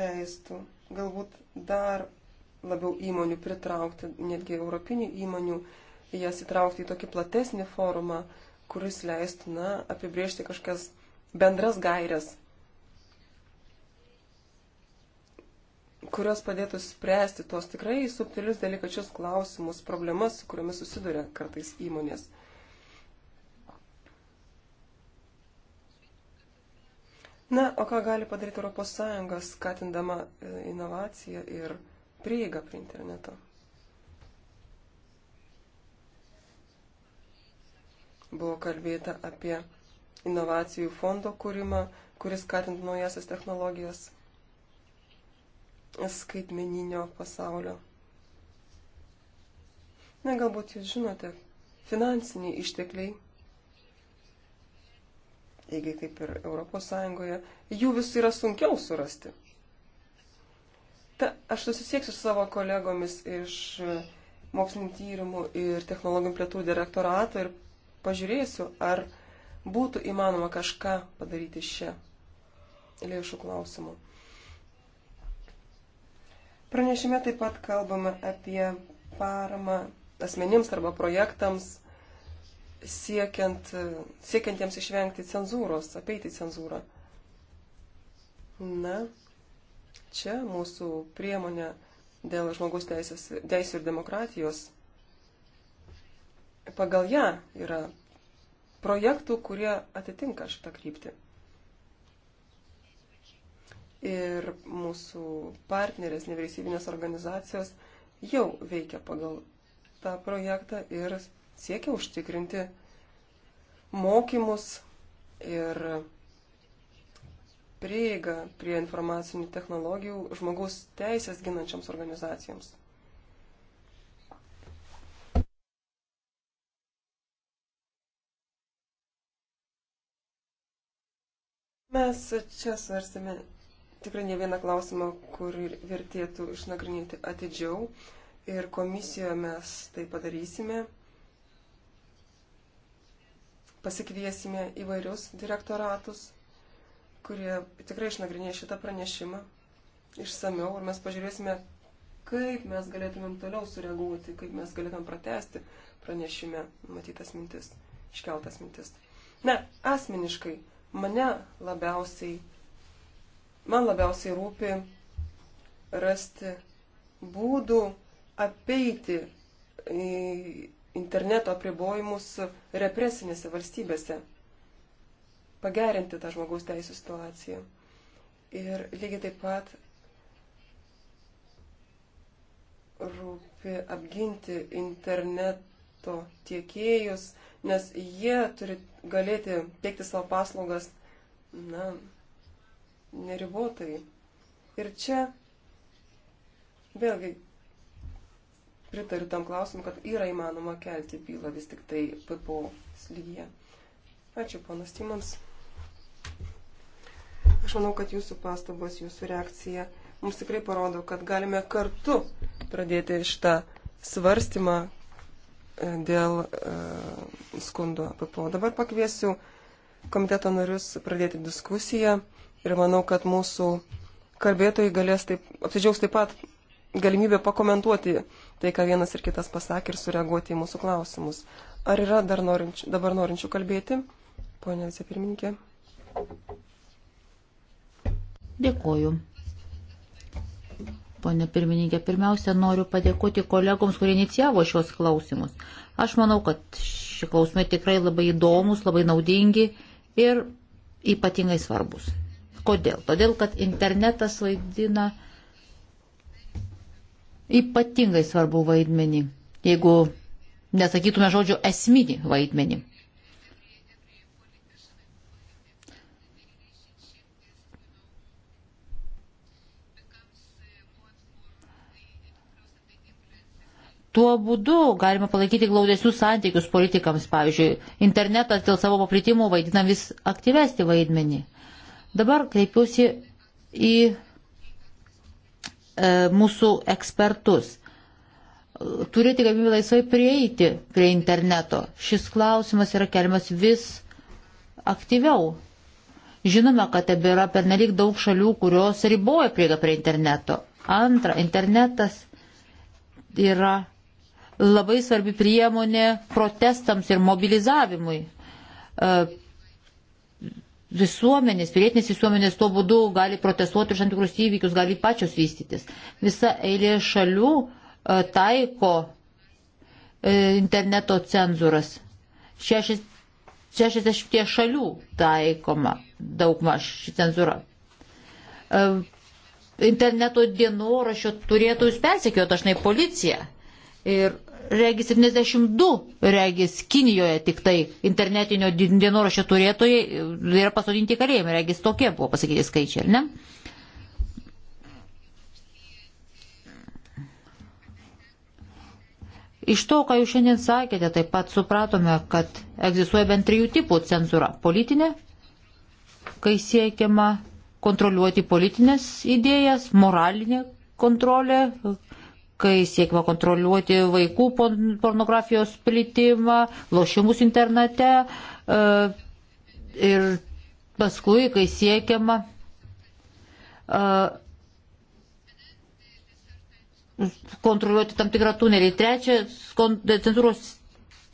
leistų galbūt dar labiau įmonių pritraukti, netgi europinių įmonių, jas įtraukti į tokį platesnį forumą, kuris leistų, na, apibriežti kažkas bendras gairias, kurios padėtų spręsti tuos tikrai subtilius delikačius klausimus, problemas, su kuriomis susiduria kartais įmonės. Na, o ką gali padaryti ES, skatindama e, inovaciją ir prieigą prie interneto? Buvo kalbėta apie inovacijų fondo kūrimą, kuris skatintų naujasias technologijas skaitmeninio pasaulio. Na, galbūt jūs žinote, finansiniai ištekliai lygiai kaip ir ES, jų vis yra sunkiau surasti. Ta, aš susisieksiu su savo kolegomis iš mokslinio tyrimų ir technologijų plėtų direktorato ir pažiūrėsiu, ar būtų įmanoma kažką padaryti šią lėšų klausimų. Pranešime taip pat kalbame apie paramą asmenims arba projektams siekiant, siekiantiems išvengti cenzūros, apeiti cenzūrą. Na, čia mūsų priemonė dėl žmogaus teisės, teisų ir demokratijos. Pagal ją yra projektų, kurie atitinka šitą kryptį. Ir mūsų partnerės nevyriausybinės organizacijos jau veikia pagal tą projektą ir siekia užtikrinti mokymus ir prieigą prie informacinių technologijų žmogaus teisės ginančiams organizacijoms. Mes čia svarstėme tikrai ne vieną klausimą, kurį vertėtų išnagrinėti atidžiau ir komisijoje mes tai padarysime pasikviesime įvairius direktoratus, kurie tikrai išnagrinė šitą pranešimą išsameu ir mes pažiūrėsime, kaip mes galėtumėm toliau sureaguoti, kaip mes galėtumėm pratesti pranešime matytas mintis, iškeltas mintis. Na, asmeniškai mane labiausiai, man labiausiai rūpi rasti būdų apeiti interneto apribojimus represinėse valstybėse, pagerinti tą žmogaus teisų situaciją. Ir lygiai taip pat rūpi apginti interneto tiekėjus, nes jie turi galėti teikti savo paslaugas, na, neribotai. Ir čia vėlgi pritariu tam klausimui, kad yra įmanoma kelti bylą vis tik tai PPO lygyje. Ačiū, ponas Timans. Aš manau, kad jūsų pastabos, jūsų reakcija mums tikrai parodo, kad galime kartu pradėti šitą svarstymą e, dėl uh, skundo PPO. Dabar pakviesiu komiteto narius pradėti diskusiją ir manau, kad mūsų kalbėtojai galės taip, apsidžiaugs taip pat galimybę pakomentuoti tai, ką vienas ir kitas pasakė ir sureaguoti į mūsų klausimus. Ar yra dar norinčių, dabar norinčių kalbėti? Pone vicepirmininkė. Dėkoju. Pone pirmininkė, pirmiausia, noriu padėkoti kolegoms, kurie inicijavo šios klausimus. Aš manau, kad šie klausimai tikrai labai įdomus, labai naudingi ir ypatingai svarbus. Kodėl? Todėl, kad internetas vaidina ypatingai svarbu vaidmenį, jeigu nesakytume žodžio esminį vaidmenį. Tuo būdu galima palaikyti glaudesnius santykius politikams. Pavyzdžiui, internetas dėl savo paplitimo vaidina vis aktyvesnį vaidmenį. Dabar kreipiuosi į E, mūsų ekspertus. Turėti galimybę laisvai prieiti prie interneto. Šis klausimas yra keliamas vis aktyviau. Žinome, kad tebėra pernelyg daug šalių, kurios riboja prieigą prie interneto. Antra, internetas yra labai svarbi priemonė protestams ir mobilizavimui. E, visuomenės, pilietinės visuomenės tuo būdu gali protestuoti už tam tikrus įvykius, gali pačios vystytis. Visa eilė šalių e, taiko e, interneto cenzūras. 60 šalių taikoma daugmaž ši cenzūra. E, interneto dienorašio turėtų jūs persekioti dažnai policija. Ir regis 72 regis Kinijoje tik tai internetinio dienoraščio turėtojai e, yra pasodinti kalėjimai, regis tokie buvo pasakyti skaičiai, ar ne? Iš to, ką jūs šiandien sakėte, taip pat supratome, kad egzistuoja bent trijų tipų cenzūra. Politinė, kai siekiama kontroliuoti politinės idėjas, moralinė kontrolė, kai siekima kontroliuoti vaikų pornografijos plitimą, lošimus internete e, ir paskui, kai siekiama e, kontroliuoti tam tikrą tunelį. Trečias cenzūros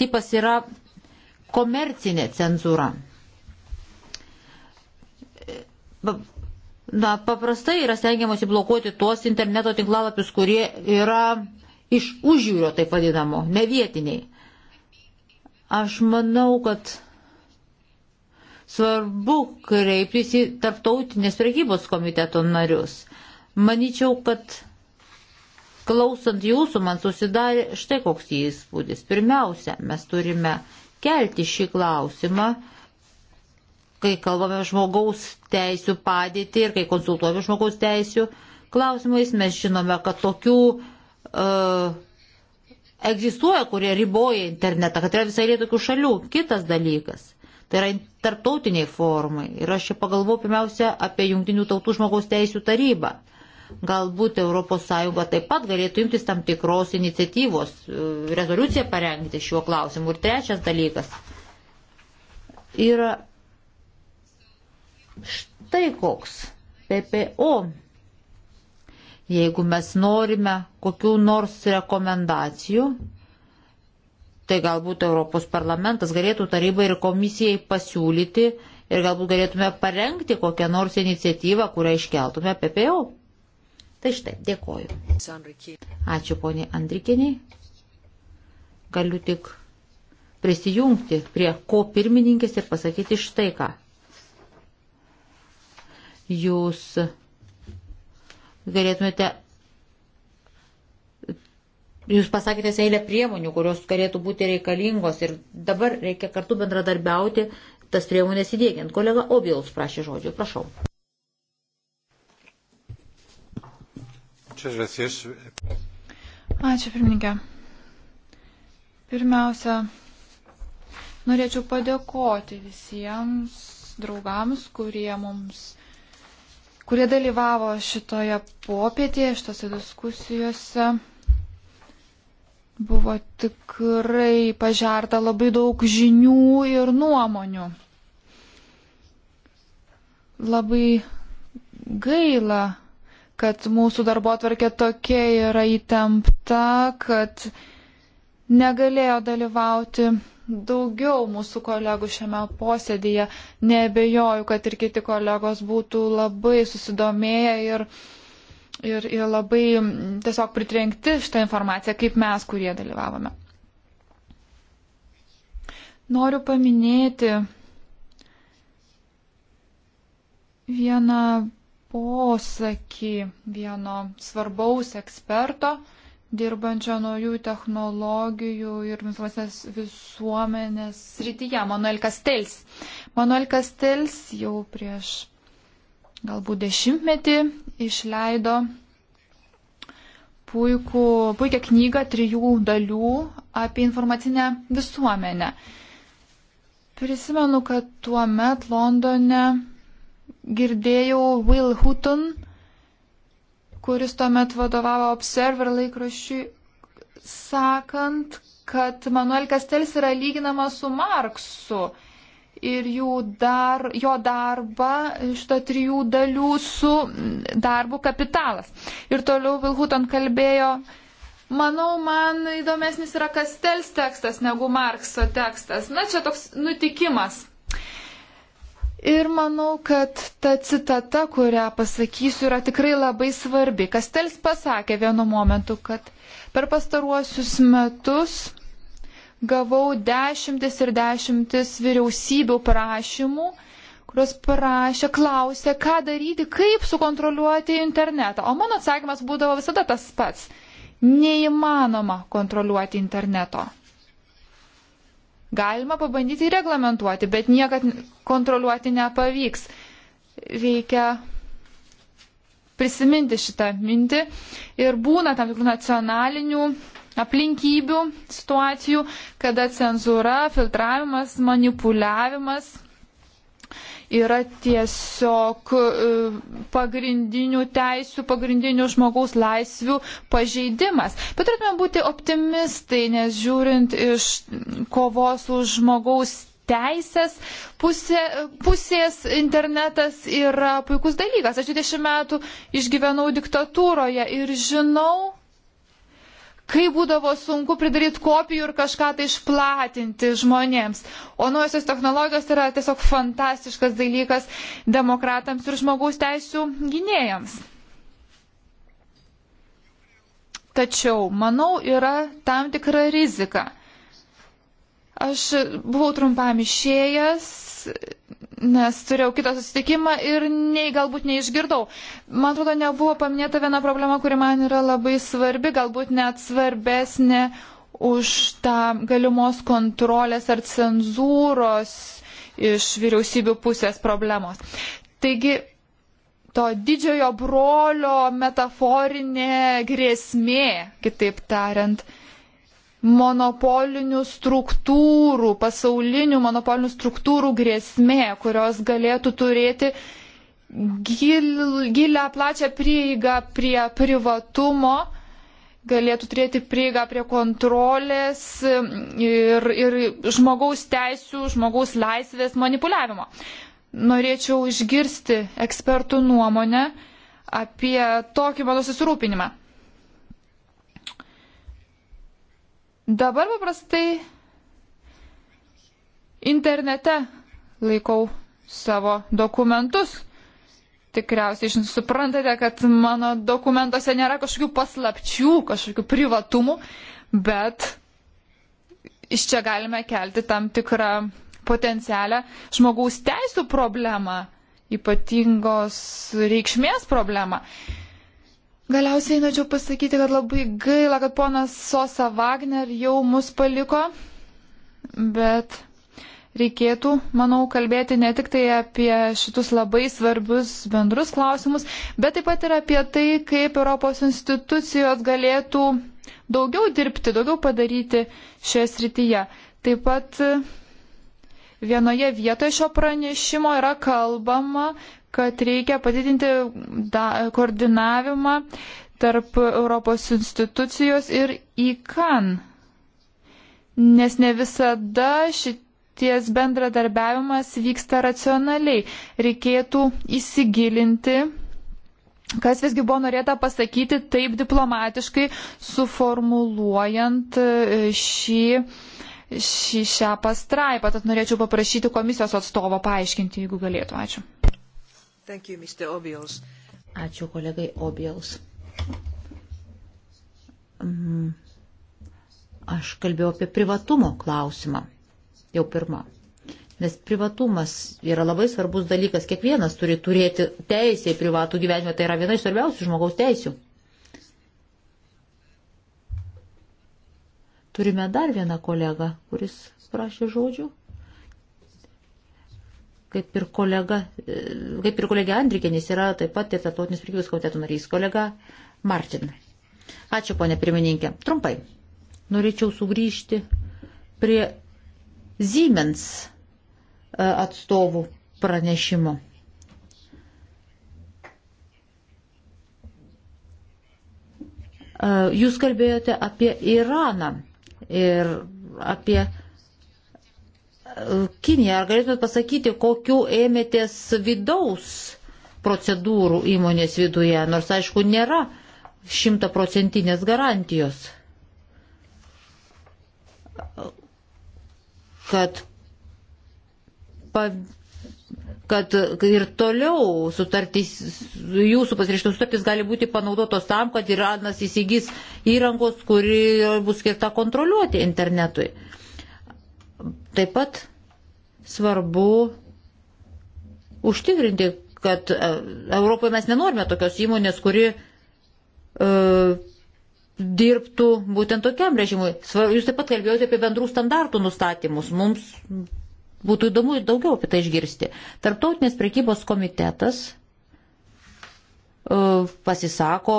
tipas yra komercinė cenzūra e, Na, paprastai yra stengiamasi blokuoti tuos interneto tinklalapius, kurie yra iš užjūrio, taip vadinamo, ne vietiniai. Aš manau, kad svarbu kreiptis į tarptautinės prekybos komiteto narius. Maničiau, kad klausant jūsų man susidarė štai koks įspūdis. Pirmiausia, mes turime kelti šį klausimą kai kalbame žmogaus teisų padėtį ir kai konsultuojame žmogaus teisų klausimais, mes žinome, kad tokių uh, egzistuoja, kurie riboja internetą, kad yra visai lė tokių šalių. Kitas dalykas. Tai yra tarptautiniai formai. Ir aš čia pagalvoju pirmiausia apie Junktinių tautų žmogaus teisų tarybą. Galbūt ES taip pat galėtų imtis tam tikros iniciatyvos, e, rezoliuciją parengti šiuo klausimu. Ir trečias dalykas yra Štai koks PPO. Jeigu mes norime kokių nors rekomendacijų, tai galbūt Europos parlamentas galėtų tarybai ir komisijai pasiūlyti ir galbūt galėtume parengti kokią nors iniciatyvą, kurią iškeltume PPO. Tai štai, dėkoju. Ačiū poniai Andrikiniai. Galiu tik prisijungti prie ko pirmininkės ir pasakyti štai ką jūs galėtumėte. Jūs pasakėte eilę priemonių, kurios galėtų būti reikalingos ir dabar reikia kartu bendradarbiauti tas priemonės įdėgiant. Kolega Obielas prašė žodžio, prašau. Ačiū, pirmininkė. Pirmiausia, norėčiau padėkoti visiems draugams, kurie mums kurie dalyvavo šitoje popietėje, šitose diskusijose. Buvo tikrai pažerta labai daug žinių ir nuomonių. Labai gaila, kad mūsų darbo atvarkė tokia yra įtempta, kad negalėjo dalyvauti daugiau mūsų kolegų šiame posėdėje. Nebejoju, kad ir kiti kolegos būtų labai susidomėję ir, ir, ir labai tiesiog pritrenkti šitą informaciją, kaip mes, kurie dalyvavome. Noriu paminėti vieną posakį vieno svarbaus eksperto dirbančio naujų technologijų ir informacinės visuomenės srityje, Manuel Kastels. Manuel Kastels jau prieš galbūt dešimtmetį išleido puikų, puikią knygą trijų dalių apie informacinę visuomenę. Prisimenu, kad tuo met Londone girdėjau Will Hutton kuris tuomet vadovavo Observer laikraščiui, sakant, kad Manuel Castells yra lyginamas su Marksu ir dar, jo darbą šito trijų dalių su darbu kapitalas. Ir toliau Vilhuton kalbėjo, manau, man įdomesnis yra Kastels tekstas negu Markso tekstas. Na, čia toks nutikimas. Ir manau, kad ta citata, kurią pasakysiu, yra tikrai labai svarbi. Kastels pasakė vienu momentu, kad per pastaruosius metus gavau dešimtis ir dešimtis vyriausybių prašymų, kurios prašė, klausė, ką daryti, kaip sukontroliuoti internetą. O mano atsakymas būdavo visada tas pats. Neįmanoma kontroliuoti interneto. Galima pabandyti reglamentuoti, bet niekad kontroliuoti nepavyks. Reikia prisiminti šitą mintį ir būna tam tikrų nacionalinių aplinkybių, situacijų, kada cenzūra, filtravimas, manipuliavimas yra tiesiog e, pagrindinių teisių, pagrindinių žmogaus laisvių pažeidimas. Bet turėtume būti optimistai, nes žiūrint iš kovos už žmogaus teisės pusė, pusės internetas yra puikus dalykas. Aš 20 metų išgyvenau diktatūroje ir žinau, kaip būdavo sunku pridaryti kopijų ir kažką tai išplatinti žmonėms. O naujosios technologijos yra tiesiog fantastiškas dalykas demokratams ir žmogaus teisų gynėjams. Tačiau, manau, yra tam tikra rizika. Aš buvau trumpam išėjęs nes turėjau kitą susitikimą ir nei galbūt neišgirdau. Man atrodo, nebuvo paminėta viena problema, kuri man yra labai svarbi, galbūt net svarbesnė už tą galimos kontrolės ar cenzūros iš vyriausybių pusės problemos. Taigi, to didžiojo brolio metaforinė grėsmė, kitaip tariant, monopolinių struktūrų, pasaulinių monopolinių struktūrų grėsmė, kurios galėtų turėti gil, gilę plačią prieigą prie privatumo, galėtų turėti prieigą prie kontrolės ir, ir žmogaus teisų, žmogaus laisvės manipuliavimo. Norėčiau išgirsti ekspertų nuomonę apie tokį mano susirūpinimą. Dabar paprastai internete laikau savo dokumentus. Tikriausiai suprantate, kad mano dokumentuose nėra kažkokių paslapčių, kažkokių privatumų, bet iš čia galime kelti tam tikrą potencialią žmogaus teisų problemą, ypatingos reikšmės problemą. Galiausiai norėčiau pasakyti, kad labai gaila, kad ponas Sosa Wagner jau mus paliko, bet reikėtų, manau, kalbėti ne tik tai apie šitus labai svarbius bendrus klausimus, bet taip pat ir apie tai, kaip Europos institucijos galėtų daugiau dirbti, daugiau padaryti šioje srityje. Taip pat vienoje vietoje šio pranešimo yra kalbama, kad reikia padidinti da, koordinavimą tarp Europos institucijos ir ICAN, nes ne visada šitie ties bendradarbiavimas vyksta racionaliai. Reikėtų įsigilinti, kas visgi buvo norėta pasakyti taip diplomatiškai, suformuluojant e, šį, šį šią pastraipą. Tad norėčiau paprašyti komisijos atstovo paaiškinti, jeigu galėtų. Ačiū. Thank you, Mr. Obils. Ačiū kolegai Obils. Mm. Aš kalbėjau apie privatumo klausimą. Jau pirmą. Nes privatumas yra labai svarbus dalykas. Kiekvienas turi turėti teisę į privatų gyvenimą. Tai yra viena iš svarbiausių žmogaus teisių. Turime dar vieną kolegą, kuris prašė žodžių kaip ir kolega, e, kaip ir kolega Andrikinis yra taip pat ir Tatotinis prikybos komiteto narys, kolega Martin. Ačiū, ponė pirmininkė. Trumpai. Norėčiau sugrįžti prie Siemens e, atstovų pranešimo. E, jūs kalbėjote apie Iraną ir apie Kinija, ar galėtumėt pasakyti, kokiu ėmėtės vidaus procedūrų įmonės viduje, nors aišku nėra šimtaprocentinės garantijos, kad, pa, kad ir toliau sutartys, jūsų pasirašytos sutartys gali būti panaudotos tam, kad Iranas įsigys įrangos, kuri bus skirta kontroliuoti internetui. Uh, Taip pat svarbu užtikrinti, kad e, Europoje mes nenorime tokios įmonės, kuri uh, dirbtų būtent tokiam režimui. Jūs taip pat kalbėjote apie bendrų standartų nustatymus. Mums būtų įdomu daugiau apie tai išgirsti. Tarptautinės prekybos komitetas uh, pasisako,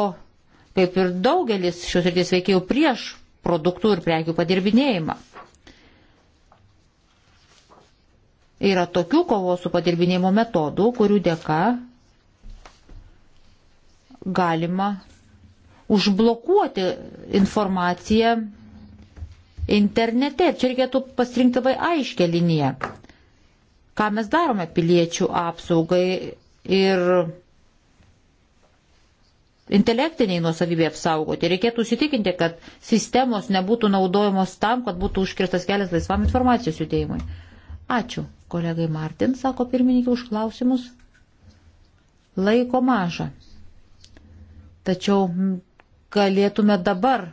kaip ir daugelis šios ryties veikėjų, prieš produktų ir prekių padirbinėjimą. Yra tokių kovos su padirbinėjimo metodų, kurių dėka galima užblokuoti informaciją internete. Čia reikėtų pasirinkti labai aiškę liniją, ką mes darome piliečių apsaugai ir intelektiniai nuosavybė apsaugoti. Reikėtų įsitikinti, kad sistemos nebūtų naudojamos tam, kad būtų užkirstas kelias laisvam informacijos judėjimui. Ačiū kolegai Martin, sako pirmininkė, už klausimus. Laiko maža. Tačiau galėtume dabar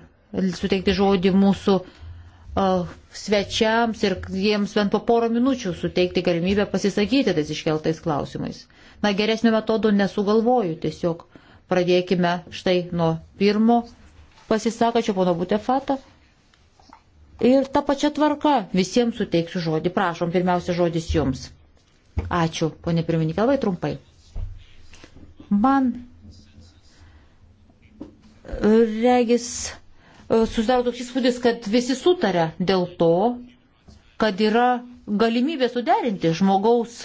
suteikti žodį mūsų uh, svečiams ir jiems bent po porą minučių suteikti galimybę pasisakyti tais iškeltais klausimais. Na, geresnio metodo nesugalvoju, tiesiog pradėkime štai nuo pirmo pasisakačio pono Butefato Ir ta pačia tvarka visiems suteiksiu žodį. Prašom, pirmiausia žodis jums. Ačiū, ponė pirmininkė, labai trumpai. Man regis e, susidaro toks įspūdis, kad visi sutarė dėl to, kad yra galimybė suderinti žmogaus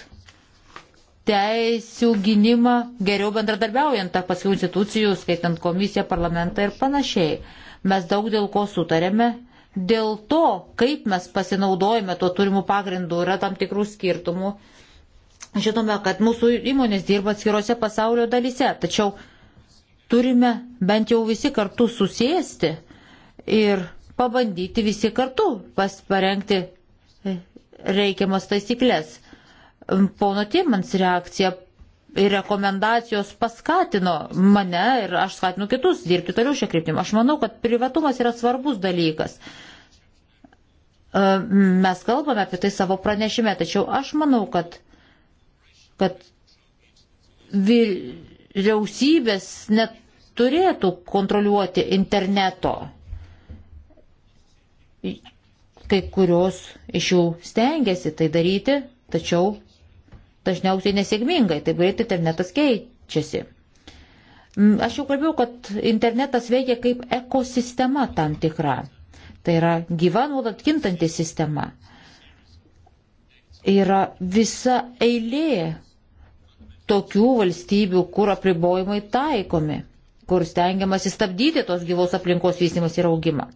teisių gynimą geriau bendradarbiaujant tarp paskirų institucijų, skaitant komisiją, parlamentą ir panašiai. Mes daug dėl ko sutarėme dėl to, kaip mes pasinaudojame tuo turimų pagrindų, yra tam tikrų skirtumų. Žinome, kad mūsų įmonės dirba atskirose pasaulio dalyse, tačiau turime bent jau visi kartu susėsti ir pabandyti visi kartu parengti e, reikiamas taisyklės. Pono Timans reakcija ir rekomendacijos paskatino mane ir aš skatinu kitus dirbti toliau šią kryptimą. Aš manau, kad privatumas yra svarbus dalykas. E, mes kalbame apie tai savo pranešime, tačiau aš manau, kad, kad vyriausybės neturėtų kontroliuoti interneto. Kai kurios iš jų stengiasi tai daryti, tačiau dažniausiai nesėkmingai, taip greitai internetas keičiasi. Mm, aš jau kalbėjau, kad internetas veikia kaip ekosistema tam tikra. Tai yra gyva nuolat kintanti sistema. Yra visa eilė tokių valstybių, kur apribojimai taikomi, kur stengiamas įstabdyti tos gyvos aplinkos vystimas ir augimą.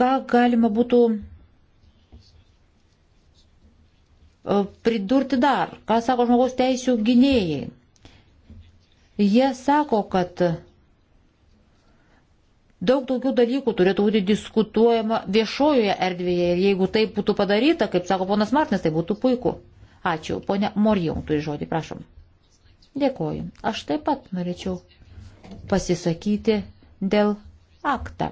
Ką galima būtų e, pridurti dar, ką sako žmogaus teisų gynėjai. Jie sako, kad daug daugiau dalykų turėtų būti diskutuojama viešojoje erdvėje ir jeigu tai būtų padaryta, kaip sako ponas Martinas, tai būtų puiku. Ačiū, ponia Morijau, turi žodį, prašom. Dėkoju. Aš taip pat norėčiau pasisakyti dėl aktą.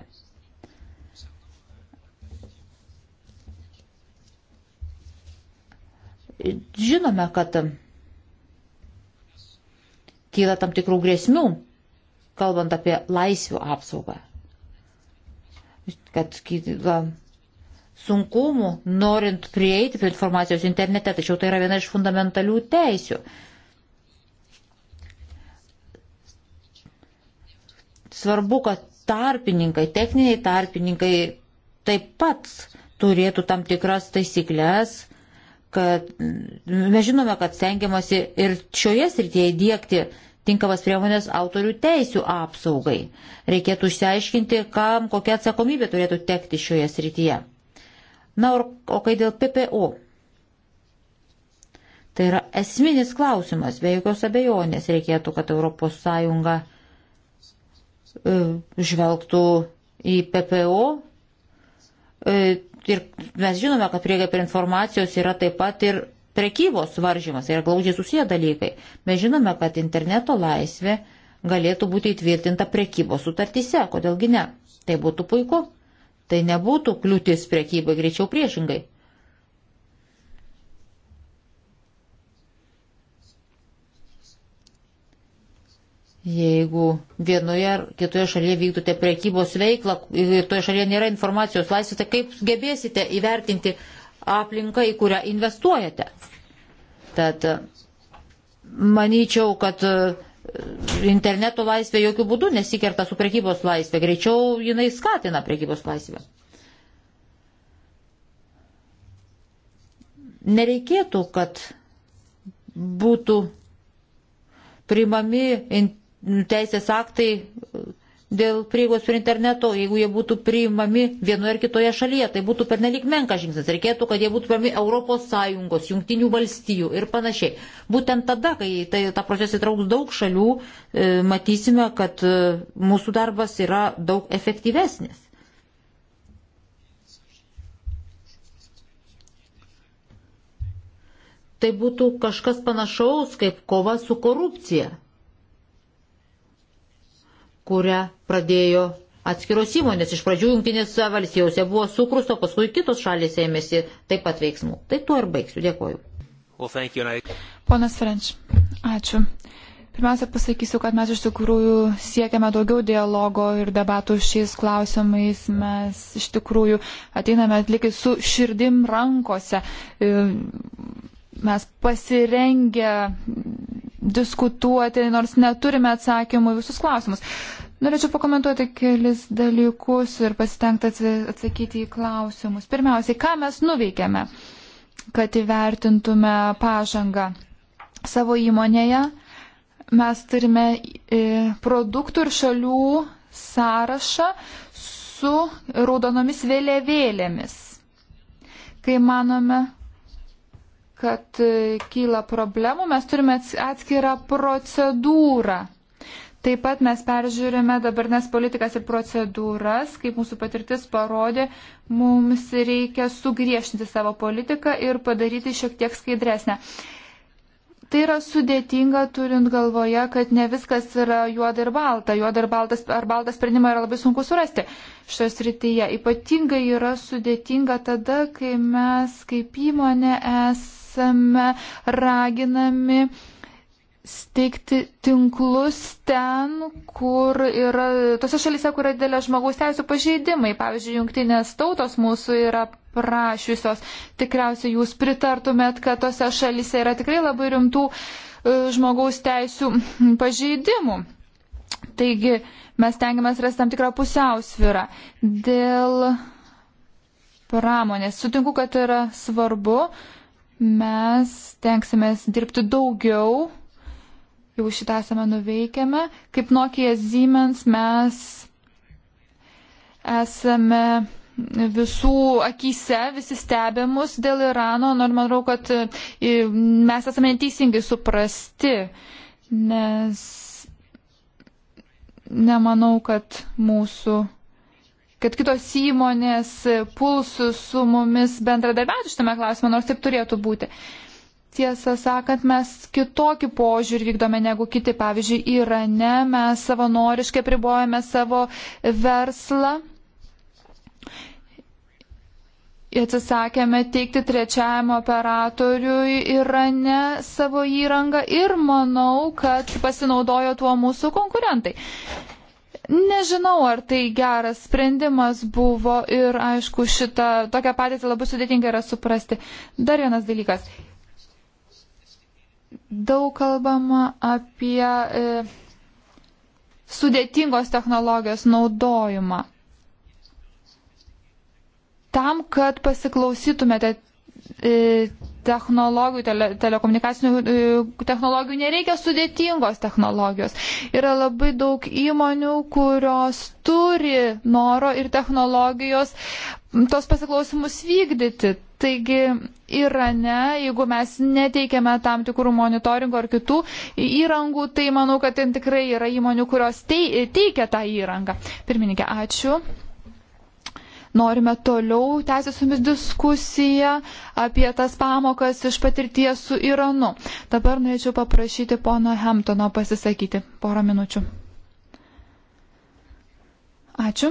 Žinome, kad kyla tam tikrų grėsmių, kalbant apie laisvių apsaugą, kad kyla sunkumų, norint prieiti prie informacijos internete, tačiau tai yra viena iš fundamentalių teisių. Svarbu, kad tarpininkai, techniniai tarpininkai taip pat turėtų tam tikras taisyklės, kad mes žinome, kad stengiamasi ir šioje srityje įdėkti tinkamas priemonės autorių teisių apsaugai. Reikėtų išsiaiškinti, kam kokia atsakomybė turėtų tekti šioje srityje. Na, o kai dėl PPO? Tai yra esminis klausimas, be jokios abejonės reikėtų, kad ES e, žvelgtų į PPO e, ir mes žinome, kad prieiga prie informacijos yra taip pat ir prekybos varžymas, tai yra glaudžiai susiję dalykai. Mes žinome, kad interneto laisvė galėtų būti įtvirtinta prekybos sutartyse, kodėlgi ne. Tai būtų puiku. Tai nebūtų kliūtis prekybai, greičiau priešingai. Jeigu vienoje ar kitoje šalyje vykdote priekybos veiklą ir toje šalyje nėra informacijos laisvės, tai kaip gebėsite įvertinti aplinką, į kurią investuojate? Tad manyčiau, kad e, interneto laisvė jokių būdų nesikerta su priekybos laisvė, greičiau jinai skatina priekybos laisvę. Nereikėtų, kad būtų primami teisės aktai dėl prieigos prie interneto, jeigu jie būtų priimami vienoje ar kitoje šalyje, tai būtų pernelik menkas žingsnis. Reikėtų, kad jie būtų priimami ES, jungtinių valstijų ir panašiai. Būtent tada, kai tai, tą procesą įtrauks daug šalių, e, matysime, kad e, mūsų darbas yra daug efektyvesnis. Tai būtų kažkas panašaus kaip kova su korupcija kurią pradėjo atskiros įmonės. Iš pradžių jungtinėse valstijose buvo cukrus, o paskui kitos šalys ėmėsi taip pat veiksmų. Tai tuo ir baigsiu. Dėkoju. Well, Ponas Frenč, ačiū. Pirmiausia, pasakysiu, kad mes iš tikrųjų siekiame daugiau dialogo ir debatų šiais klausimais. Mes iš tikrųjų ateiname atlikai su širdim rankose mes pasirengę diskutuoti, nors neturime atsakymų visus klausimus. Norėčiau pakomentuoti kelis dalykus ir pasitengti atsakyti į klausimus. Pirmiausiai, ką mes nuveikėme, kad įvertintume pažangą savo įmonėje. Mes turime e, produktų ir šalių sąrašą su raudonomis vėliavėlėmis. Kai manome, kad e, kyla problemų, mes turime atskirą procedūrą. Taip pat mes peržiūrime dabarnes politikas ir procedūras, kaip mūsų patirtis parodė, mums reikia sugriežtinti savo politiką ir padaryti šiek tiek skaidresnę. Tai yra sudėtinga, turint galvoje, kad ne viskas yra juoda ir balta. Juoda ir baltas, ar baltas sprendimą yra labai sunku surasti šios rytyje. Ypatingai yra sudėtinga tada, kai mes kaip įmonė esame esame raginami steigti tinklus ten, kur yra, tose šalise, kur yra didelė žmogaus teisų pažeidimai. Pavyzdžiui, jungtinės tautos mūsų yra prašiusios. Tikriausiai jūs pritartumėt, kad tose šalise yra tikrai labai rimtų e, žmogaus teisų pažeidimų. Taigi mes tengiamės rasti tam tikrą pusiausvyrą. Dėl pramonės sutinku, kad yra svarbu mes tenksimės dirbti daugiau, jau šitą esame nuveikėme. Kaip Nokia Siemens mes esame visų akise, visi stebimus dėl Irano, nors manau, kad e, mes esame neteisingai suprasti, nes nemanau, kad mūsų kad kitos įmonės pulsų su mumis bendradarbiauti šitame klausime, nors taip turėtų būti. Tiesą sakant, mes kitokį požiūrį vykdome negu kiti. Pavyzdžiui, Irane mes savanoriškai pribojame savo verslą. Atsisakėme teikti trečiajam operatoriui Irane savo įrangą ir manau, kad pasinaudojo tuo mūsų konkurentai. Nežinau, ar tai geras sprendimas buvo ir, aišku, šitą tokią padėtį labai sudėtinga yra suprasti. Dar vienas dalykas. Daug kalbama apie e, sudėtingos technologijos naudojimą. Tam, kad pasiklausytumėte E, technologijų, tele, telekomunikacinių e, technologijų nereikia sudėtingos technologijos. Yra labai daug įmonių, kurios turi noro ir technologijos tos pasiklausimus vykdyti. Taigi Irane, jeigu mes neteikiame tam tikrų monitoringo ar kitų įrangų, tai manau, kad ten tikrai yra įmonių, kurios tei, teikia tą įrangą. Pirmininkė, ačiū norime toliau tęsti su jumis diskusiją apie tas pamokas iš patirties su Iranu. Dabar norėčiau paprašyti pono Hamptono pasisakyti porą minučių. Ačiū.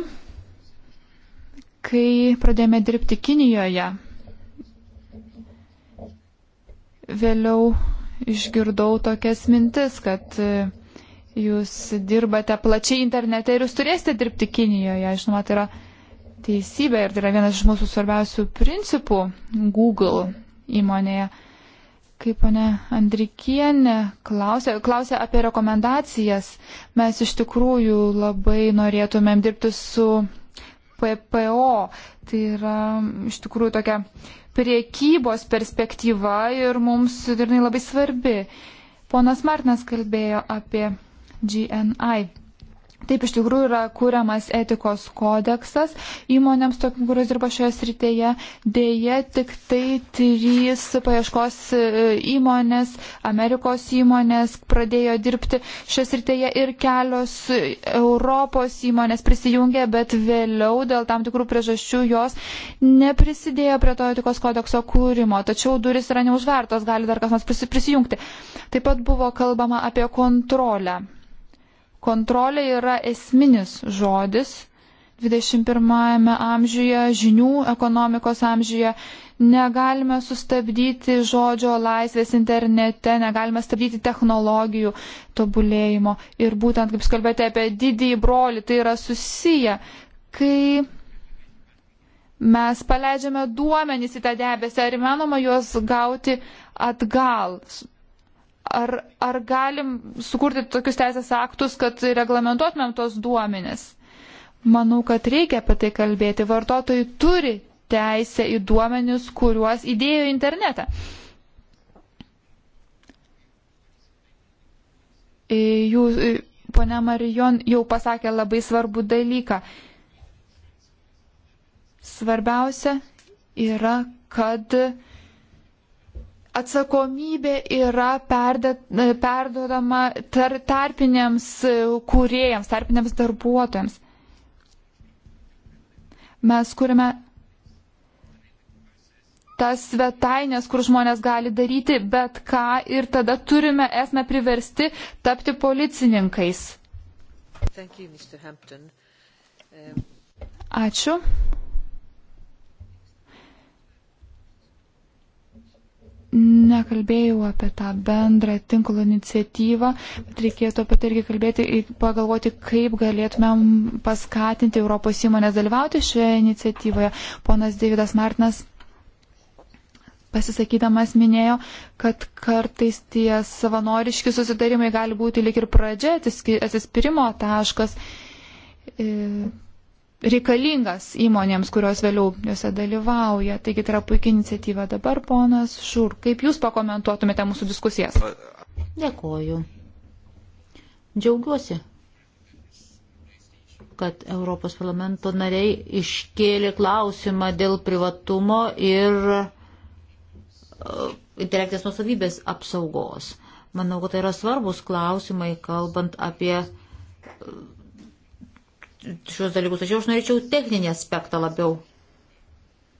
Kai pradėjome dirbti Kinijoje, vėliau išgirdau tokias mintis, kad e, jūs dirbate plačiai internete ir jūs turėsite dirbti Kinijoje. Žinoma, tai yra teisybę ir tai yra vienas iš mūsų svarbiausių principų Google įmonėje. Kaip ponė Andrikienė klausė, klausė apie rekomendacijas, mes iš tikrųjų labai norėtumėm dirbti su PPO. Tai yra iš tikrųjų tokia priekybos perspektyva ir mums ir labai svarbi. Ponas Martinas kalbėjo apie GNI. Taip iš tikrųjų yra kūriamas etikos kodeksas įmonėms, tokiam, kurios dirba šioje srityje. Deja, tik tai trys paieškos e, įmonės, Amerikos įmonės pradėjo dirbti šioje srityje ir kelios Europos įmonės prisijungė, bet vėliau dėl tam tikrų priežasčių jos neprisidėjo prie to etikos kodekso kūrimo. Tačiau duris yra neužvertos, gali dar kas nors prisijungti. Taip pat buvo kalbama apie kontrolę. Kontrolė yra esminis žodis 21 amžiuje, žinių ekonomikos amžiuje. Negalime sustabdyti žodžio laisvės internete, negalime stabdyti technologijų tobulėjimo. Ir būtent, kaip kalbėte apie didįjį brolį, tai yra susiję, kai mes paleidžiame duomenys į tą debesį, ar įmanoma juos gauti atgal, Ar, ar galim sukurti tokius teisės aktus, kad reglamentuotumėm tos duomenis? Manau, kad reikia apie tai kalbėti. Vartotojai turi teisę į duomenis, kuriuos įdėjo į internetą. E, Jūs, e, ponia Marijon, jau pasakė labai svarbų dalyką. Svarbiausia yra, kad atsakomybė yra e, perduodama tar, tarpiniams e, kūrėjams, tarpiniams darbuotojams. Mes kūrime tas svetainės, kur žmonės gali daryti bet ką ir tada turime, esame priversti tapti policininkais. You, um, Ačiū. nekalbėjau apie tą bendrą tinklo iniciatyvą, bet reikėtų apie tai irgi kalbėti ir pagalvoti, kaip galėtumėm paskatinti Europos įmonės dalyvauti šioje iniciatyvoje. Ponas Davidas Martinas pasisakydamas minėjo, kad kartais tie savanoriški susitarimai gali būti lik ir pradžia atsispirimo taškas. E, reikalingas įmonėms, kurios vėliau juose dalyvauja. Taigi tai yra puikia iniciatyva. Dabar, ponas Šur, kaip Jūs pakomentuotumėte mūsų diskusijas? Dėkoju. Džiaugiuosi, kad Europos parlamento nariai iškėlė klausimą dėl privatumo ir uh, intelektinės nusavybės apsaugos. Manau, kad tai yra svarbus klausimai, kalbant apie uh, šios dalykus. Tačiau aš norėčiau techninį aspektą labiau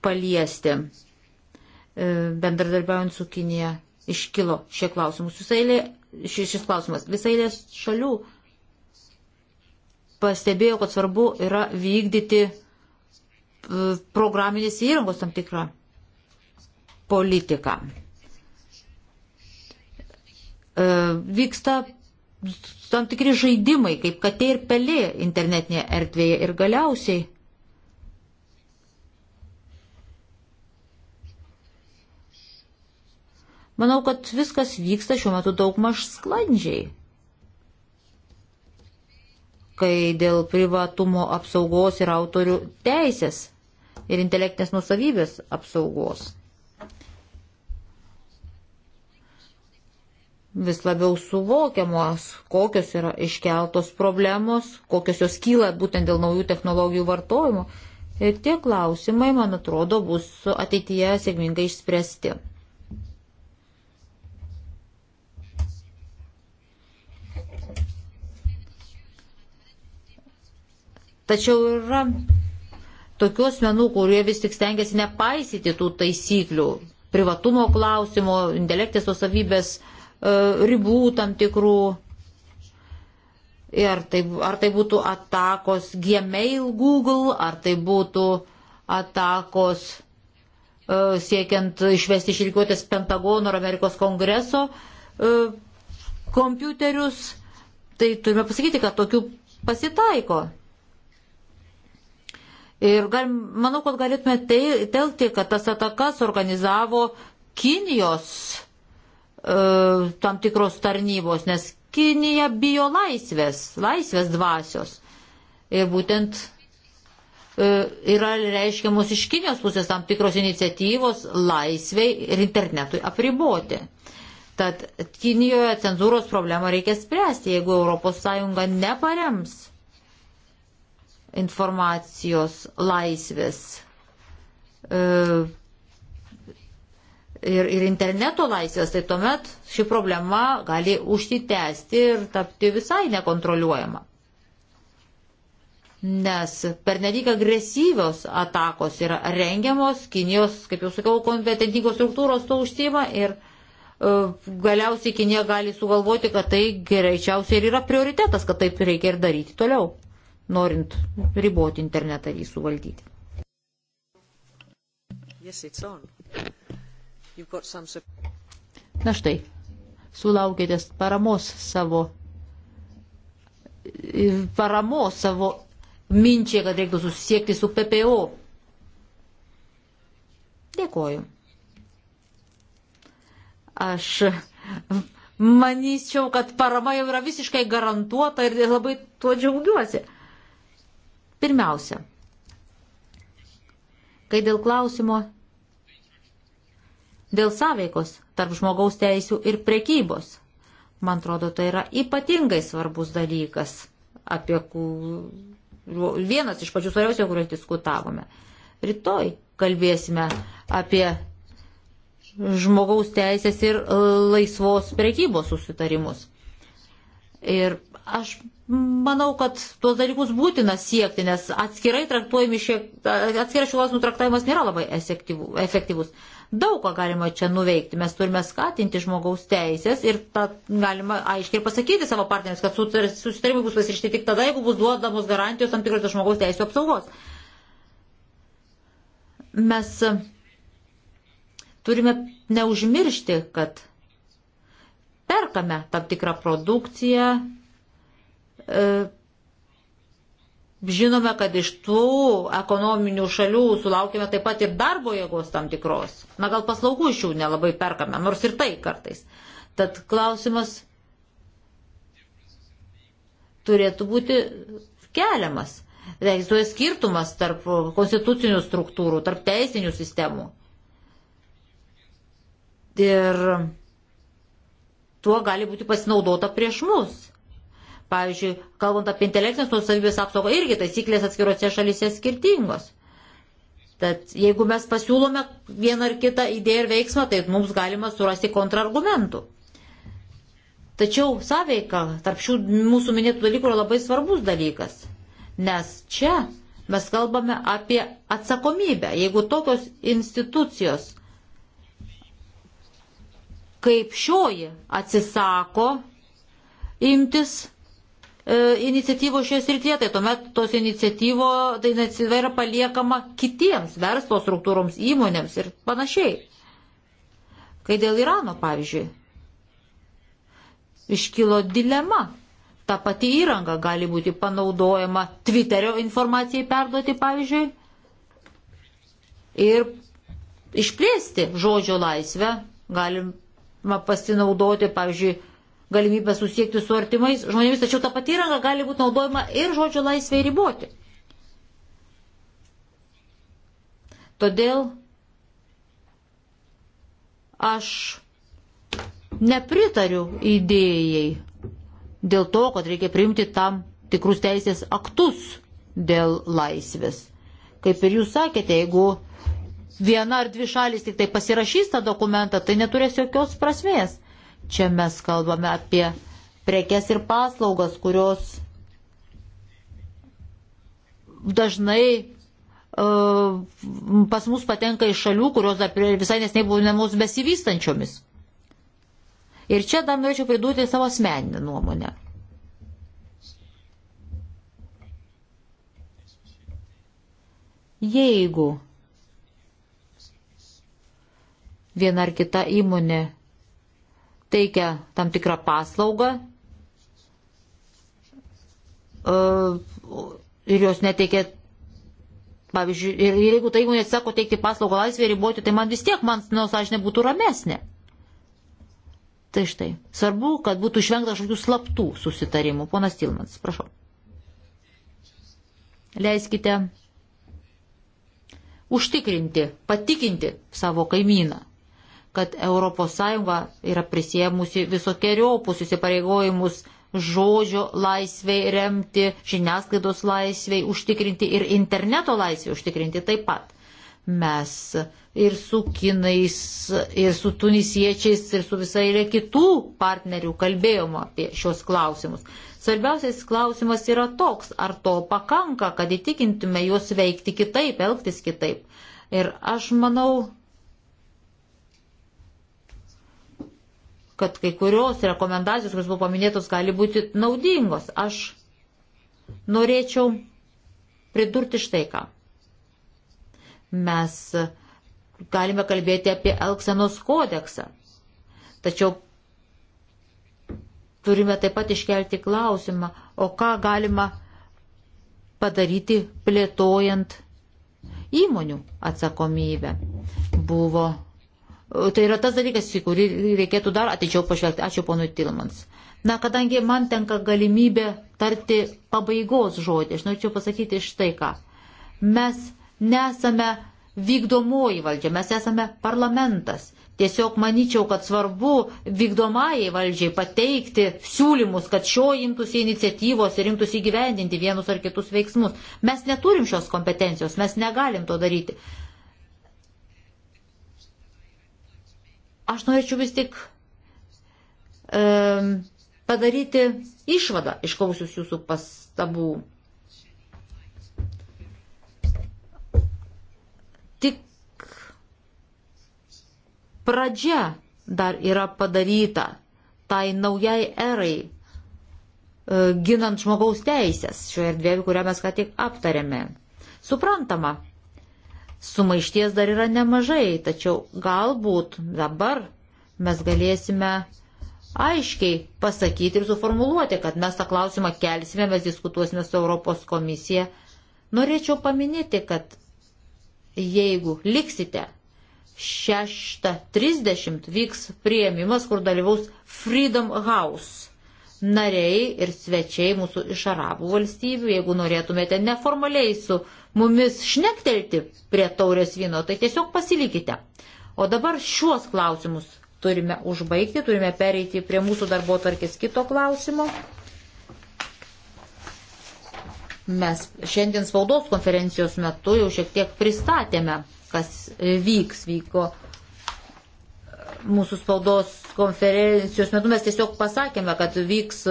paliesti. E, bendradarbiaujant su Kinėje iškilo šie klausimus. Eilė, šis, šis klausimas. Visa eilė šalių pastebėjo, kad svarbu yra vykdyti e, programinės įrangos tam tikrą politiką. E, vyksta tam tikri žaidimai, kaip katė ir pelė internetinėje erdvėje ir galiausiai. Manau, kad viskas vyksta šiuo metu daug maž sklandžiai. Kai dėl privatumo apsaugos ir autorių teisės ir intelektinės nusavybės apsaugos. vis labiau suvokiamos, kokios yra iškeltos problemos, kokios jos kyla būtent dėl naujų technologijų vartojimo. Ir tie klausimai, man atrodo, bus ateityje sėkmingai išspręsti. Tačiau yra tokių asmenų, kurie vis tik stengiasi nepaisyti tų taisyklių, privatumo klausimo, intelektės osavybės savybės E, ribų tam tikrų. Ir tai, ar tai būtų atakos Gmail, Google, ar tai būtų atakos e, siekiant išvesti iš rikiuotės Pentagono ar Amerikos kongreso e, kompiuterius, tai turime pasakyti, kad tokių pasitaiko. Ir gal, manau, kad galėtume telti, kad tas atakas organizavo Kinijos E, tam tikros tarnybos, nes Kinija bijo laisvės, laisvės dvasios. Ir būtent e, yra reiškiamos iš Kinijos pusės tam tikros iniciatyvos laisvei ir internetui apriboti. Tad Kinijoje cenzūros problemą reikia spręsti, jeigu ES neparems informacijos laisvės e, ir, ir interneto laisvės, tai tuomet ši problema gali užsitęsti ir tapti visai nekontroliuojama. Nes pernelyg agresyvios atakos yra rengiamos, Kinijos, kaip jau sakiau, kompetentingos struktūros to užsima ir uh, galiausiai Kinija gali sugalvoti, kad tai greičiausiai ir yra prioritetas, kad taip reikia ir daryti toliau, norint riboti internetą ir jį suvaldyti. Yes, it's on. Some... Na štai, sulaukėte paramos savo, paramos savo minčiai, kad reiktų susisiekti su PPO. Dėkoju. Aš manyčiau, kad parama jau yra visiškai garantuota ir labai tuo džiaugiuosi. Pirmiausia, kai dėl klausimo dėl sąveikos tarp žmogaus teisių ir prekybos. Man atrodo, tai yra ypatingai svarbus dalykas, apie kur vienas iš pačių svarbiausių, kuriuos diskutavome. Rytoj kalbėsime apie žmogaus teisės ir e, laisvos prekybos susitarimus. Ir aš manau, kad tuos dalykus būtina siekti, nes atskirai traktuojami šie, atskirai šių klausimų traktavimas nėra labai efektyvus. Daug ką galima čia nuveikti. Mes turime skatinti žmogaus teisės ir tą galima aiškiai pasakyti savo partneriams, kad susitarimai bus pasirišti tik tada, jeigu bus duodamos garantijos tam tikros žmogaus teisų apsaugos. Mes turime neužmiršti, kad perkame tam tikrą produkciją. E, Žinome, kad iš tų ekonominių šalių sulaukime taip pat ir darbo jėgos tam tikros. Na gal paslaugų iš jų nelabai perkame, nors ir tai kartais. Tad klausimas turėtų būti keliamas. Egzistuoja skirtumas tarp konstitucinių struktūrų, tarp teisinių sistemų. Ir tuo gali būti pasinaudota prieš mus. Pavyzdžiui, kalbant apie intelektinės nusavybės apsaugą, irgi taisyklės atskirose šalise skirtingos. Tad jeigu mes pasiūlome vieną ar kitą idėją ir veiksmą, tai mums galima surasti kontrargumentų. Tačiau sąveika tarp šių mūsų minėtų dalykų yra labai svarbus dalykas, nes čia mes kalbame apie atsakomybę. Jeigu tokios institucijos kaip šioji atsisako imtis E, iniciatyvos šioje srityje, tai tuomet tos iniciatyvos, tai iniciatyva yra paliekama kitiems verslo struktūroms, įmonėms ir panašiai. Kai dėl Irano, pavyzdžiui, iškilo dilema, ta pati įranga gali būti panaudojama Twitterio informacijai perduoti, pavyzdžiui, ir išplėsti žodžio laisvę, galima pasinaudoti, pavyzdžiui, galimybę susiekti su artimais žmonėmis, tačiau ta pati įranga gali būti naudojama ir žodžio laisvė riboti. Todėl aš nepritariu idėjai dėl to, kad reikia priimti tam tikrus teisės aktus dėl laisvės. Kaip ir jūs sakėte, jeigu viena ar dvi šalis tik tai pasirašys tą dokumentą, tai neturės jokios prasmės. Čia mes kalbame apie prekes ir paslaugas, kurios dažnai uh, pas mus patenka iš šalių, kurios dar visai nesnei buvo namus besivystančiomis. Ir čia dar norėčiau pridurti savo asmeninę nuomonę. Jeigu viena ar kita įmonė teikia tam tikrą paslaugą e, ir jos neteikia, pavyzdžiui, ir jeigu ta įmonė atsisako teikti paslaugą laisvėje riboti, tai man vis tiek, man nu, sąžinė būtų ramesnė. Tai štai, svarbu, kad būtų išvengta kažkokių slaptų susitarimų. Ponas Tilmans, prašau. Leiskite užtikrinti, patikinti savo kaimyną kad ES yra prisėmusi visokiojopus įsipareigojimus žodžio laisviai remti, žiniasklaidos laisviai užtikrinti ir interneto laisviai užtikrinti taip pat. Mes ir su kinais, ir su tunisiečiais, ir su visai ir kitų partnerių kalbėjom apie šios klausimus. Svarbiausias klausimas yra toks, ar to pakanka, kad įtikintume juos veikti kitaip, elgtis kitaip. Ir aš manau, kad kai kurios rekomendacijos, kurios buvo paminėtos, gali būti naudingos. Aš norėčiau pridurti štai ką. Mes galime kalbėti apie Elksenos kodeksą. Tačiau turime taip pat iškelti klausimą, o ką galima padaryti plėtojant įmonių atsakomybę. Buvo Tai yra tas dalykas, į kurį reikėtų dar ateičiau pažvelgti. Ačiū ponui Tilmans. Na, kadangi man tenka galimybė tarti pabaigos žodį, aš norėčiau pasakyti štai ką. Mes nesame vykdomoji valdžia, mes esame parlamentas. Tiesiog manyčiau, kad svarbu vykdomajai valdžiai pateikti siūlymus, kad šio imtųsi iniciatyvos ir imtųsi įgyvendinti vienus ar kitus veiksmus. Mes neturim šios kompetencijos, mes negalim to daryti. Aš norėčiau vis tik e, padaryti išvadą išklausius jūsų pastabų. Tik pradžia dar yra padaryta tai naujai erai e, ginant žmogaus teisės šioje erdvėje, kurią mes ką tik aptarėme. Suprantama, Sumaišties dar yra nemažai, tačiau galbūt dabar mes galėsime aiškiai pasakyti ir suformuluoti, kad mes tą klausimą kelsime, mes diskutuosime su Europos komisija. Norėčiau paminėti, kad jeigu liksite 6.30 vyks prieimimas, kur dalyvaus Freedom House nariai ir svečiai mūsų iš arabų valstybių, jeigu norėtumėte neformaliai su mumis šnektelti prie taurės vyno, tai tiesiog pasilikite. O dabar šiuos klausimus turime užbaigti, turime pereiti prie mūsų darbo tvarkės kito klausimo. Mes šiandien spaudos konferencijos metu jau šiek tiek pristatėme, kas vyks, vyko mūsų spaudos konferencijos metu mes tiesiog pasakėme, kad vyks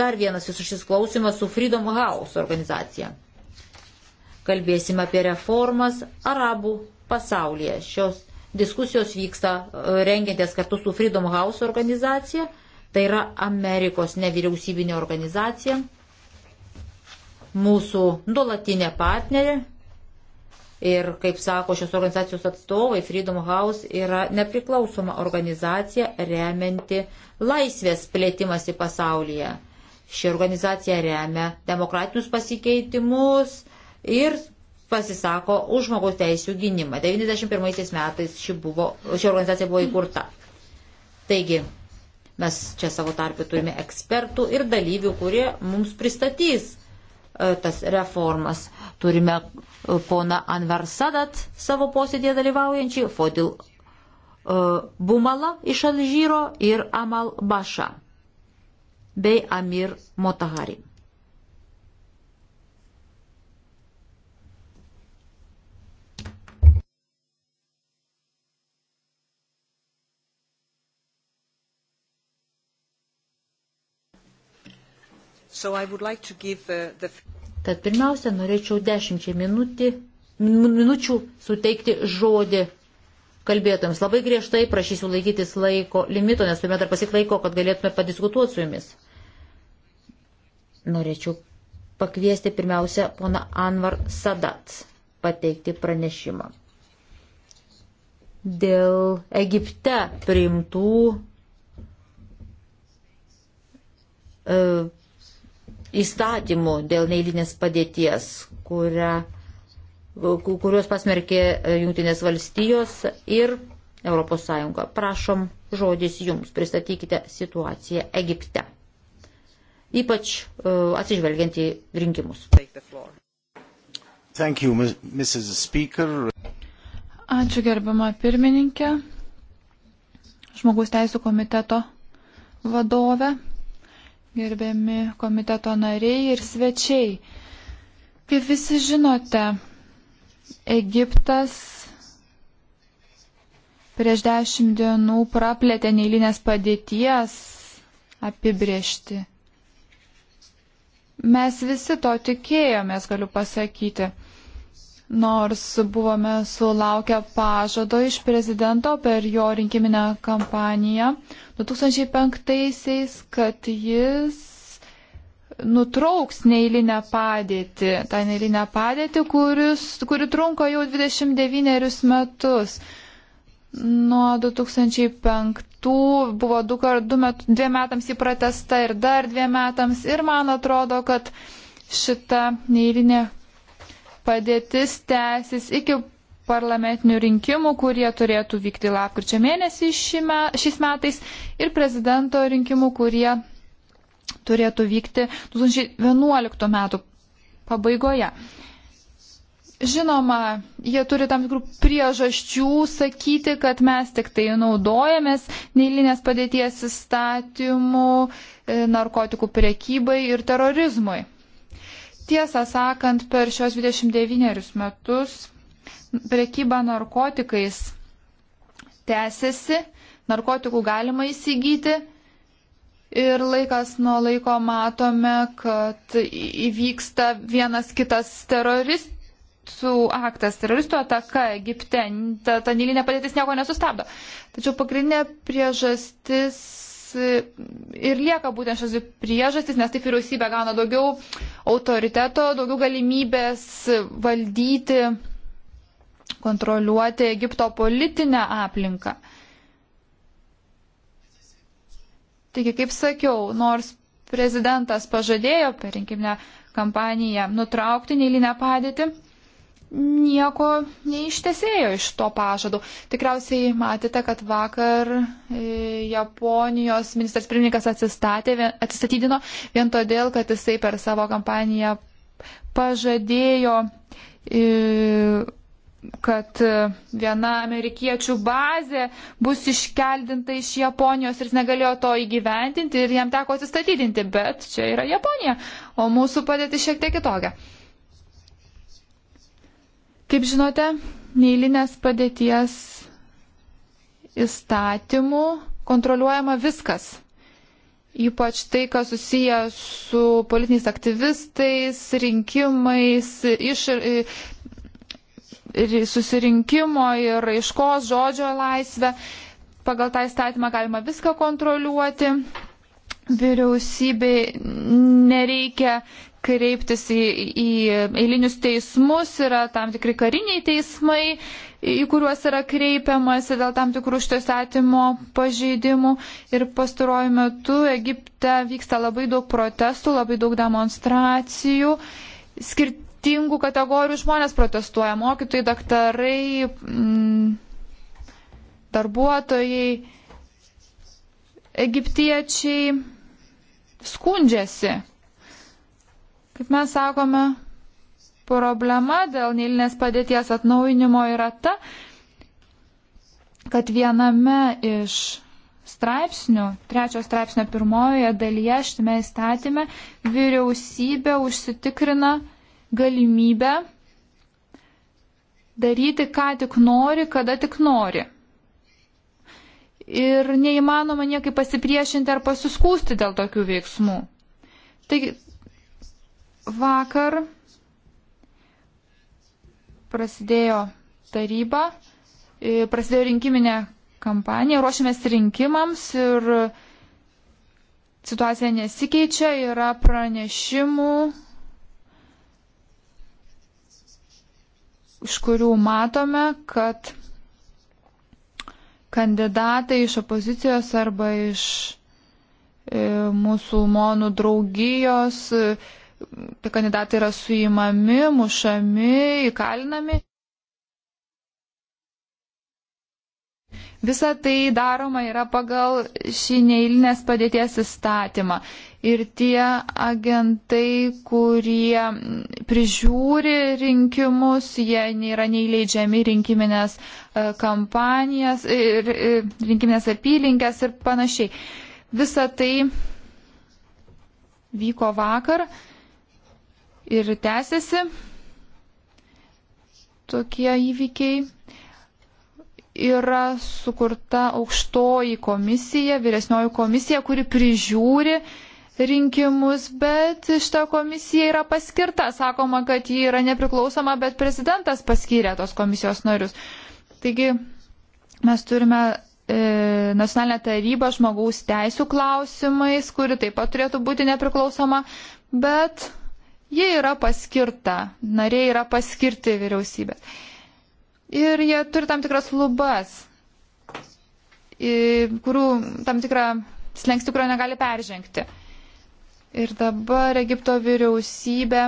dar vienas jūsų šis klausimas su Freedom House organizacija. Kalbėsime apie reformas arabų pasaulyje. Šios diskusijos vyksta e, rengiantės kartu su Freedom House organizacija. Tai yra Amerikos nevyriausybinė organizacija, mūsų nuolatinė partnerė, Ir, kaip sako šios organizacijos atstovai, Freedom House yra nepriklausoma organizacija remianti laisvės plėtimasi pasaulyje. Ši organizacija remia demokratinius pasikeitimus ir pasisako už žmogaus teisų gynimą. 91 metais ši, buvo, ši organizacija buvo įkurta. Taigi, mes čia savo tarpį turime ekspertų ir dalyvių, kurie mums pristatys e, tas reformas. Turime e, pona Anversadat savo posėdėje dalyvaujančią, Fodil uh, Bumala iš Alžyro ir Amal Baša bei Amir Motahari. So I would like to give uh, the Tad pirmiausia, norėčiau dešimčiai minutį, minučių suteikti žodį kalbėtojams. Labai griežtai prašysiu laikytis laiko limito, nes turime dar pasiklaiko, kad galėtume padiskutuoti su jumis. Norėčiau pakviesti pirmiausia pona Anvar Sadat pateikti pranešimą. Dėl Egipte priimtų e, įstatymų dėl neįlinės padėties, kurią, kuriuos pasmerkė e, Junktinės valstijos ir ES. Prašom žodis jums, pristatykite situaciją Egipte, ypač e, atsižvelgiant į rinkimus. Thank you, Mrs. Speaker. Ačiū gerbama pirmininkė, žmogus teisų komiteto vadovė gerbiami komiteto nariai ir svečiai. Kaip visi žinote, Egiptas prieš dešimt dienų praplėtė neįlinės padėties apibriešti. Mes visi to tikėjomės, galiu pasakyti nors buvome sulaukę pažado iš prezidento per jo rinkiminę kampaniją 2005-aisiais, kad jis nutrauks neįlinę padėtį, tą neįlinę padėtį, kuris, kuri trunko jau 29 metus. Nuo 2005 buvo du kart, du met, dviem metams įpratesta ir dar dviem metams. Ir man atrodo, kad šita neįlinė padėtis tęsis iki parlamentinių rinkimų, kurie turėtų vykti lapkričio mėnesį šime, šiais metais ir prezidento rinkimų, kurie turėtų vykti 2011 metų pabaigoje. Žinoma, jie turi tam tikrų priežasčių sakyti, kad mes tik tai naudojamės neįlinės padėties įstatymų, e, narkotikų priekybai ir terorizmui. Tiesą sakant, per šios 29 metus prekyba narkotikais tęsiasi, narkotikų galima įsigyti ir laikas nuo laiko matome, kad įvyksta vienas kitas teroristų aktas, teroristų ataka Egipte, ta, ta nilinė padėtis nieko nesustabdo. Tačiau pagrindinė priežastis ir lieka būtent šios priežastys, nes taip vyriausybė gauna daugiau autoriteto, daugiau galimybės valdyti, kontroliuoti Egipto politinę aplinką. Taigi, kaip sakiau, nors prezidentas pažadėjo per rinkiminę kampaniją nutraukti neįlinę padėtį, nieko neištesėjo iš to pažado. Tikriausiai matėte, kad vakar e, Japonijos ministras pirmininkas atsistatė, atsistatydino vien todėl, kad jisai per savo kampaniją pažadėjo, e, kad viena amerikiečių bazė bus iškeldinta iš Japonijos ir jis negalėjo to įgyventinti ir jam teko atsistatydinti, bet čia yra Japonija, o mūsų padėti šiek tiek kitokia. Kaip žinote, neįlinės padėties įstatymų kontroliuojama viskas. Ypač tai, kas susiję su politiniais aktyvistais, rinkimais, iš, susirinkimo ir aiškos žodžio laisvę. Pagal tą įstatymą galima viską kontroliuoti. Vyriausybei nereikia kreiptis į, į eilinius teismus, yra tam tikri kariniai teismai, į kuriuos yra kreipiamasi dėl tam tikrų šito statymo pažeidimų. Ir pastaruoju metu Egipte vyksta labai daug protestų, labai daug demonstracijų. Skirtingų kategorijų žmonės protestuoja - mokytojai, daktarai, mm, darbuotojai, egiptiečiai skundžiasi Kaip mes sakome, problema dėl Nilinės padėties atnaujinimo yra ta, kad viename iš straipsnių, trečio straipsnio pirmojoje dalyje šitame įstatymė vyriausybė užsitikrina galimybę daryti, ką tik nori, kada tik nori. Ir neįmanoma niekaip pasipriešinti ar pasiskūsti dėl tokių veiksmų. Taigi Vakar prasidėjo taryba, e, prasidėjo rinkiminė kampanija, ruošiamės rinkimams ir situacija nesikeičia, yra pranešimų, iš kurių matome, kad kandidatai iš opozicijos arba iš e, musulmonų draugijos e, tie kandidatai yra suimami, mušami, įkalinami. Visa tai daroma yra pagal šį neįlinės padėties įstatymą. Ir tie agentai, kurie prižiūri rinkimus, jie nėra neįleidžiami rinkiminės e, kampanijas, e, ir, ir, e, rinkiminės apylinkės ir panašiai. Visa tai vyko vakar ir tęsiasi tokie įvykiai. Yra sukurta aukštoji komisija, vyresnioji komisija, kuri prižiūri rinkimus, bet šita komisija yra paskirta. Sakoma, kad ji yra nepriklausoma, bet prezidentas paskyrė tos komisijos narius. Taigi mes turime e, nacionalinę tarybą žmogaus teisų klausimais, kuri taip pat turėtų būti nepriklausoma, bet Jie yra paskirta, nariai yra paskirti vyriausybės. Ir jie turi tam tikras lubas, kurių tam tikrą slengsti, kurio negali peržengti. Ir dabar Egipto vyriausybė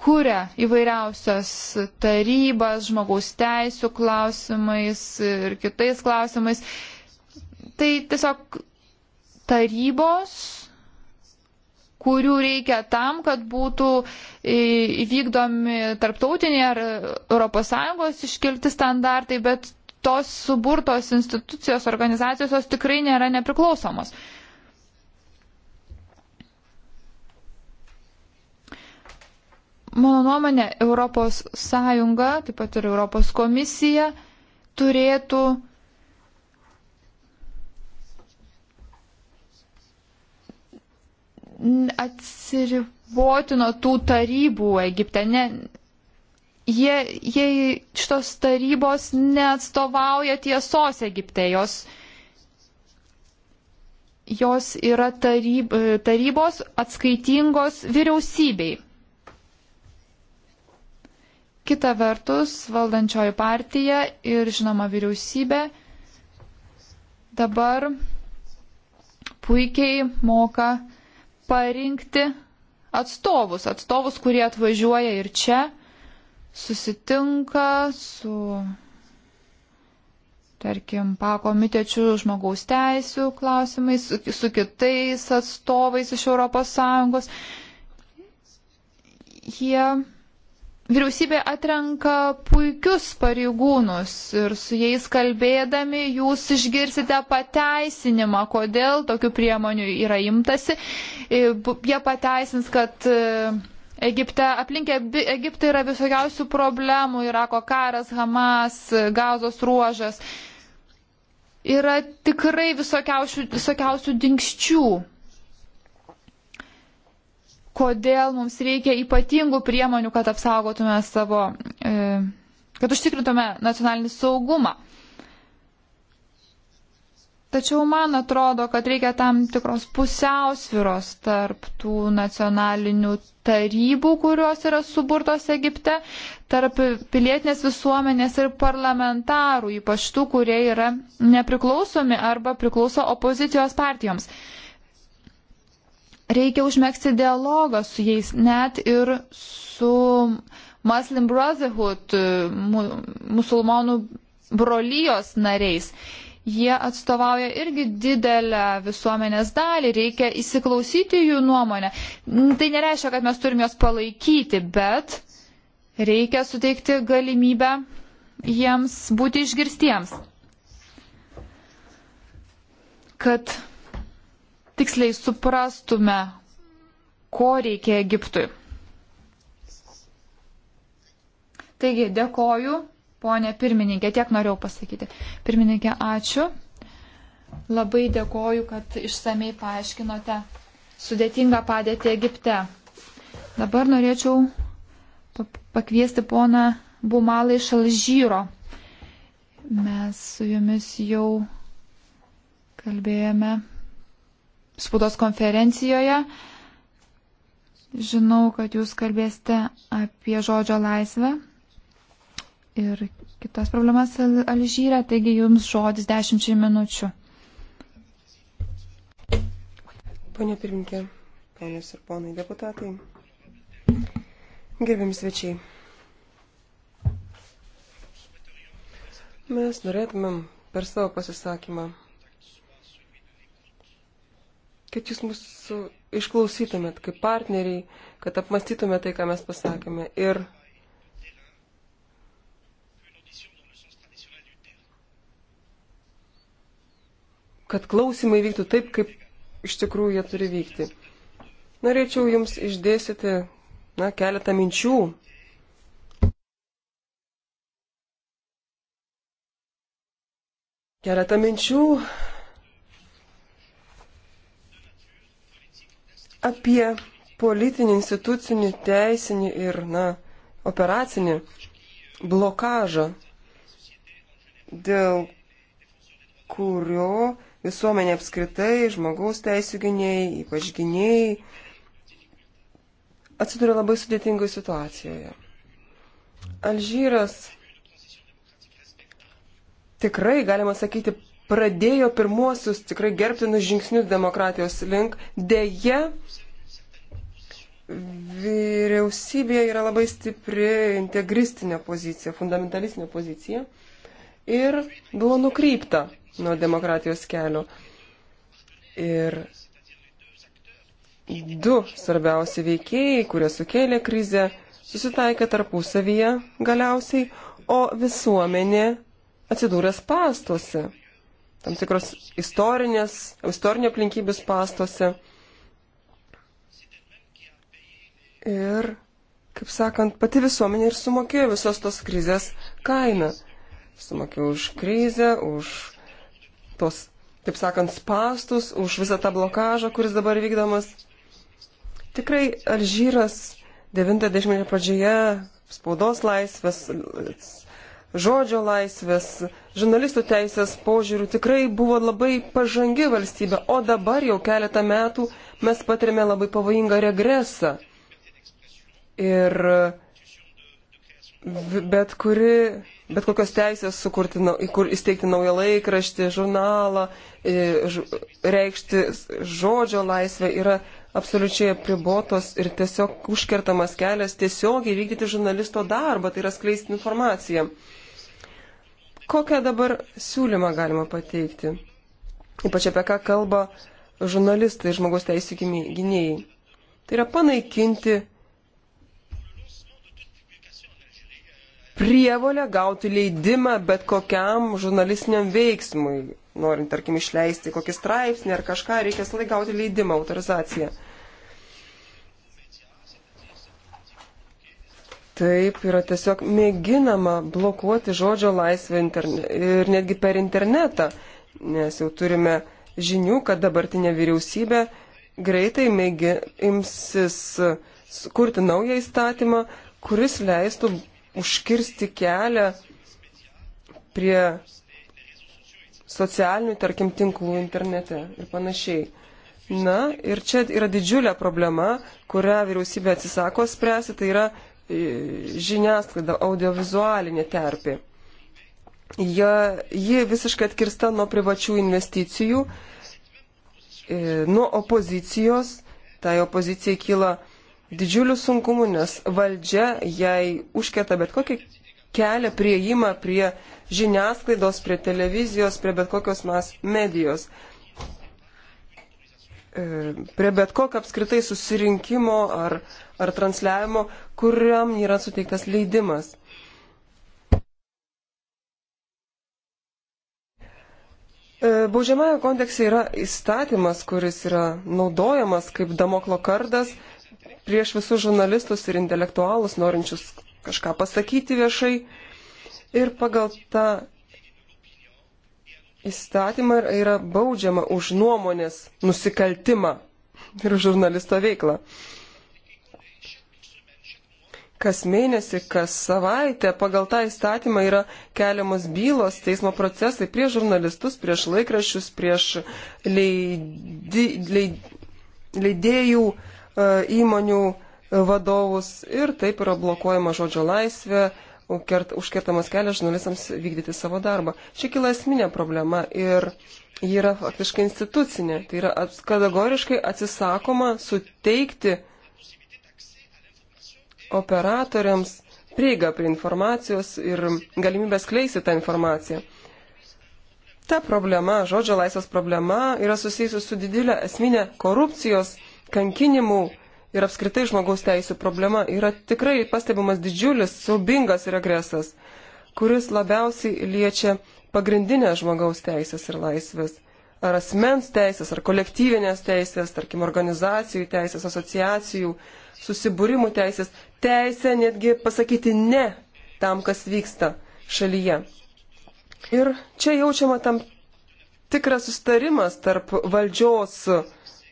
kūrė įvairiausias tarybas, žmogaus teisų klausimais ir kitais klausimais. Tai tiesiog tarybos kurių reikia tam, kad būtų įvykdomi tarptautiniai ar ES iškelti standartai, bet tos suburtos institucijos, organizacijos jos tikrai nėra nepriklausomos. Mano nuomonė, ES, taip pat ir ES komisija turėtų atsiriboti nuo tų tarybų Egipte. Ne, jie, jie šitos tarybos neatstovauja tiesos Egipte. Jos, jos yra taryb, tarybos atskaitingos vyriausybei. Kita vertus, valdančioji partija ir žinoma vyriausybė dabar puikiai moka parinkti atstovus, atstovus, kurie atvažiuoja ir čia, susitinka su, tarkim, pakomitečių žmogaus teisų klausimais, su, su kitais atstovais iš ES. Jie Vyriausybė atrenka puikius pareigūnus ir su jais kalbėdami jūs išgirsite pateisinimą, kodėl tokių priemonių yra imtasi. E, jie pateisins, kad e, Egipte, aplink Egipte yra visokiausių problemų, Irako karas, Hamas, Gazos ruožas. Yra tikrai visokiausių, visokiausių dinkščių kodėl mums reikia ypatingų priemonių, kad apsaugotume savo, e, kad užtikrintume nacionalinį saugumą. Tačiau man atrodo, kad reikia tam tikros pusiausviros tarp tų nacionalinių tarybų, kurios yra suburtos Egipte, tarp pilietinės visuomenės ir parlamentarų, ypač tų, kurie yra nepriklausomi arba priklauso opozicijos partijoms reikia užmėgsti dialogą su jais, net ir su Muslim Brotherhood, mu, musulmonų brolyjos nariais. Jie atstovauja irgi didelę visuomenės dalį, reikia įsiklausyti jų nuomonę. Tai nereiškia, kad mes turime juos palaikyti, bet reikia suteikti galimybę jiems būti išgirstiems. Kad tiksliai suprastume, ko reikia Egiptui. Taigi, dėkoju, ponė pirmininkė, tiek norėjau pasakyti. Pirmininkė, ačiū. Labai dėkoju, kad išsamei paaiškinote sudėtingą padėtį Egipte. Dabar norėčiau pakviesti poną Bumalą iš Alžyro. Mes su jumis jau kalbėjome spaudos konferencijoje. Žinau, kad jūs kalbėsite apie žodžio laisvę ir kitas problemas Al Alžyre, taigi jums žodis dešimčiai minučių. Pone pirminkė, ponios ir ponai deputatai, gerbiami svečiai. Mes norėtumėm per savo pasisakymą kad jūs mūsų išklausytumėt kaip partneriai, kad apmastytumėt tai, ką mes pasakėme. Ir kad klausimai vyktų taip, kaip iš tikrųjų jie turi vykti. Norėčiau Jums išdėstyti na, keletą minčių. Keletą minčių, apie politinį, institucinį, teisinį ir, na, operacinį blokažą, dėl kurio visuomenė apskritai, žmogaus teisų gynėjai, ypač gynėjai, atsiduria labai sudėtingoje situacijoje. Alžyras tikrai, galima sakyti, pradėjo pirmuosius tikrai gerbtinus žingsnius demokratijos link. Deja, vyriausybėje yra labai stipri integristinė pozicija, fundamentalistinė pozicija ir buvo nukrypta nuo demokratijos kelio. Ir du svarbiausi veikėjai, kurie sukėlė krizę, susitaikė tarpusavyje galiausiai, o visuomenė atsidūrė pastuose tam tikros istorinės, istorinio aplinkybės pastose. Ir, kaip sakant, pati visuomenė ir sumokėjo visos tos krizės kainą. Sumokėjo už krizę, už tos, taip sakant, spastus, už visą tą blokažą, kuris dabar vykdomas. Tikrai Alžyras 90-mečio pradžioje spaudos laisvės, žodžio laisvės, žurnalistų teisės požiūrių tikrai buvo labai pažangi valstybė, o dabar jau keletą metų mes patirėme labai pavojingą regresą. Ir bet kuri, bet kokios teisės sukurti, kur įsteigti naują laikraštį, žurnalą, reikšti žodžio laisvę yra absoliučiai apribotos ir tiesiog užkertamas kelias tiesiogiai vykdyti žurnalisto darbą, tai yra skleisti informaciją. Kokią dabar siūlymą galima pateikti? Ypač apie ką kalba žurnalistai, žmogaus teisų gynėjai. Tai yra panaikinti prievolę gauti leidimą bet kokiam žurnalistiniam veiksmui. Norint, tarkim, išleisti kokį straipsnį ar kažką, reikia visą laiką gauti leidimą, autorizaciją. Taip, yra tiesiog mėginama blokuoti žodžio laisvę ir netgi per internetą, nes jau turime žinių, kad dabartinė vyriausybė greitai mėgi, imsis kurti naują įstatymą, kuris leistų užkirsti kelią prie socialinių, tarkim, tinklų internete ir panašiai. Na, ir čia yra didžiulė problema, kurią vyriausybė atsisako spręsti, tai yra žiniasklaida, audiovizualinė terpė. Ja, ji visiškai atkirsta nuo privačių investicijų, e, nuo opozicijos. Tai opozicijai kyla didžiulių sunkumų, nes valdžia jai užkėta bet kokį kelią prieimą prie žiniasklaidos, prie televizijos, prie bet kokios mes medijos. E, prie bet kokio apskritai susirinkimo ar, ar transliavimo, kuriam yra suteiktas leidimas. E, Baudžiamąją kontekstą yra įstatymas, kuris yra naudojamas kaip damoklo kardas prieš visus žurnalistus ir intelektualus, norinčius kažką pasakyti viešai. Ir pagal tą įstatymą yra baudžiama už nuomonės nusikaltimą ir žurnalisto veiklą. Kas mėnesį, kas savaitę pagal tą įstatymą yra keliamos bylos, teismo procesai prieš žurnalistus, prieš laikrašius, prieš leidi, leid, leidėjų e, įmonių vadovus ir taip yra blokuojama žodžio laisvė, užkertamas kelias žurnalistams vykdyti savo darbą. Čia kila esminė problema ir ji yra faktiškai institucinė. Tai yra kategoriškai atsisakoma suteikti operatoriams prieigą prie informacijos ir galimybės kleisti tą informaciją. Ta problema, žodžio laisvės problema, yra susijusi su didelė esminė korupcijos, kankinimų ir apskritai žmogaus teisų problema yra tikrai pastebimas didžiulis, saubingas regresas, kuris labiausiai liečia pagrindinę žmogaus teisės ir laisvės. Ar asmens teisės, ar kolektyvinės teisės, tarkim, organizacijų teisės, asociacijų, susibūrimų teisės, teisė netgi pasakyti ne tam, kas vyksta šalyje. Ir čia jaučiama tam tikras sustarimas tarp valdžios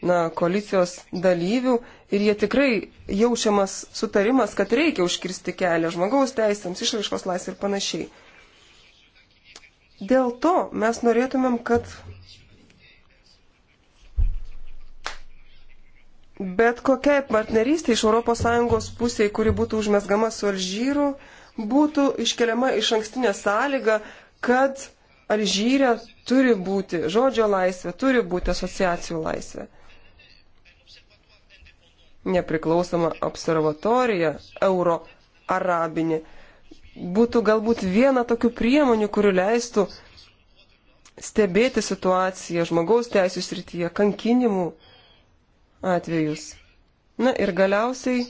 na, koalicijos dalyvių ir jie tikrai jaučiamas sutarimas, kad reikia užkirsti kelią žmogaus teisėms, išraiškos laisvė ir panašiai. Dėl to mes norėtumėm, kad bet kokiai partnerystė iš ES pusėje, kuri būtų užmesgama su Alžyru, būtų iškeliama iš ankstinė sąlyga, kad Alžyre turi būti žodžio laisvė, turi būti asociacijų laisvė nepriklausoma observatorija euro arabinė būtų galbūt viena tokių priemonių, kuri leistų stebėti situaciją žmogaus teisų srityje, kankinimų atvejus. Na ir galiausiai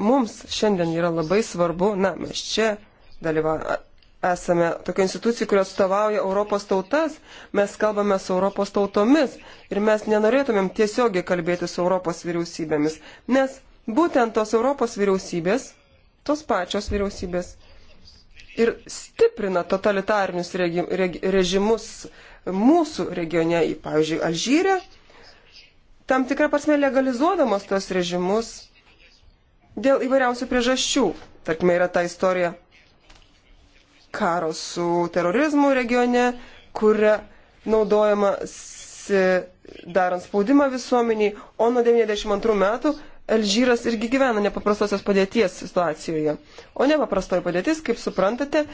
mums šiandien yra labai svarbu, na mes čia dalyva, esame tokia institucija, kurios atstovauja Europos tautas, mes kalbame su Europos tautomis ir mes nenorėtumėm tiesiogiai kalbėti su Europos vyriausybėmis, nes būtent tos Europos vyriausybės, tos pačios vyriausybės ir stiprina totalitarinius regi, regi, režimus mūsų regione, pavyzdžiui, Alžyrė, tam tikrą prasme legalizuodamos tos režimus dėl įvairiausių priežasčių. Tarkime, yra ta istorija karo su terorizmu regione, kuria naudojamas darant spaudimą visuomeniai, o nuo 92 metų Alžyras irgi gyvena nepaprastosios padėties situacijoje. O nepaprastoji padėtis, kaip suprantate,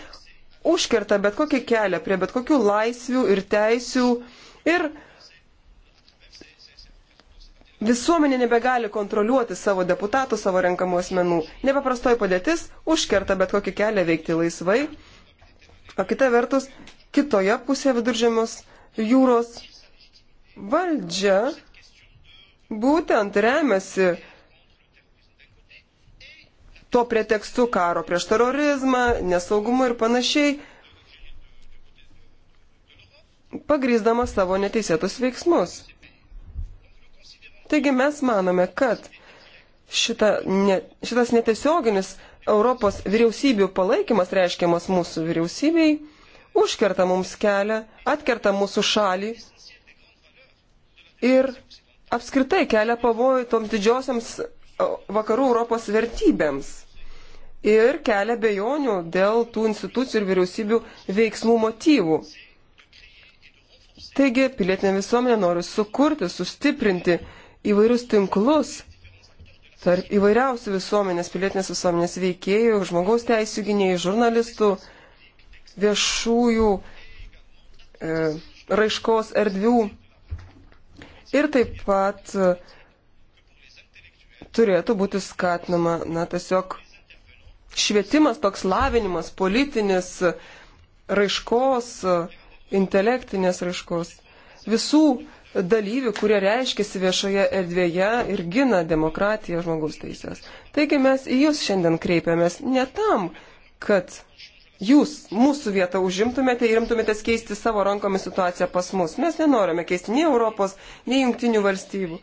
užkerta bet kokį kelią prie bet kokių laisvių ir teisių ir Visuomenė nebegali kontroliuoti savo deputatų, savo renkamų asmenų. Nepaprastoji padėtis užkerta bet kokį kelią veikti laisvai O kita vertus, kitoje pusėje viduržėmos jūros valdžia būtent remiasi tuo pretekstu karo prieš terorizmą, nesaugumą ir panašiai, pagrįsdama savo neteisėtus veiksmus. Taigi mes manome, kad šita ne, šitas netiesioginis Europos vyriausybių palaikymas reiškiamas mūsų vyriausybei užkerta mums kelią, atkerta mūsų šalį ir apskritai kelia pavojų toms didžiosiams vakarų Europos vertybėms ir kelia bejonių dėl tų institucijų ir vyriausybių veiksmų motyvų. Taigi, pilietinė visuomenė nori sukurti, sustiprinti įvairius tinklus, tarp įvairiausių visuomenės, pilietinės visuomenės veikėjų, žmogaus teisų gynėjų, žurnalistų, viešųjų e, raiškos erdvių. Ir taip pat e, turėtų būti skatinama, na, tiesiog švietimas, toks lavinimas, politinis e, raiškos, e, intelektinės raiškos. Visų dalyvių, kurie reiškiasi viešoje erdvėje ir gina demokratiją žmogaus teisės. Taigi mes į jūs šiandien kreipiamės ne tam, kad jūs mūsų vietą užimtumėte ir imtumėtės keisti savo rankomis situaciją pas mus. Mes nenorime keisti nei Europos, nei jungtinių valstybių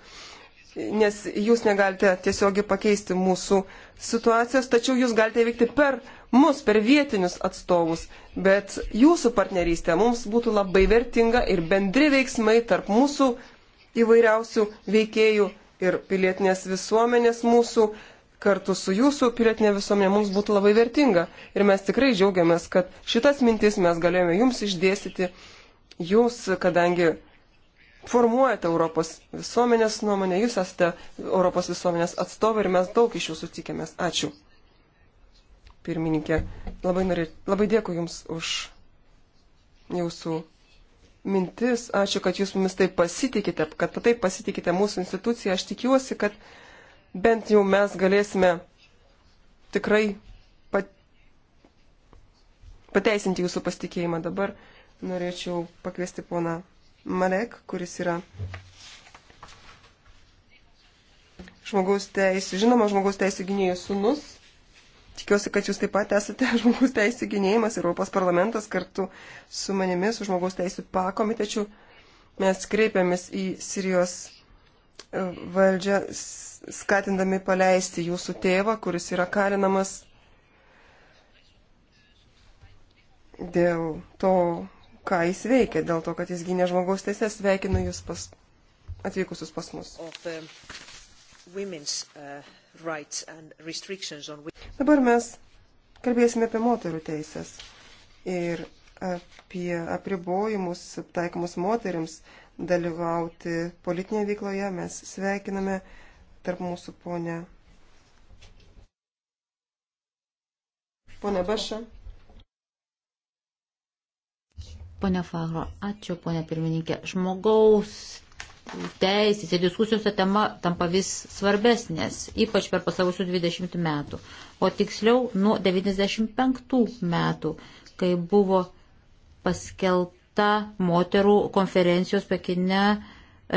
nes jūs negalite tiesiogiai pakeisti mūsų situacijos, tačiau jūs galite veikti per mus, per vietinius atstovus. Bet jūsų partnerystė mums būtų labai vertinga ir bendri veiksmai tarp mūsų įvairiausių veikėjų ir pilietinės visuomenės mūsų kartu su jūsų pilietinė visuomenė mums būtų labai vertinga. Ir mes tikrai džiaugiamės, kad šitas mintis mes galėjome jums išdėstyti. Jūs, kadangi formuojate Europos visuomenės nuomonę, jūs esate Europos visuomenės atstovai ir mes daug iš jūsų tikėmės. Ačiū. Pirmininkė, labai, norė, labai dėkui Jums už Jūsų mintis. Ačiū, kad Jūs mumis taip pasitikite, kad taip pasitikite mūsų instituciją. Aš tikiuosi, kad bent jau mes galėsime tikrai pat... pateisinti Jūsų pasitikėjimą. Dabar norėčiau pakviesti poną Marek, kuris yra žmogaus teisų, žinoma, žmogaus teisų gynėjų sunus. Tikiuosi, kad jūs taip pat esate žmogaus teisų gynėjimas, Europos parlamentas kartu su manimi, su žmogaus teisų pakomitečiu. Mes kreipiamės į Sirijos e, valdžią, skatindami paleisti jūsų tėvą, kuris yra kalinamas dėl to, ką jis veikia, dėl to, kad jis gynė žmogaus teisės, sveikinu jūs pas, atvykusius pas mus. Um, uh, Dabar mes kalbėsime apie moterų teisės ir apie apribojimus taikomus moteriams dalyvauti politinėje veikloje. Mes sveikiname tarp mūsų ponę. Pone Baša. Pone Fahro, ačiū, pone pirmininkė. Žmogaus teisės ir diskusijos ta tema tampa vis svarbesnės, ypač per pasavusių 20 metų, o tiksliau nuo 95 metų, kai buvo paskelbta moterų konferencijos Pekine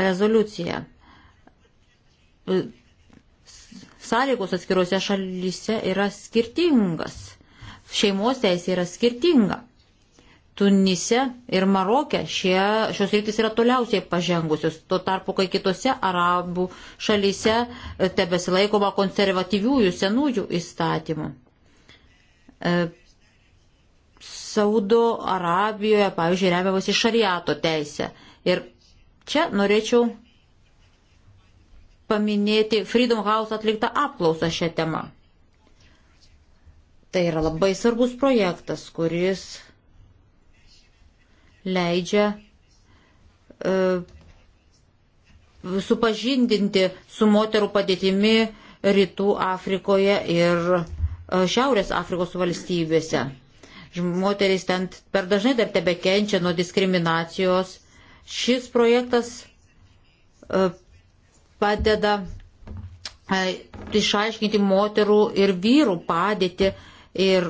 rezoliucija. Sąlygos atskiruose šalyse yra skirtingas, šeimos teisė yra skirtinga. Tunise ir Maroke šie, šios rytis yra toliausiai pažengusios, tuo tarpu, kai kitose arabų šalyse e, tebesilaikoma konservatyviųjų senųjų įstatymų. E, Saudo Arabijoje, pavyzdžiui, remiamasi šariato teisė. Ir čia norėčiau paminėti Freedom House atliktą apklausą šią temą. Tai yra labai svarbus projektas, kuris leidžia e, supažindinti su moterų padėtimi Rytų Afrikoje ir e, Šiaurės Afrikos valstybėse. Moterys ten per dažnai dar tebe kenčia nuo diskriminacijos. Šis projektas e, padeda e, išaiškinti moterų ir vyrų padėtį ir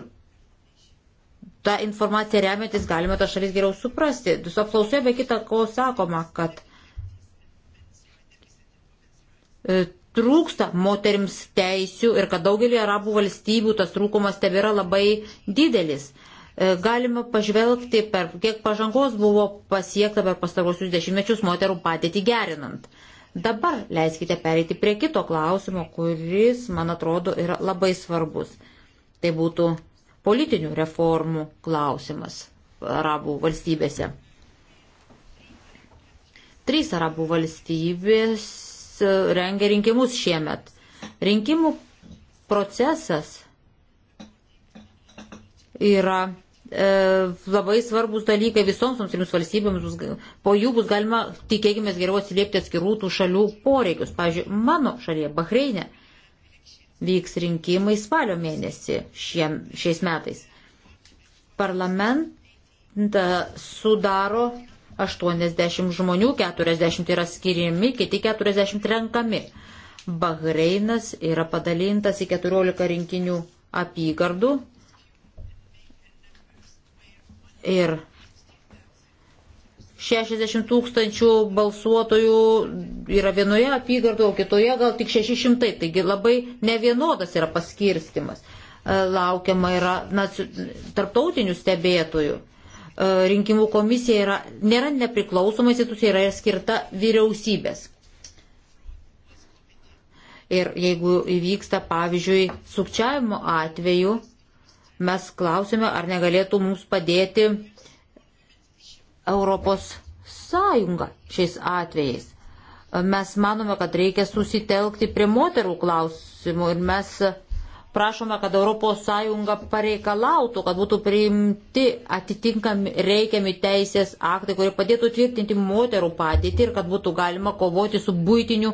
tą informaciją remiantis galime tą šalis geriau suprasti. Su apklausoje be kita ko sakoma, kad e, trūksta moterims teisių ir kad daugelį arabų valstybių tas trūkumas tebėra labai didelis. E, galima pažvelgti, per kiek pažangos buvo pasiekta per pastarosius dešimtmečius moterų patėti gerinant. Dabar leiskite pereiti prie kito klausimo, kuris, man atrodo, yra labai svarbus. Tai būtų politinių reformų klausimas arabų valstybėse. Trys arabų valstybės e, rengia rinkimus šiemet. Rinkimų procesas yra e, labai svarbus dalykai visoms toms valstybėms, bus, po jų bus galima, tikėkime, geriau atsiliepti atskirų tų šalių poreikius. Pavyzdžiui, mano šalyje, Bahreinė, e, vyks rinkimai spalio mėnesį šiem, šiais metais. Parlamentą sudaro 80 žmonių, 40 yra skiriami, kiti 40 renkami. Bahreinas yra padalintas į 14 rinkinių apygardų. Ir 60 tūkstančių balsuotojų yra vienoje apygardoje, o kitoje gal tik 600, taigi labai nevienodas yra paskirstimas. E, laukiama yra naci... tarptautinių stebėtojų. E, rinkimų komisija yra, nėra nepriklausoma institucija, yra skirta vyriausybės. Ir jeigu įvyksta, pavyzdžiui, sukčiavimo atveju, mes klausime, ar negalėtų mums padėti Europos Sąjunga šiais atvejais. Mes manome, kad reikia susitelkti prie moterų klausimų ir mes prašome, kad ES pareikalautų, kad būtų priimti atitinkami reikiami teisės aktai, kurie padėtų tvirtinti moterų padėtį ir kad būtų galima kovoti su būtiniu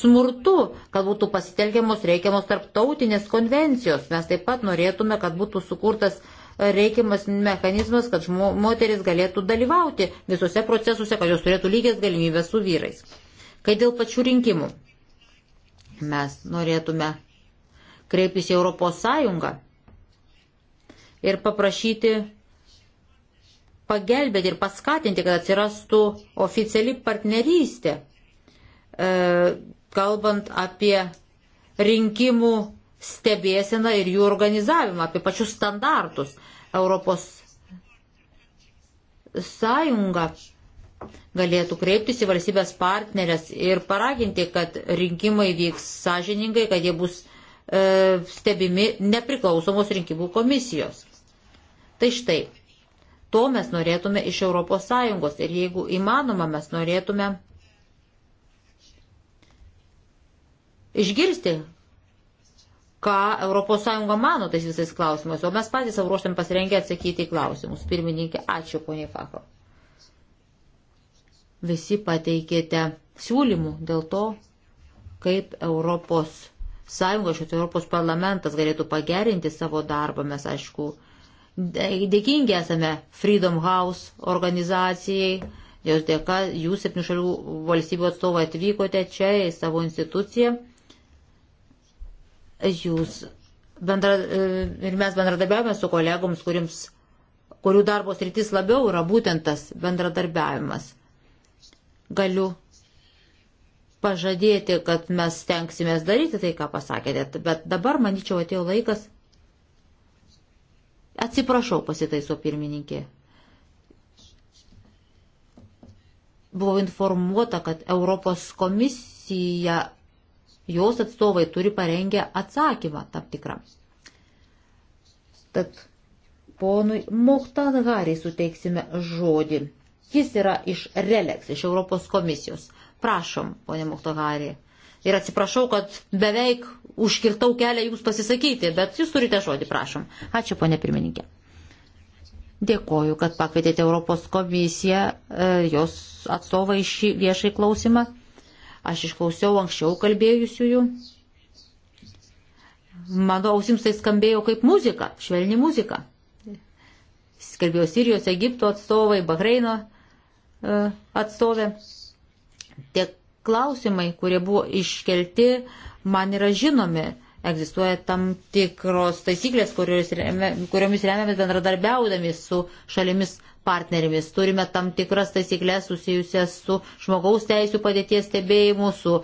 smurtu, kad būtų pasitelkiamos reikiamos tarptautinės konvencijos. Mes taip pat norėtume, kad būtų sukurtas reikiamas mechanizmas, kad žmo, moteris galėtų dalyvauti visuose procesuose, kad jos turėtų lygias galimybės su vyrais. Kai dėl pačių rinkimų mes norėtume kreiptis į Europos Sąjungą ir paprašyti pagelbėti ir paskatinti, kad atsirastų oficiali partnerystė, e, kalbant apie rinkimų stebėseną ir jų organizavimą, apie pačius standartus. Europos sąjunga galėtų kreiptis į valstybės partnerės ir paraginti, kad rinkimai vyks sąžiningai, kad jie bus e, stebimi nepriklausomos rinkimų komisijos. Tai štai, to mes norėtume iš ES ir jeigu įmanoma, mes norėtume išgirsti, ką ES mano tais visais klausimais, o mes patys savo ruoštėm pasirengę atsakyti į klausimus. Pirmininkė, ačiū poniai Fakro. Visi pateikėte siūlymų dėl to, kaip ES, šis Europos parlamentas galėtų pagerinti savo darbą. Mes, aišku, dėkingi esame Freedom House organizacijai, jos dėka jūs septynių šalių valstybių atstovai atvykote čia į savo instituciją Jūs bendra, e, ir mes bendradarbiavame su kolegoms, kuriems, kurių darbos rytis labiau yra būtent tas bendradarbiavimas. Galiu pažadėti, kad mes tenksimės daryti tai, ką pasakėte, bet dabar, manyčiau, atėjo laikas. Atsiprašau, pasitaiso pirmininkė. Buvau informuota, kad Europos komisija jos atstovai turi parengę atsakymą tam tikrą. Tad ponui Mohtangariai suteiksime žodį. Jis yra iš Relex, iš Europos komisijos. Prašom, ponė Mohtangariai. Ir atsiprašau, kad beveik užkirtau kelią jums pasisakyti, bet jūs turite žodį, prašom. Ačiū, ponė pirmininkė. Dėkoju, kad pakvietėte Europos komisiją, e, jos atstovą į šį viešai klausimą. Aš išklausiau anksčiau kalbėjusiųjų. Mano ausims tai skambėjo kaip muzika, švelni muzika. Skelbėjo Sirijos, Egipto atstovai, Bahreino e, atstovė. Tie klausimai, kurie buvo iškelti, man yra žinomi. Egzistuoja tam tikros taisyklės, kuriomis remiamės bendradarbiaudami su šalimis partnerėmis. Turime tam tikras taisyklės susijusias su žmogaus teisų padėties stebėjimu, su e,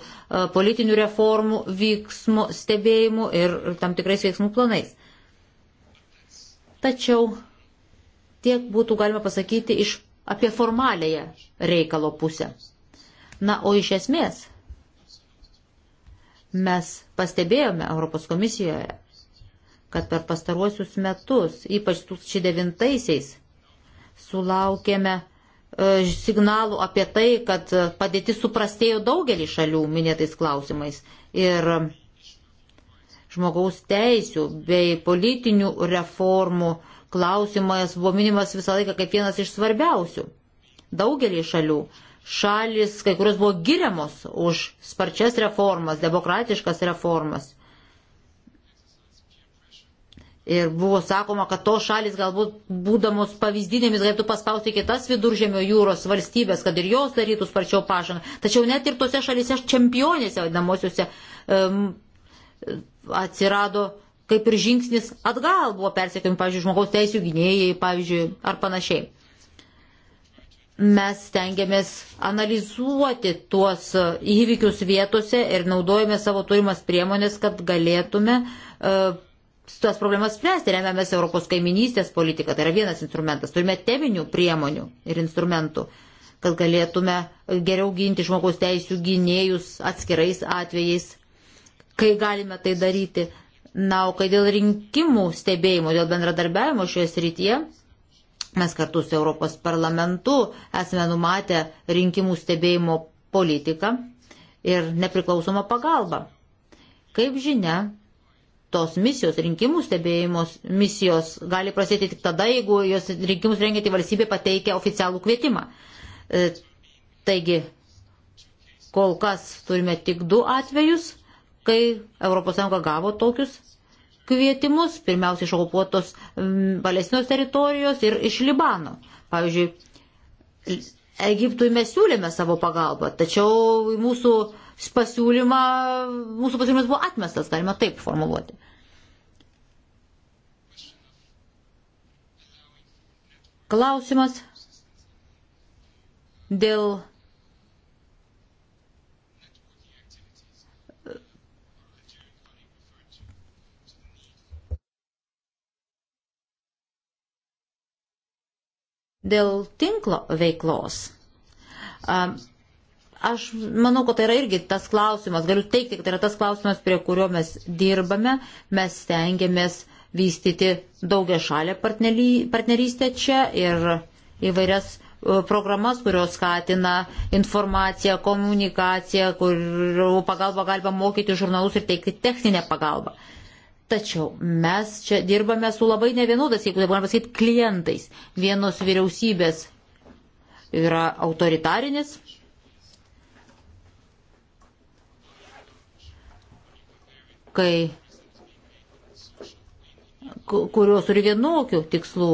politinių reformų vyksmų stebėjimu ir tam tikrais veiksmų planais. Tačiau tiek būtų galima pasakyti iš apie formalėją reikalo pusę. Na, o iš esmės mes pastebėjome Europos komisijoje, kad per pastaruosius metus, ypač 2009-aisiais, sulaukėme e, signalų apie tai, kad padėtis suprastėjo daugelį šalių minėtais klausimais. Ir žmogaus teisų bei politinių reformų klausimas buvo minimas visą laiką kaip vienas iš svarbiausių. Daugelį šalių šalis, kai kurios buvo giriamos už sparčias reformas, demokratiškas reformas. Ir buvo sakoma, kad tos šalis galbūt būdamos pavyzdinėmis galėtų paspausti kitas viduržėmio jūros valstybės, kad ir jos darytų sparčiau pažangą. Tačiau net ir tose šalise čempionėse vadinamosiuose um, atsirado kaip ir žingsnis atgal buvo persekiami, pavyzdžiui, žmogaus teisų gynėjai, pavyzdžiui, ar panašiai. Mes stengiamės analizuoti tuos įvykius vietose ir naudojame savo turimas priemonės, kad galėtume uh, tas problemas spręsti, remiamės Europos kaiminystės politiką, tai yra vienas instrumentas, turime teminių priemonių ir instrumentų, kad galėtume geriau ginti žmogaus teisų gynėjus atskirais atvejais, kai galime tai daryti. Na, o kai dėl rinkimų stebėjimo, dėl bendradarbiavimo šioje srityje, mes kartu su Europos parlamentu esame numatę rinkimų stebėjimo politiką ir nepriklausomą pagalbą. Kaip žinia, tos misijos, rinkimų stebėjimos misijos gali prasidėti tik tada, jeigu jos rinkimus rengianti valstybė pateikia oficialų kvietimą. E, taigi, kol kas turime tik du atvejus, kai ES gavo tokius kvietimus, pirmiausia iš okupuotos Palestinos teritorijos ir iš Libano. Pavyzdžiui, Egiptui mes siūlėme savo pagalbą, tačiau mūsų pasiūlymą, mūsų pasiūlymas buvo atmestas, galima taip formuluoti. Klausimas dėl dėl tinklo veiklos. Aš manau, kad tai yra irgi tas klausimas, galiu teikti, kad tai yra tas klausimas, prie kurio mes dirbame, mes stengiamės vystyti daugia šalę partnerystę čia ir įvairias e, programas, kurios skatina informaciją, komunikaciją, kurių pagalba galima mokyti žurnalus ir teikti techninę pagalbą. Tačiau mes čia dirbame su labai nevienodas, jeigu taip galima pasakyti, klientais. Vienos vyriausybės yra autoritarinis kai kurios turi vienokių tikslų.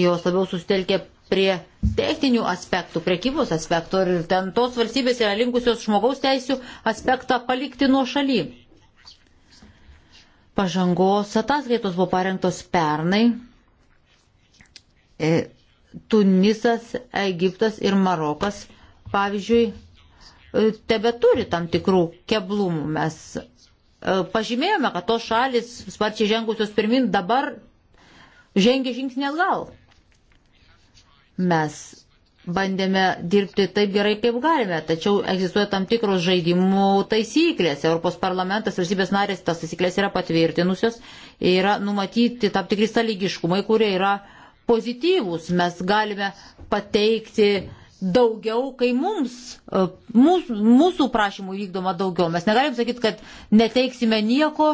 Jos labiau susitelkia prie techninių aspektų, priekybos aspektų ir ten tos valstybės yra linkusios žmogaus teisų aspektą palikti nuo šaly. Pažangos ataskaitos buvo parengtos pernai. E, Tunisas, Egiptas ir Marokas, pavyzdžiui, E, tebe turi tam tikrų keblumų. Mes e, pažymėjome, kad tos šalis sparčiai žengusios pirmin dabar žengia žingsnį atgal. Mes bandėme dirbti taip gerai, kaip galime, tačiau egzistuoja tam tikros žaidimų taisyklės. Europos parlamentas, valstybės narės tas taisyklės yra patvirtinusios, yra numatyti tam tikri sąlygiškumai, kurie yra pozityvūs. Mes galime pateikti uh, daugiau, kai mums, e, mūsų, mūsų prašymų vykdoma daugiau. Mes negalim sakyti, kad neteiksime nieko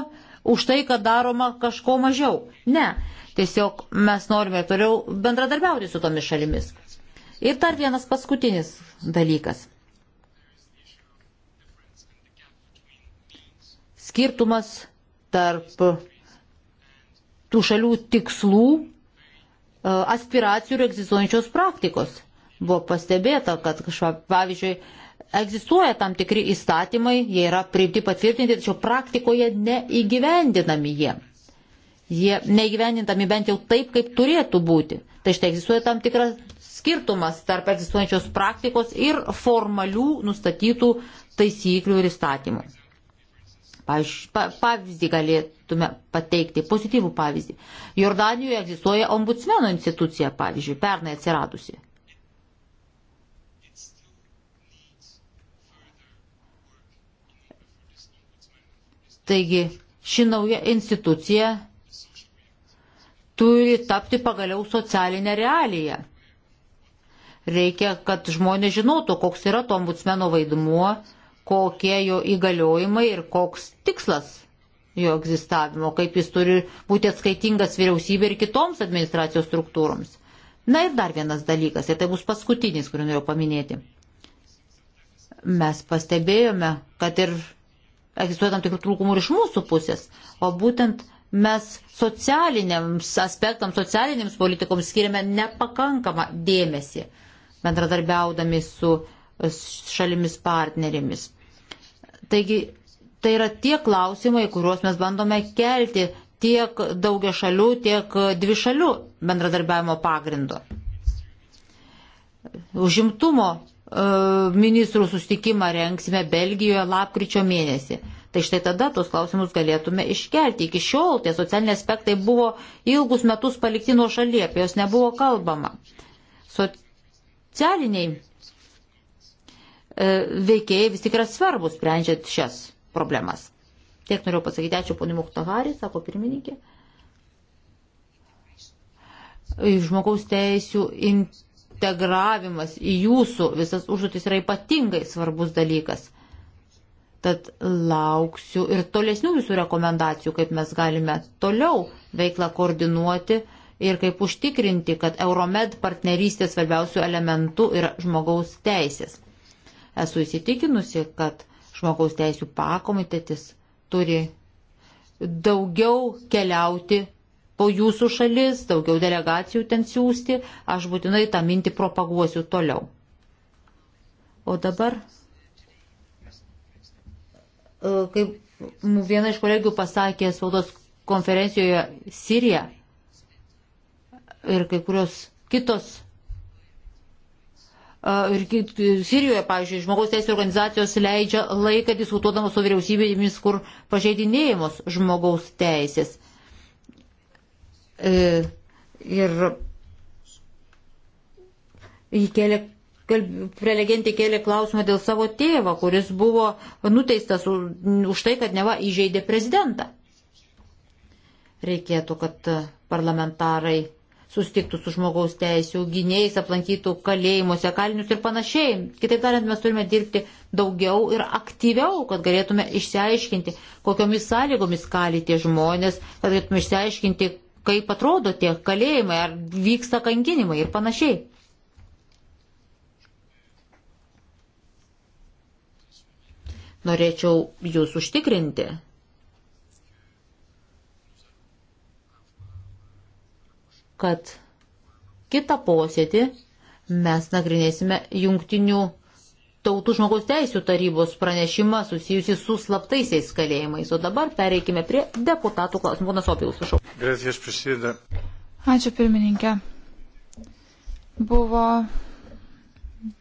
už tai, kad daroma kažko mažiau. Ne, tiesiog mes norime ir toliau bendradarbiauti su tomis šalimis. Ir dar vienas paskutinis dalykas. Skirtumas tarp tų šalių tikslų, e, aspiracijų ir egzistuojančios praktikos Buvo pastebėta, kad kažkaip, pavyzdžiui, egzistuoja tam tikri įstatymai, jie yra priimti patvirtinti, tačiau praktikoje neįgyvendinami jie. Jie neįgyvendinami bent jau taip, kaip turėtų būti. Tai štai egzistuoja tam tikras skirtumas tarp egzistuojančios praktikos ir formalių nustatytų taisyklių ir įstatymų. Pavyzdį galėtume pateikti, pozityvų pavyzdį. Jordanijoje egzistuoja ombudsmeno institucija, pavyzdžiui, pernai atsiradusi. Taigi ši nauja institucija turi tapti pagaliau socialinę realiją. Reikia, kad žmonės žinotų, koks yra to ombudsmeno vaidmuo, kokie jo įgaliojimai ir koks tikslas jo egzistavimo, kaip jis turi būti atskaitingas vyriausybė ir kitoms administracijos struktūroms. Na ir dar vienas dalykas, ir tai bus paskutinis, kurį norėjau paminėti. Mes pastebėjome, kad ir egzistuoja tam tikrų trūkumų ir iš mūsų pusės, o būtent mes socialiniams aspektams, socialinėms politikoms skiriame nepakankamą dėmesį, bendradarbiaudami su šalimis partnerėmis. Taigi, tai yra tie klausimai, kuriuos mes bandome kelti tiek daugia šalių, tiek dvi šalių bendradarbiavimo pagrindu. Užimtumo E, ministrų sustikimą renksime Belgijoje lapkričio mėnesį. Tai štai tada tos klausimus galėtume iškelti. Iki šiol tie socialiniai aspektai buvo ilgus metus palikti nuo šalie, apie jos nebuvo kalbama. Socialiniai e, veikėjai vis tik yra svarbus sprendžiant šias problemas. Tiek noriu pasakyti, ačiū ponimu Ktahari, sako pirmininkė. Žmogaus teisų in integravimas į jūsų visas užduotis yra ypatingai svarbus dalykas. Tad lauksiu ir tolesnių jūsų rekomendacijų, kaip mes galime toliau veiklą koordinuoti ir kaip užtikrinti, kad Euromed partnerystės svarbiausių elementų yra žmogaus teisės. Esu įsitikinusi, kad žmogaus teisų pakomitetis turi daugiau keliauti po jūsų šalis, daugiau delegacijų ten siūsti, aš būtinai tą mintį propaguosiu toliau. O dabar, e, kaip viena iš kolegių pasakė spaudos konferencijoje Sirija ir kai kurios kitos e, Ir Sirijoje, pavyzdžiui, žmogaus teisų organizacijos leidžia laiką diskutuodamos su vyriausybėmis, kur pažeidinėjimos žmogaus teisės. E, ir kėlė, prelegentė kėlė klausimą dėl savo tėvo, kuris buvo nuteistas už tai, kad neva įžeidė prezidentą. Reikėtų, kad parlamentarai sustiktų su žmogaus teisų gynėjais, aplankytų kalėjimuose kalinius ir panašiai. Kitaip tariant, mes turime dirbti daugiau ir aktyviau, kad galėtume išsiaiškinti, kokiomis sąlygomis kali tie žmonės, kad galėtume išsiaiškinti, kaip atrodo tie kalėjimai, ar vyksta kankinimai ir panašiai. Norėčiau jūs užtikrinti, kad kitą posėdį mes nagrinėsime jungtinių tautų žmogaus teisų tarybos pranešimą susijusi su slaptaisiais kalėjimais. O dabar pereikime prie deputatų klausimų. Ponas Opilus, prašau. Gracias, prisideda. Ačiū pirmininkė. Buvo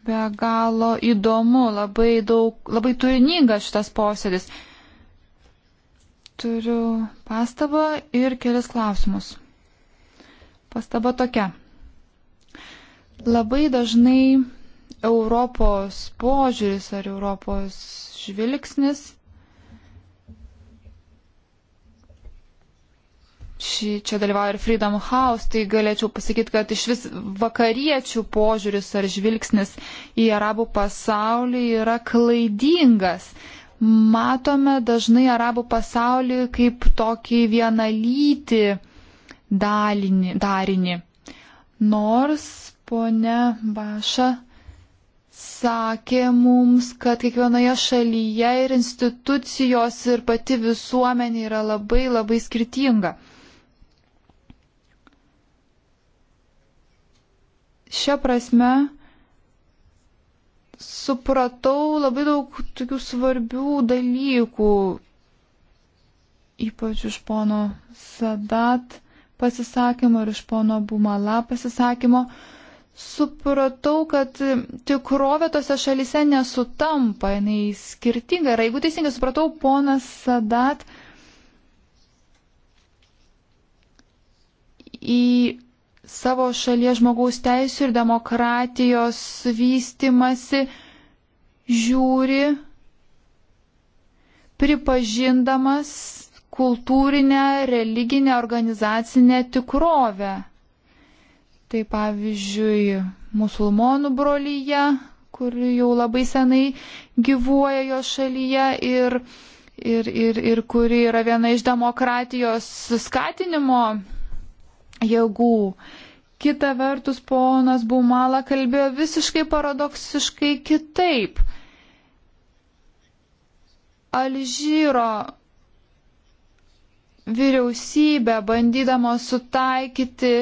be galo įdomu, labai, daug, labai turiningas šitas posėdis. Turiu pastabą ir kelis klausimus. Pastaba tokia. Labai dažnai Europos požiūris ar Europos žvilgsnis. Ši, čia dalyvauja ir Freedom House, tai galėčiau pasakyti, kad iš vis vakariečių požiūris ar žvilgsnis į arabų pasaulį yra klaidingas matome dažnai arabų pasaulį kaip tokį vienalytį dalinį, darinį. Nors ponia Baša sakė mums, kad kiekvienoje šalyje ir institucijos ir pati visuomenė yra labai labai skirtinga. Šią prasme supratau labai daug tokių svarbių dalykų, ypač iš pono Sadat pasisakymo ir iš pono Bumala pasisakymo. Uh, supratau, kad tikrovė tose šalise nesutampa, jinai skirtinga. Ir jeigu teisingai supratau, ponas Sadat į savo šalies žmogaus teisų ir demokratijos vystimasi žiūri, pripažindamas kultūrinę, religinę, organizacinę tikrovę. Tai pavyzdžiui, musulmonų brolyje, kuri jau labai senai gyvuoja jo šalyje ir, ir, ir, ir kuri yra viena iš demokratijos skatinimo jėgų. Kita vertus, ponas Bumala kalbėjo visiškai paradoksiškai kitaip. Alžyro vyriausybė bandydama sutaikyti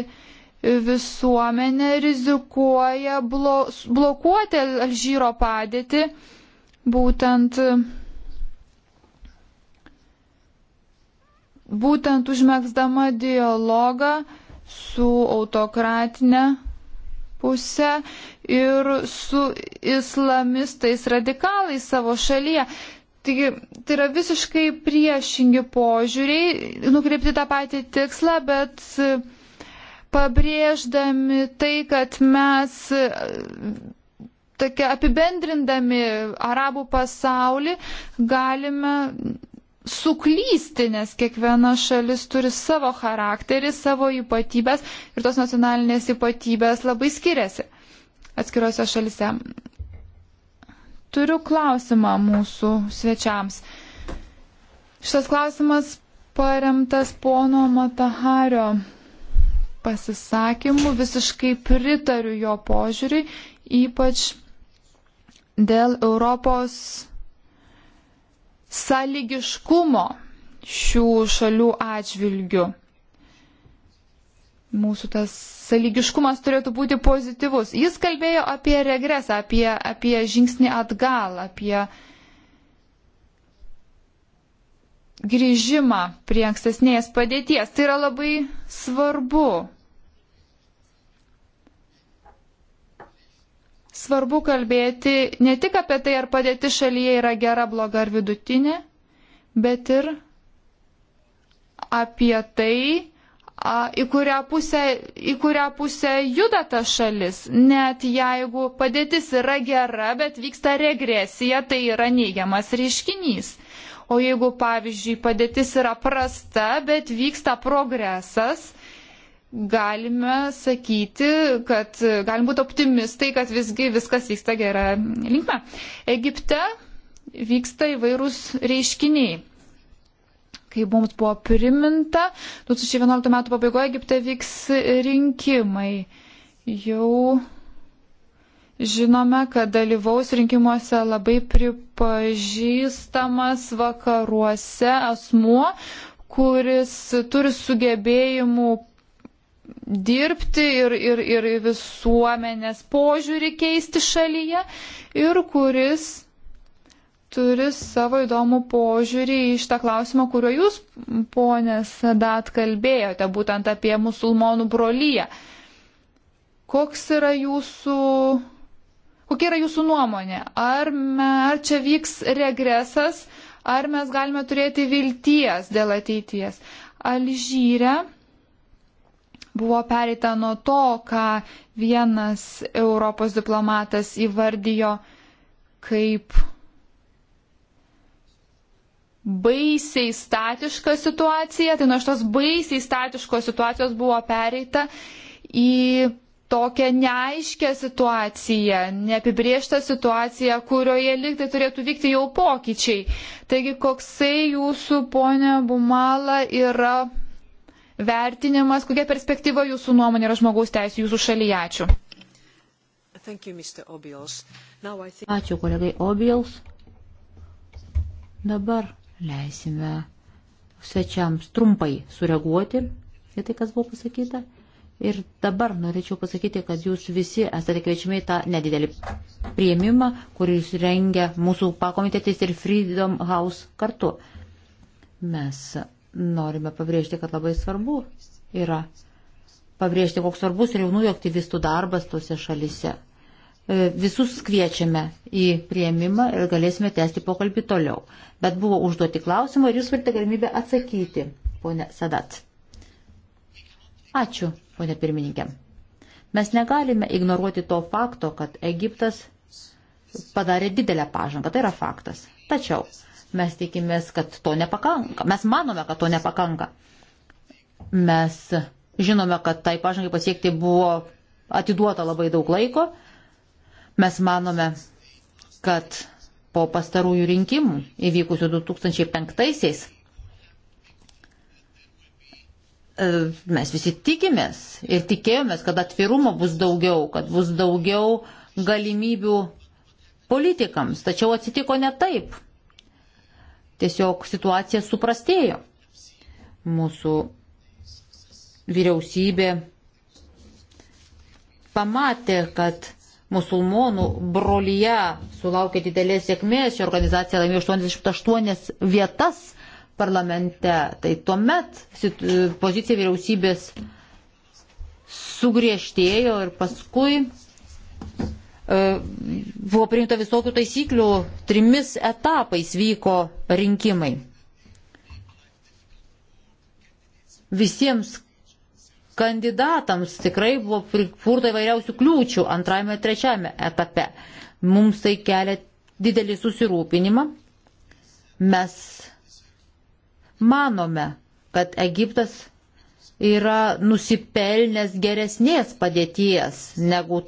visuomenė rizikuoja blo blokuoti Alžyro padėtį būtent, būtent užmėgsdama dialogą su autokratinė pusė ir su islamistais radikalais savo šalyje. Taigi, tai yra visiškai priešingi požiūriai, nukreipti tą patį tikslą, bet pabrėždami tai, kad mes e, tokia apibendrindami arabų pasaulį galime suklysti, nes kiekviena šalis turi savo charakterį, savo ypatybės ir tos nacionalinės ypatybės labai skiriasi atskiruose šalise. Turiu klausimą mūsų svečiams. Šitas klausimas paremtas pono Matahario pasisakymų, visiškai pritariu jo požiūriui, ypač dėl Europos sąlygiškumo šių šalių atžvilgių. Mūsų tas sąlygiškumas turėtų būti pozityvus. Jis kalbėjo apie regresą, apie, apie žingsnį atgal, apie grįžimą prie ankstesnės padėties. Tai yra labai svarbu. svarbu kalbėti ne tik apie tai, ar padėti šalyje yra gera, bloga ar vidutinė, bet ir apie tai, a, į, kurią pusę, į kurią pusę juda ta šalis. Net jeigu padėtis yra gera, bet vyksta regresija, tai yra neigiamas reiškinys. O jeigu, pavyzdžiui, padėtis yra prasta, bet vyksta progresas, galime sakyti, kad galim būti optimistai, kad visgi viskas vyksta gerą linkmę. Egipte vyksta įvairūs reiškiniai. Kai mums buvo priminta, 2011 metų pabaigoje Egipte vyks rinkimai. Jau žinome, kad dalyvaus rinkimuose labai pripažįstamas vakaruose asmuo, kuris turi sugebėjimų dirbti ir, ir, ir visuomenės požiūrį keisti šalyje ir kuris turi savo įdomų požiūrį į šitą klausimą, kuriuo jūs, ponė Sadat, kalbėjote, būtent apie musulmonų brolyje. Koks yra jūsų, kokia yra jūsų nuomonė? Ar, me, ar čia vyks regresas, ar mes galime turėti vilties dėl ateities? Alžyre Buvo pereita nuo to, ką vienas Europos diplomatas įvardijo kaip baisiai statišką situaciją, tai nuo šitos baisiai statiškos situacijos buvo pereita į tokią neaiškę situaciją, neapibrieštą situaciją, kurioje liktai turėtų vykti jau pokyčiai. Taigi, koksai jūsų, ponė Bumala, yra vertinimas, kokia perspektyva jūsų nuomonė yra žmogaus teisų jūsų šalyje. Ačiū. You, think... Ačiū kolegai Obils. Dabar leisime svečiams trumpai sureaguoti į tai, kas buvo pasakyta. Ir dabar norėčiau pasakyti, kad jūs visi esate kviečiami į tą nedidelį prieimimą, kuris rengia mūsų pakomitėtis ir Freedom House kartu. Mes norime pabrėžti, kad labai svarbu yra pabrėžti, koks svarbus ir jaunųjų aktyvistų darbas tose šalise. E, visus kviečiame į prieimimą ir galėsime tęsti pokalbį toliau. Bet buvo užduoti klausimą ir jūs turite galimybę atsakyti, ponė Sadat. Ačiū, ponė pirmininkė. Mes negalime ignoruoti to fakto, kad Egiptas padarė didelę pažangą. Tai yra faktas. Tačiau Mes tikimės, kad to nepakanka. Mes manome, kad to nepakanka. Mes žinome, kad tai pažangai pasiekti buvo atiduota labai daug laiko. Mes manome, kad po pastarųjų rinkimų įvykusių 2005-aisiais e, mes visi tikimės ir tikėjomės, kad atvirumo bus daugiau, kad bus daugiau galimybių politikams. Tačiau atsitiko ne taip. Tiesiog situacija suprastėjo. Mūsų vyriausybė pamatė, kad musulmonų brolyje sulaukė didelės sėkmės, ši organizacija laimėjo 88 vietas parlamente, tai tuomet pozicija vyriausybės sugriežtėjo ir paskui E, buvo priimta visokių taisyklių, trimis etapais vyko rinkimai. Visiems kandidatams tikrai buvo pripurta įvairiausių kliūčių antrajame ir trečiajame etape. Mums tai kelia didelį susirūpinimą. Mes manome, kad Egiptas yra nusipelnęs geresnės padėties negu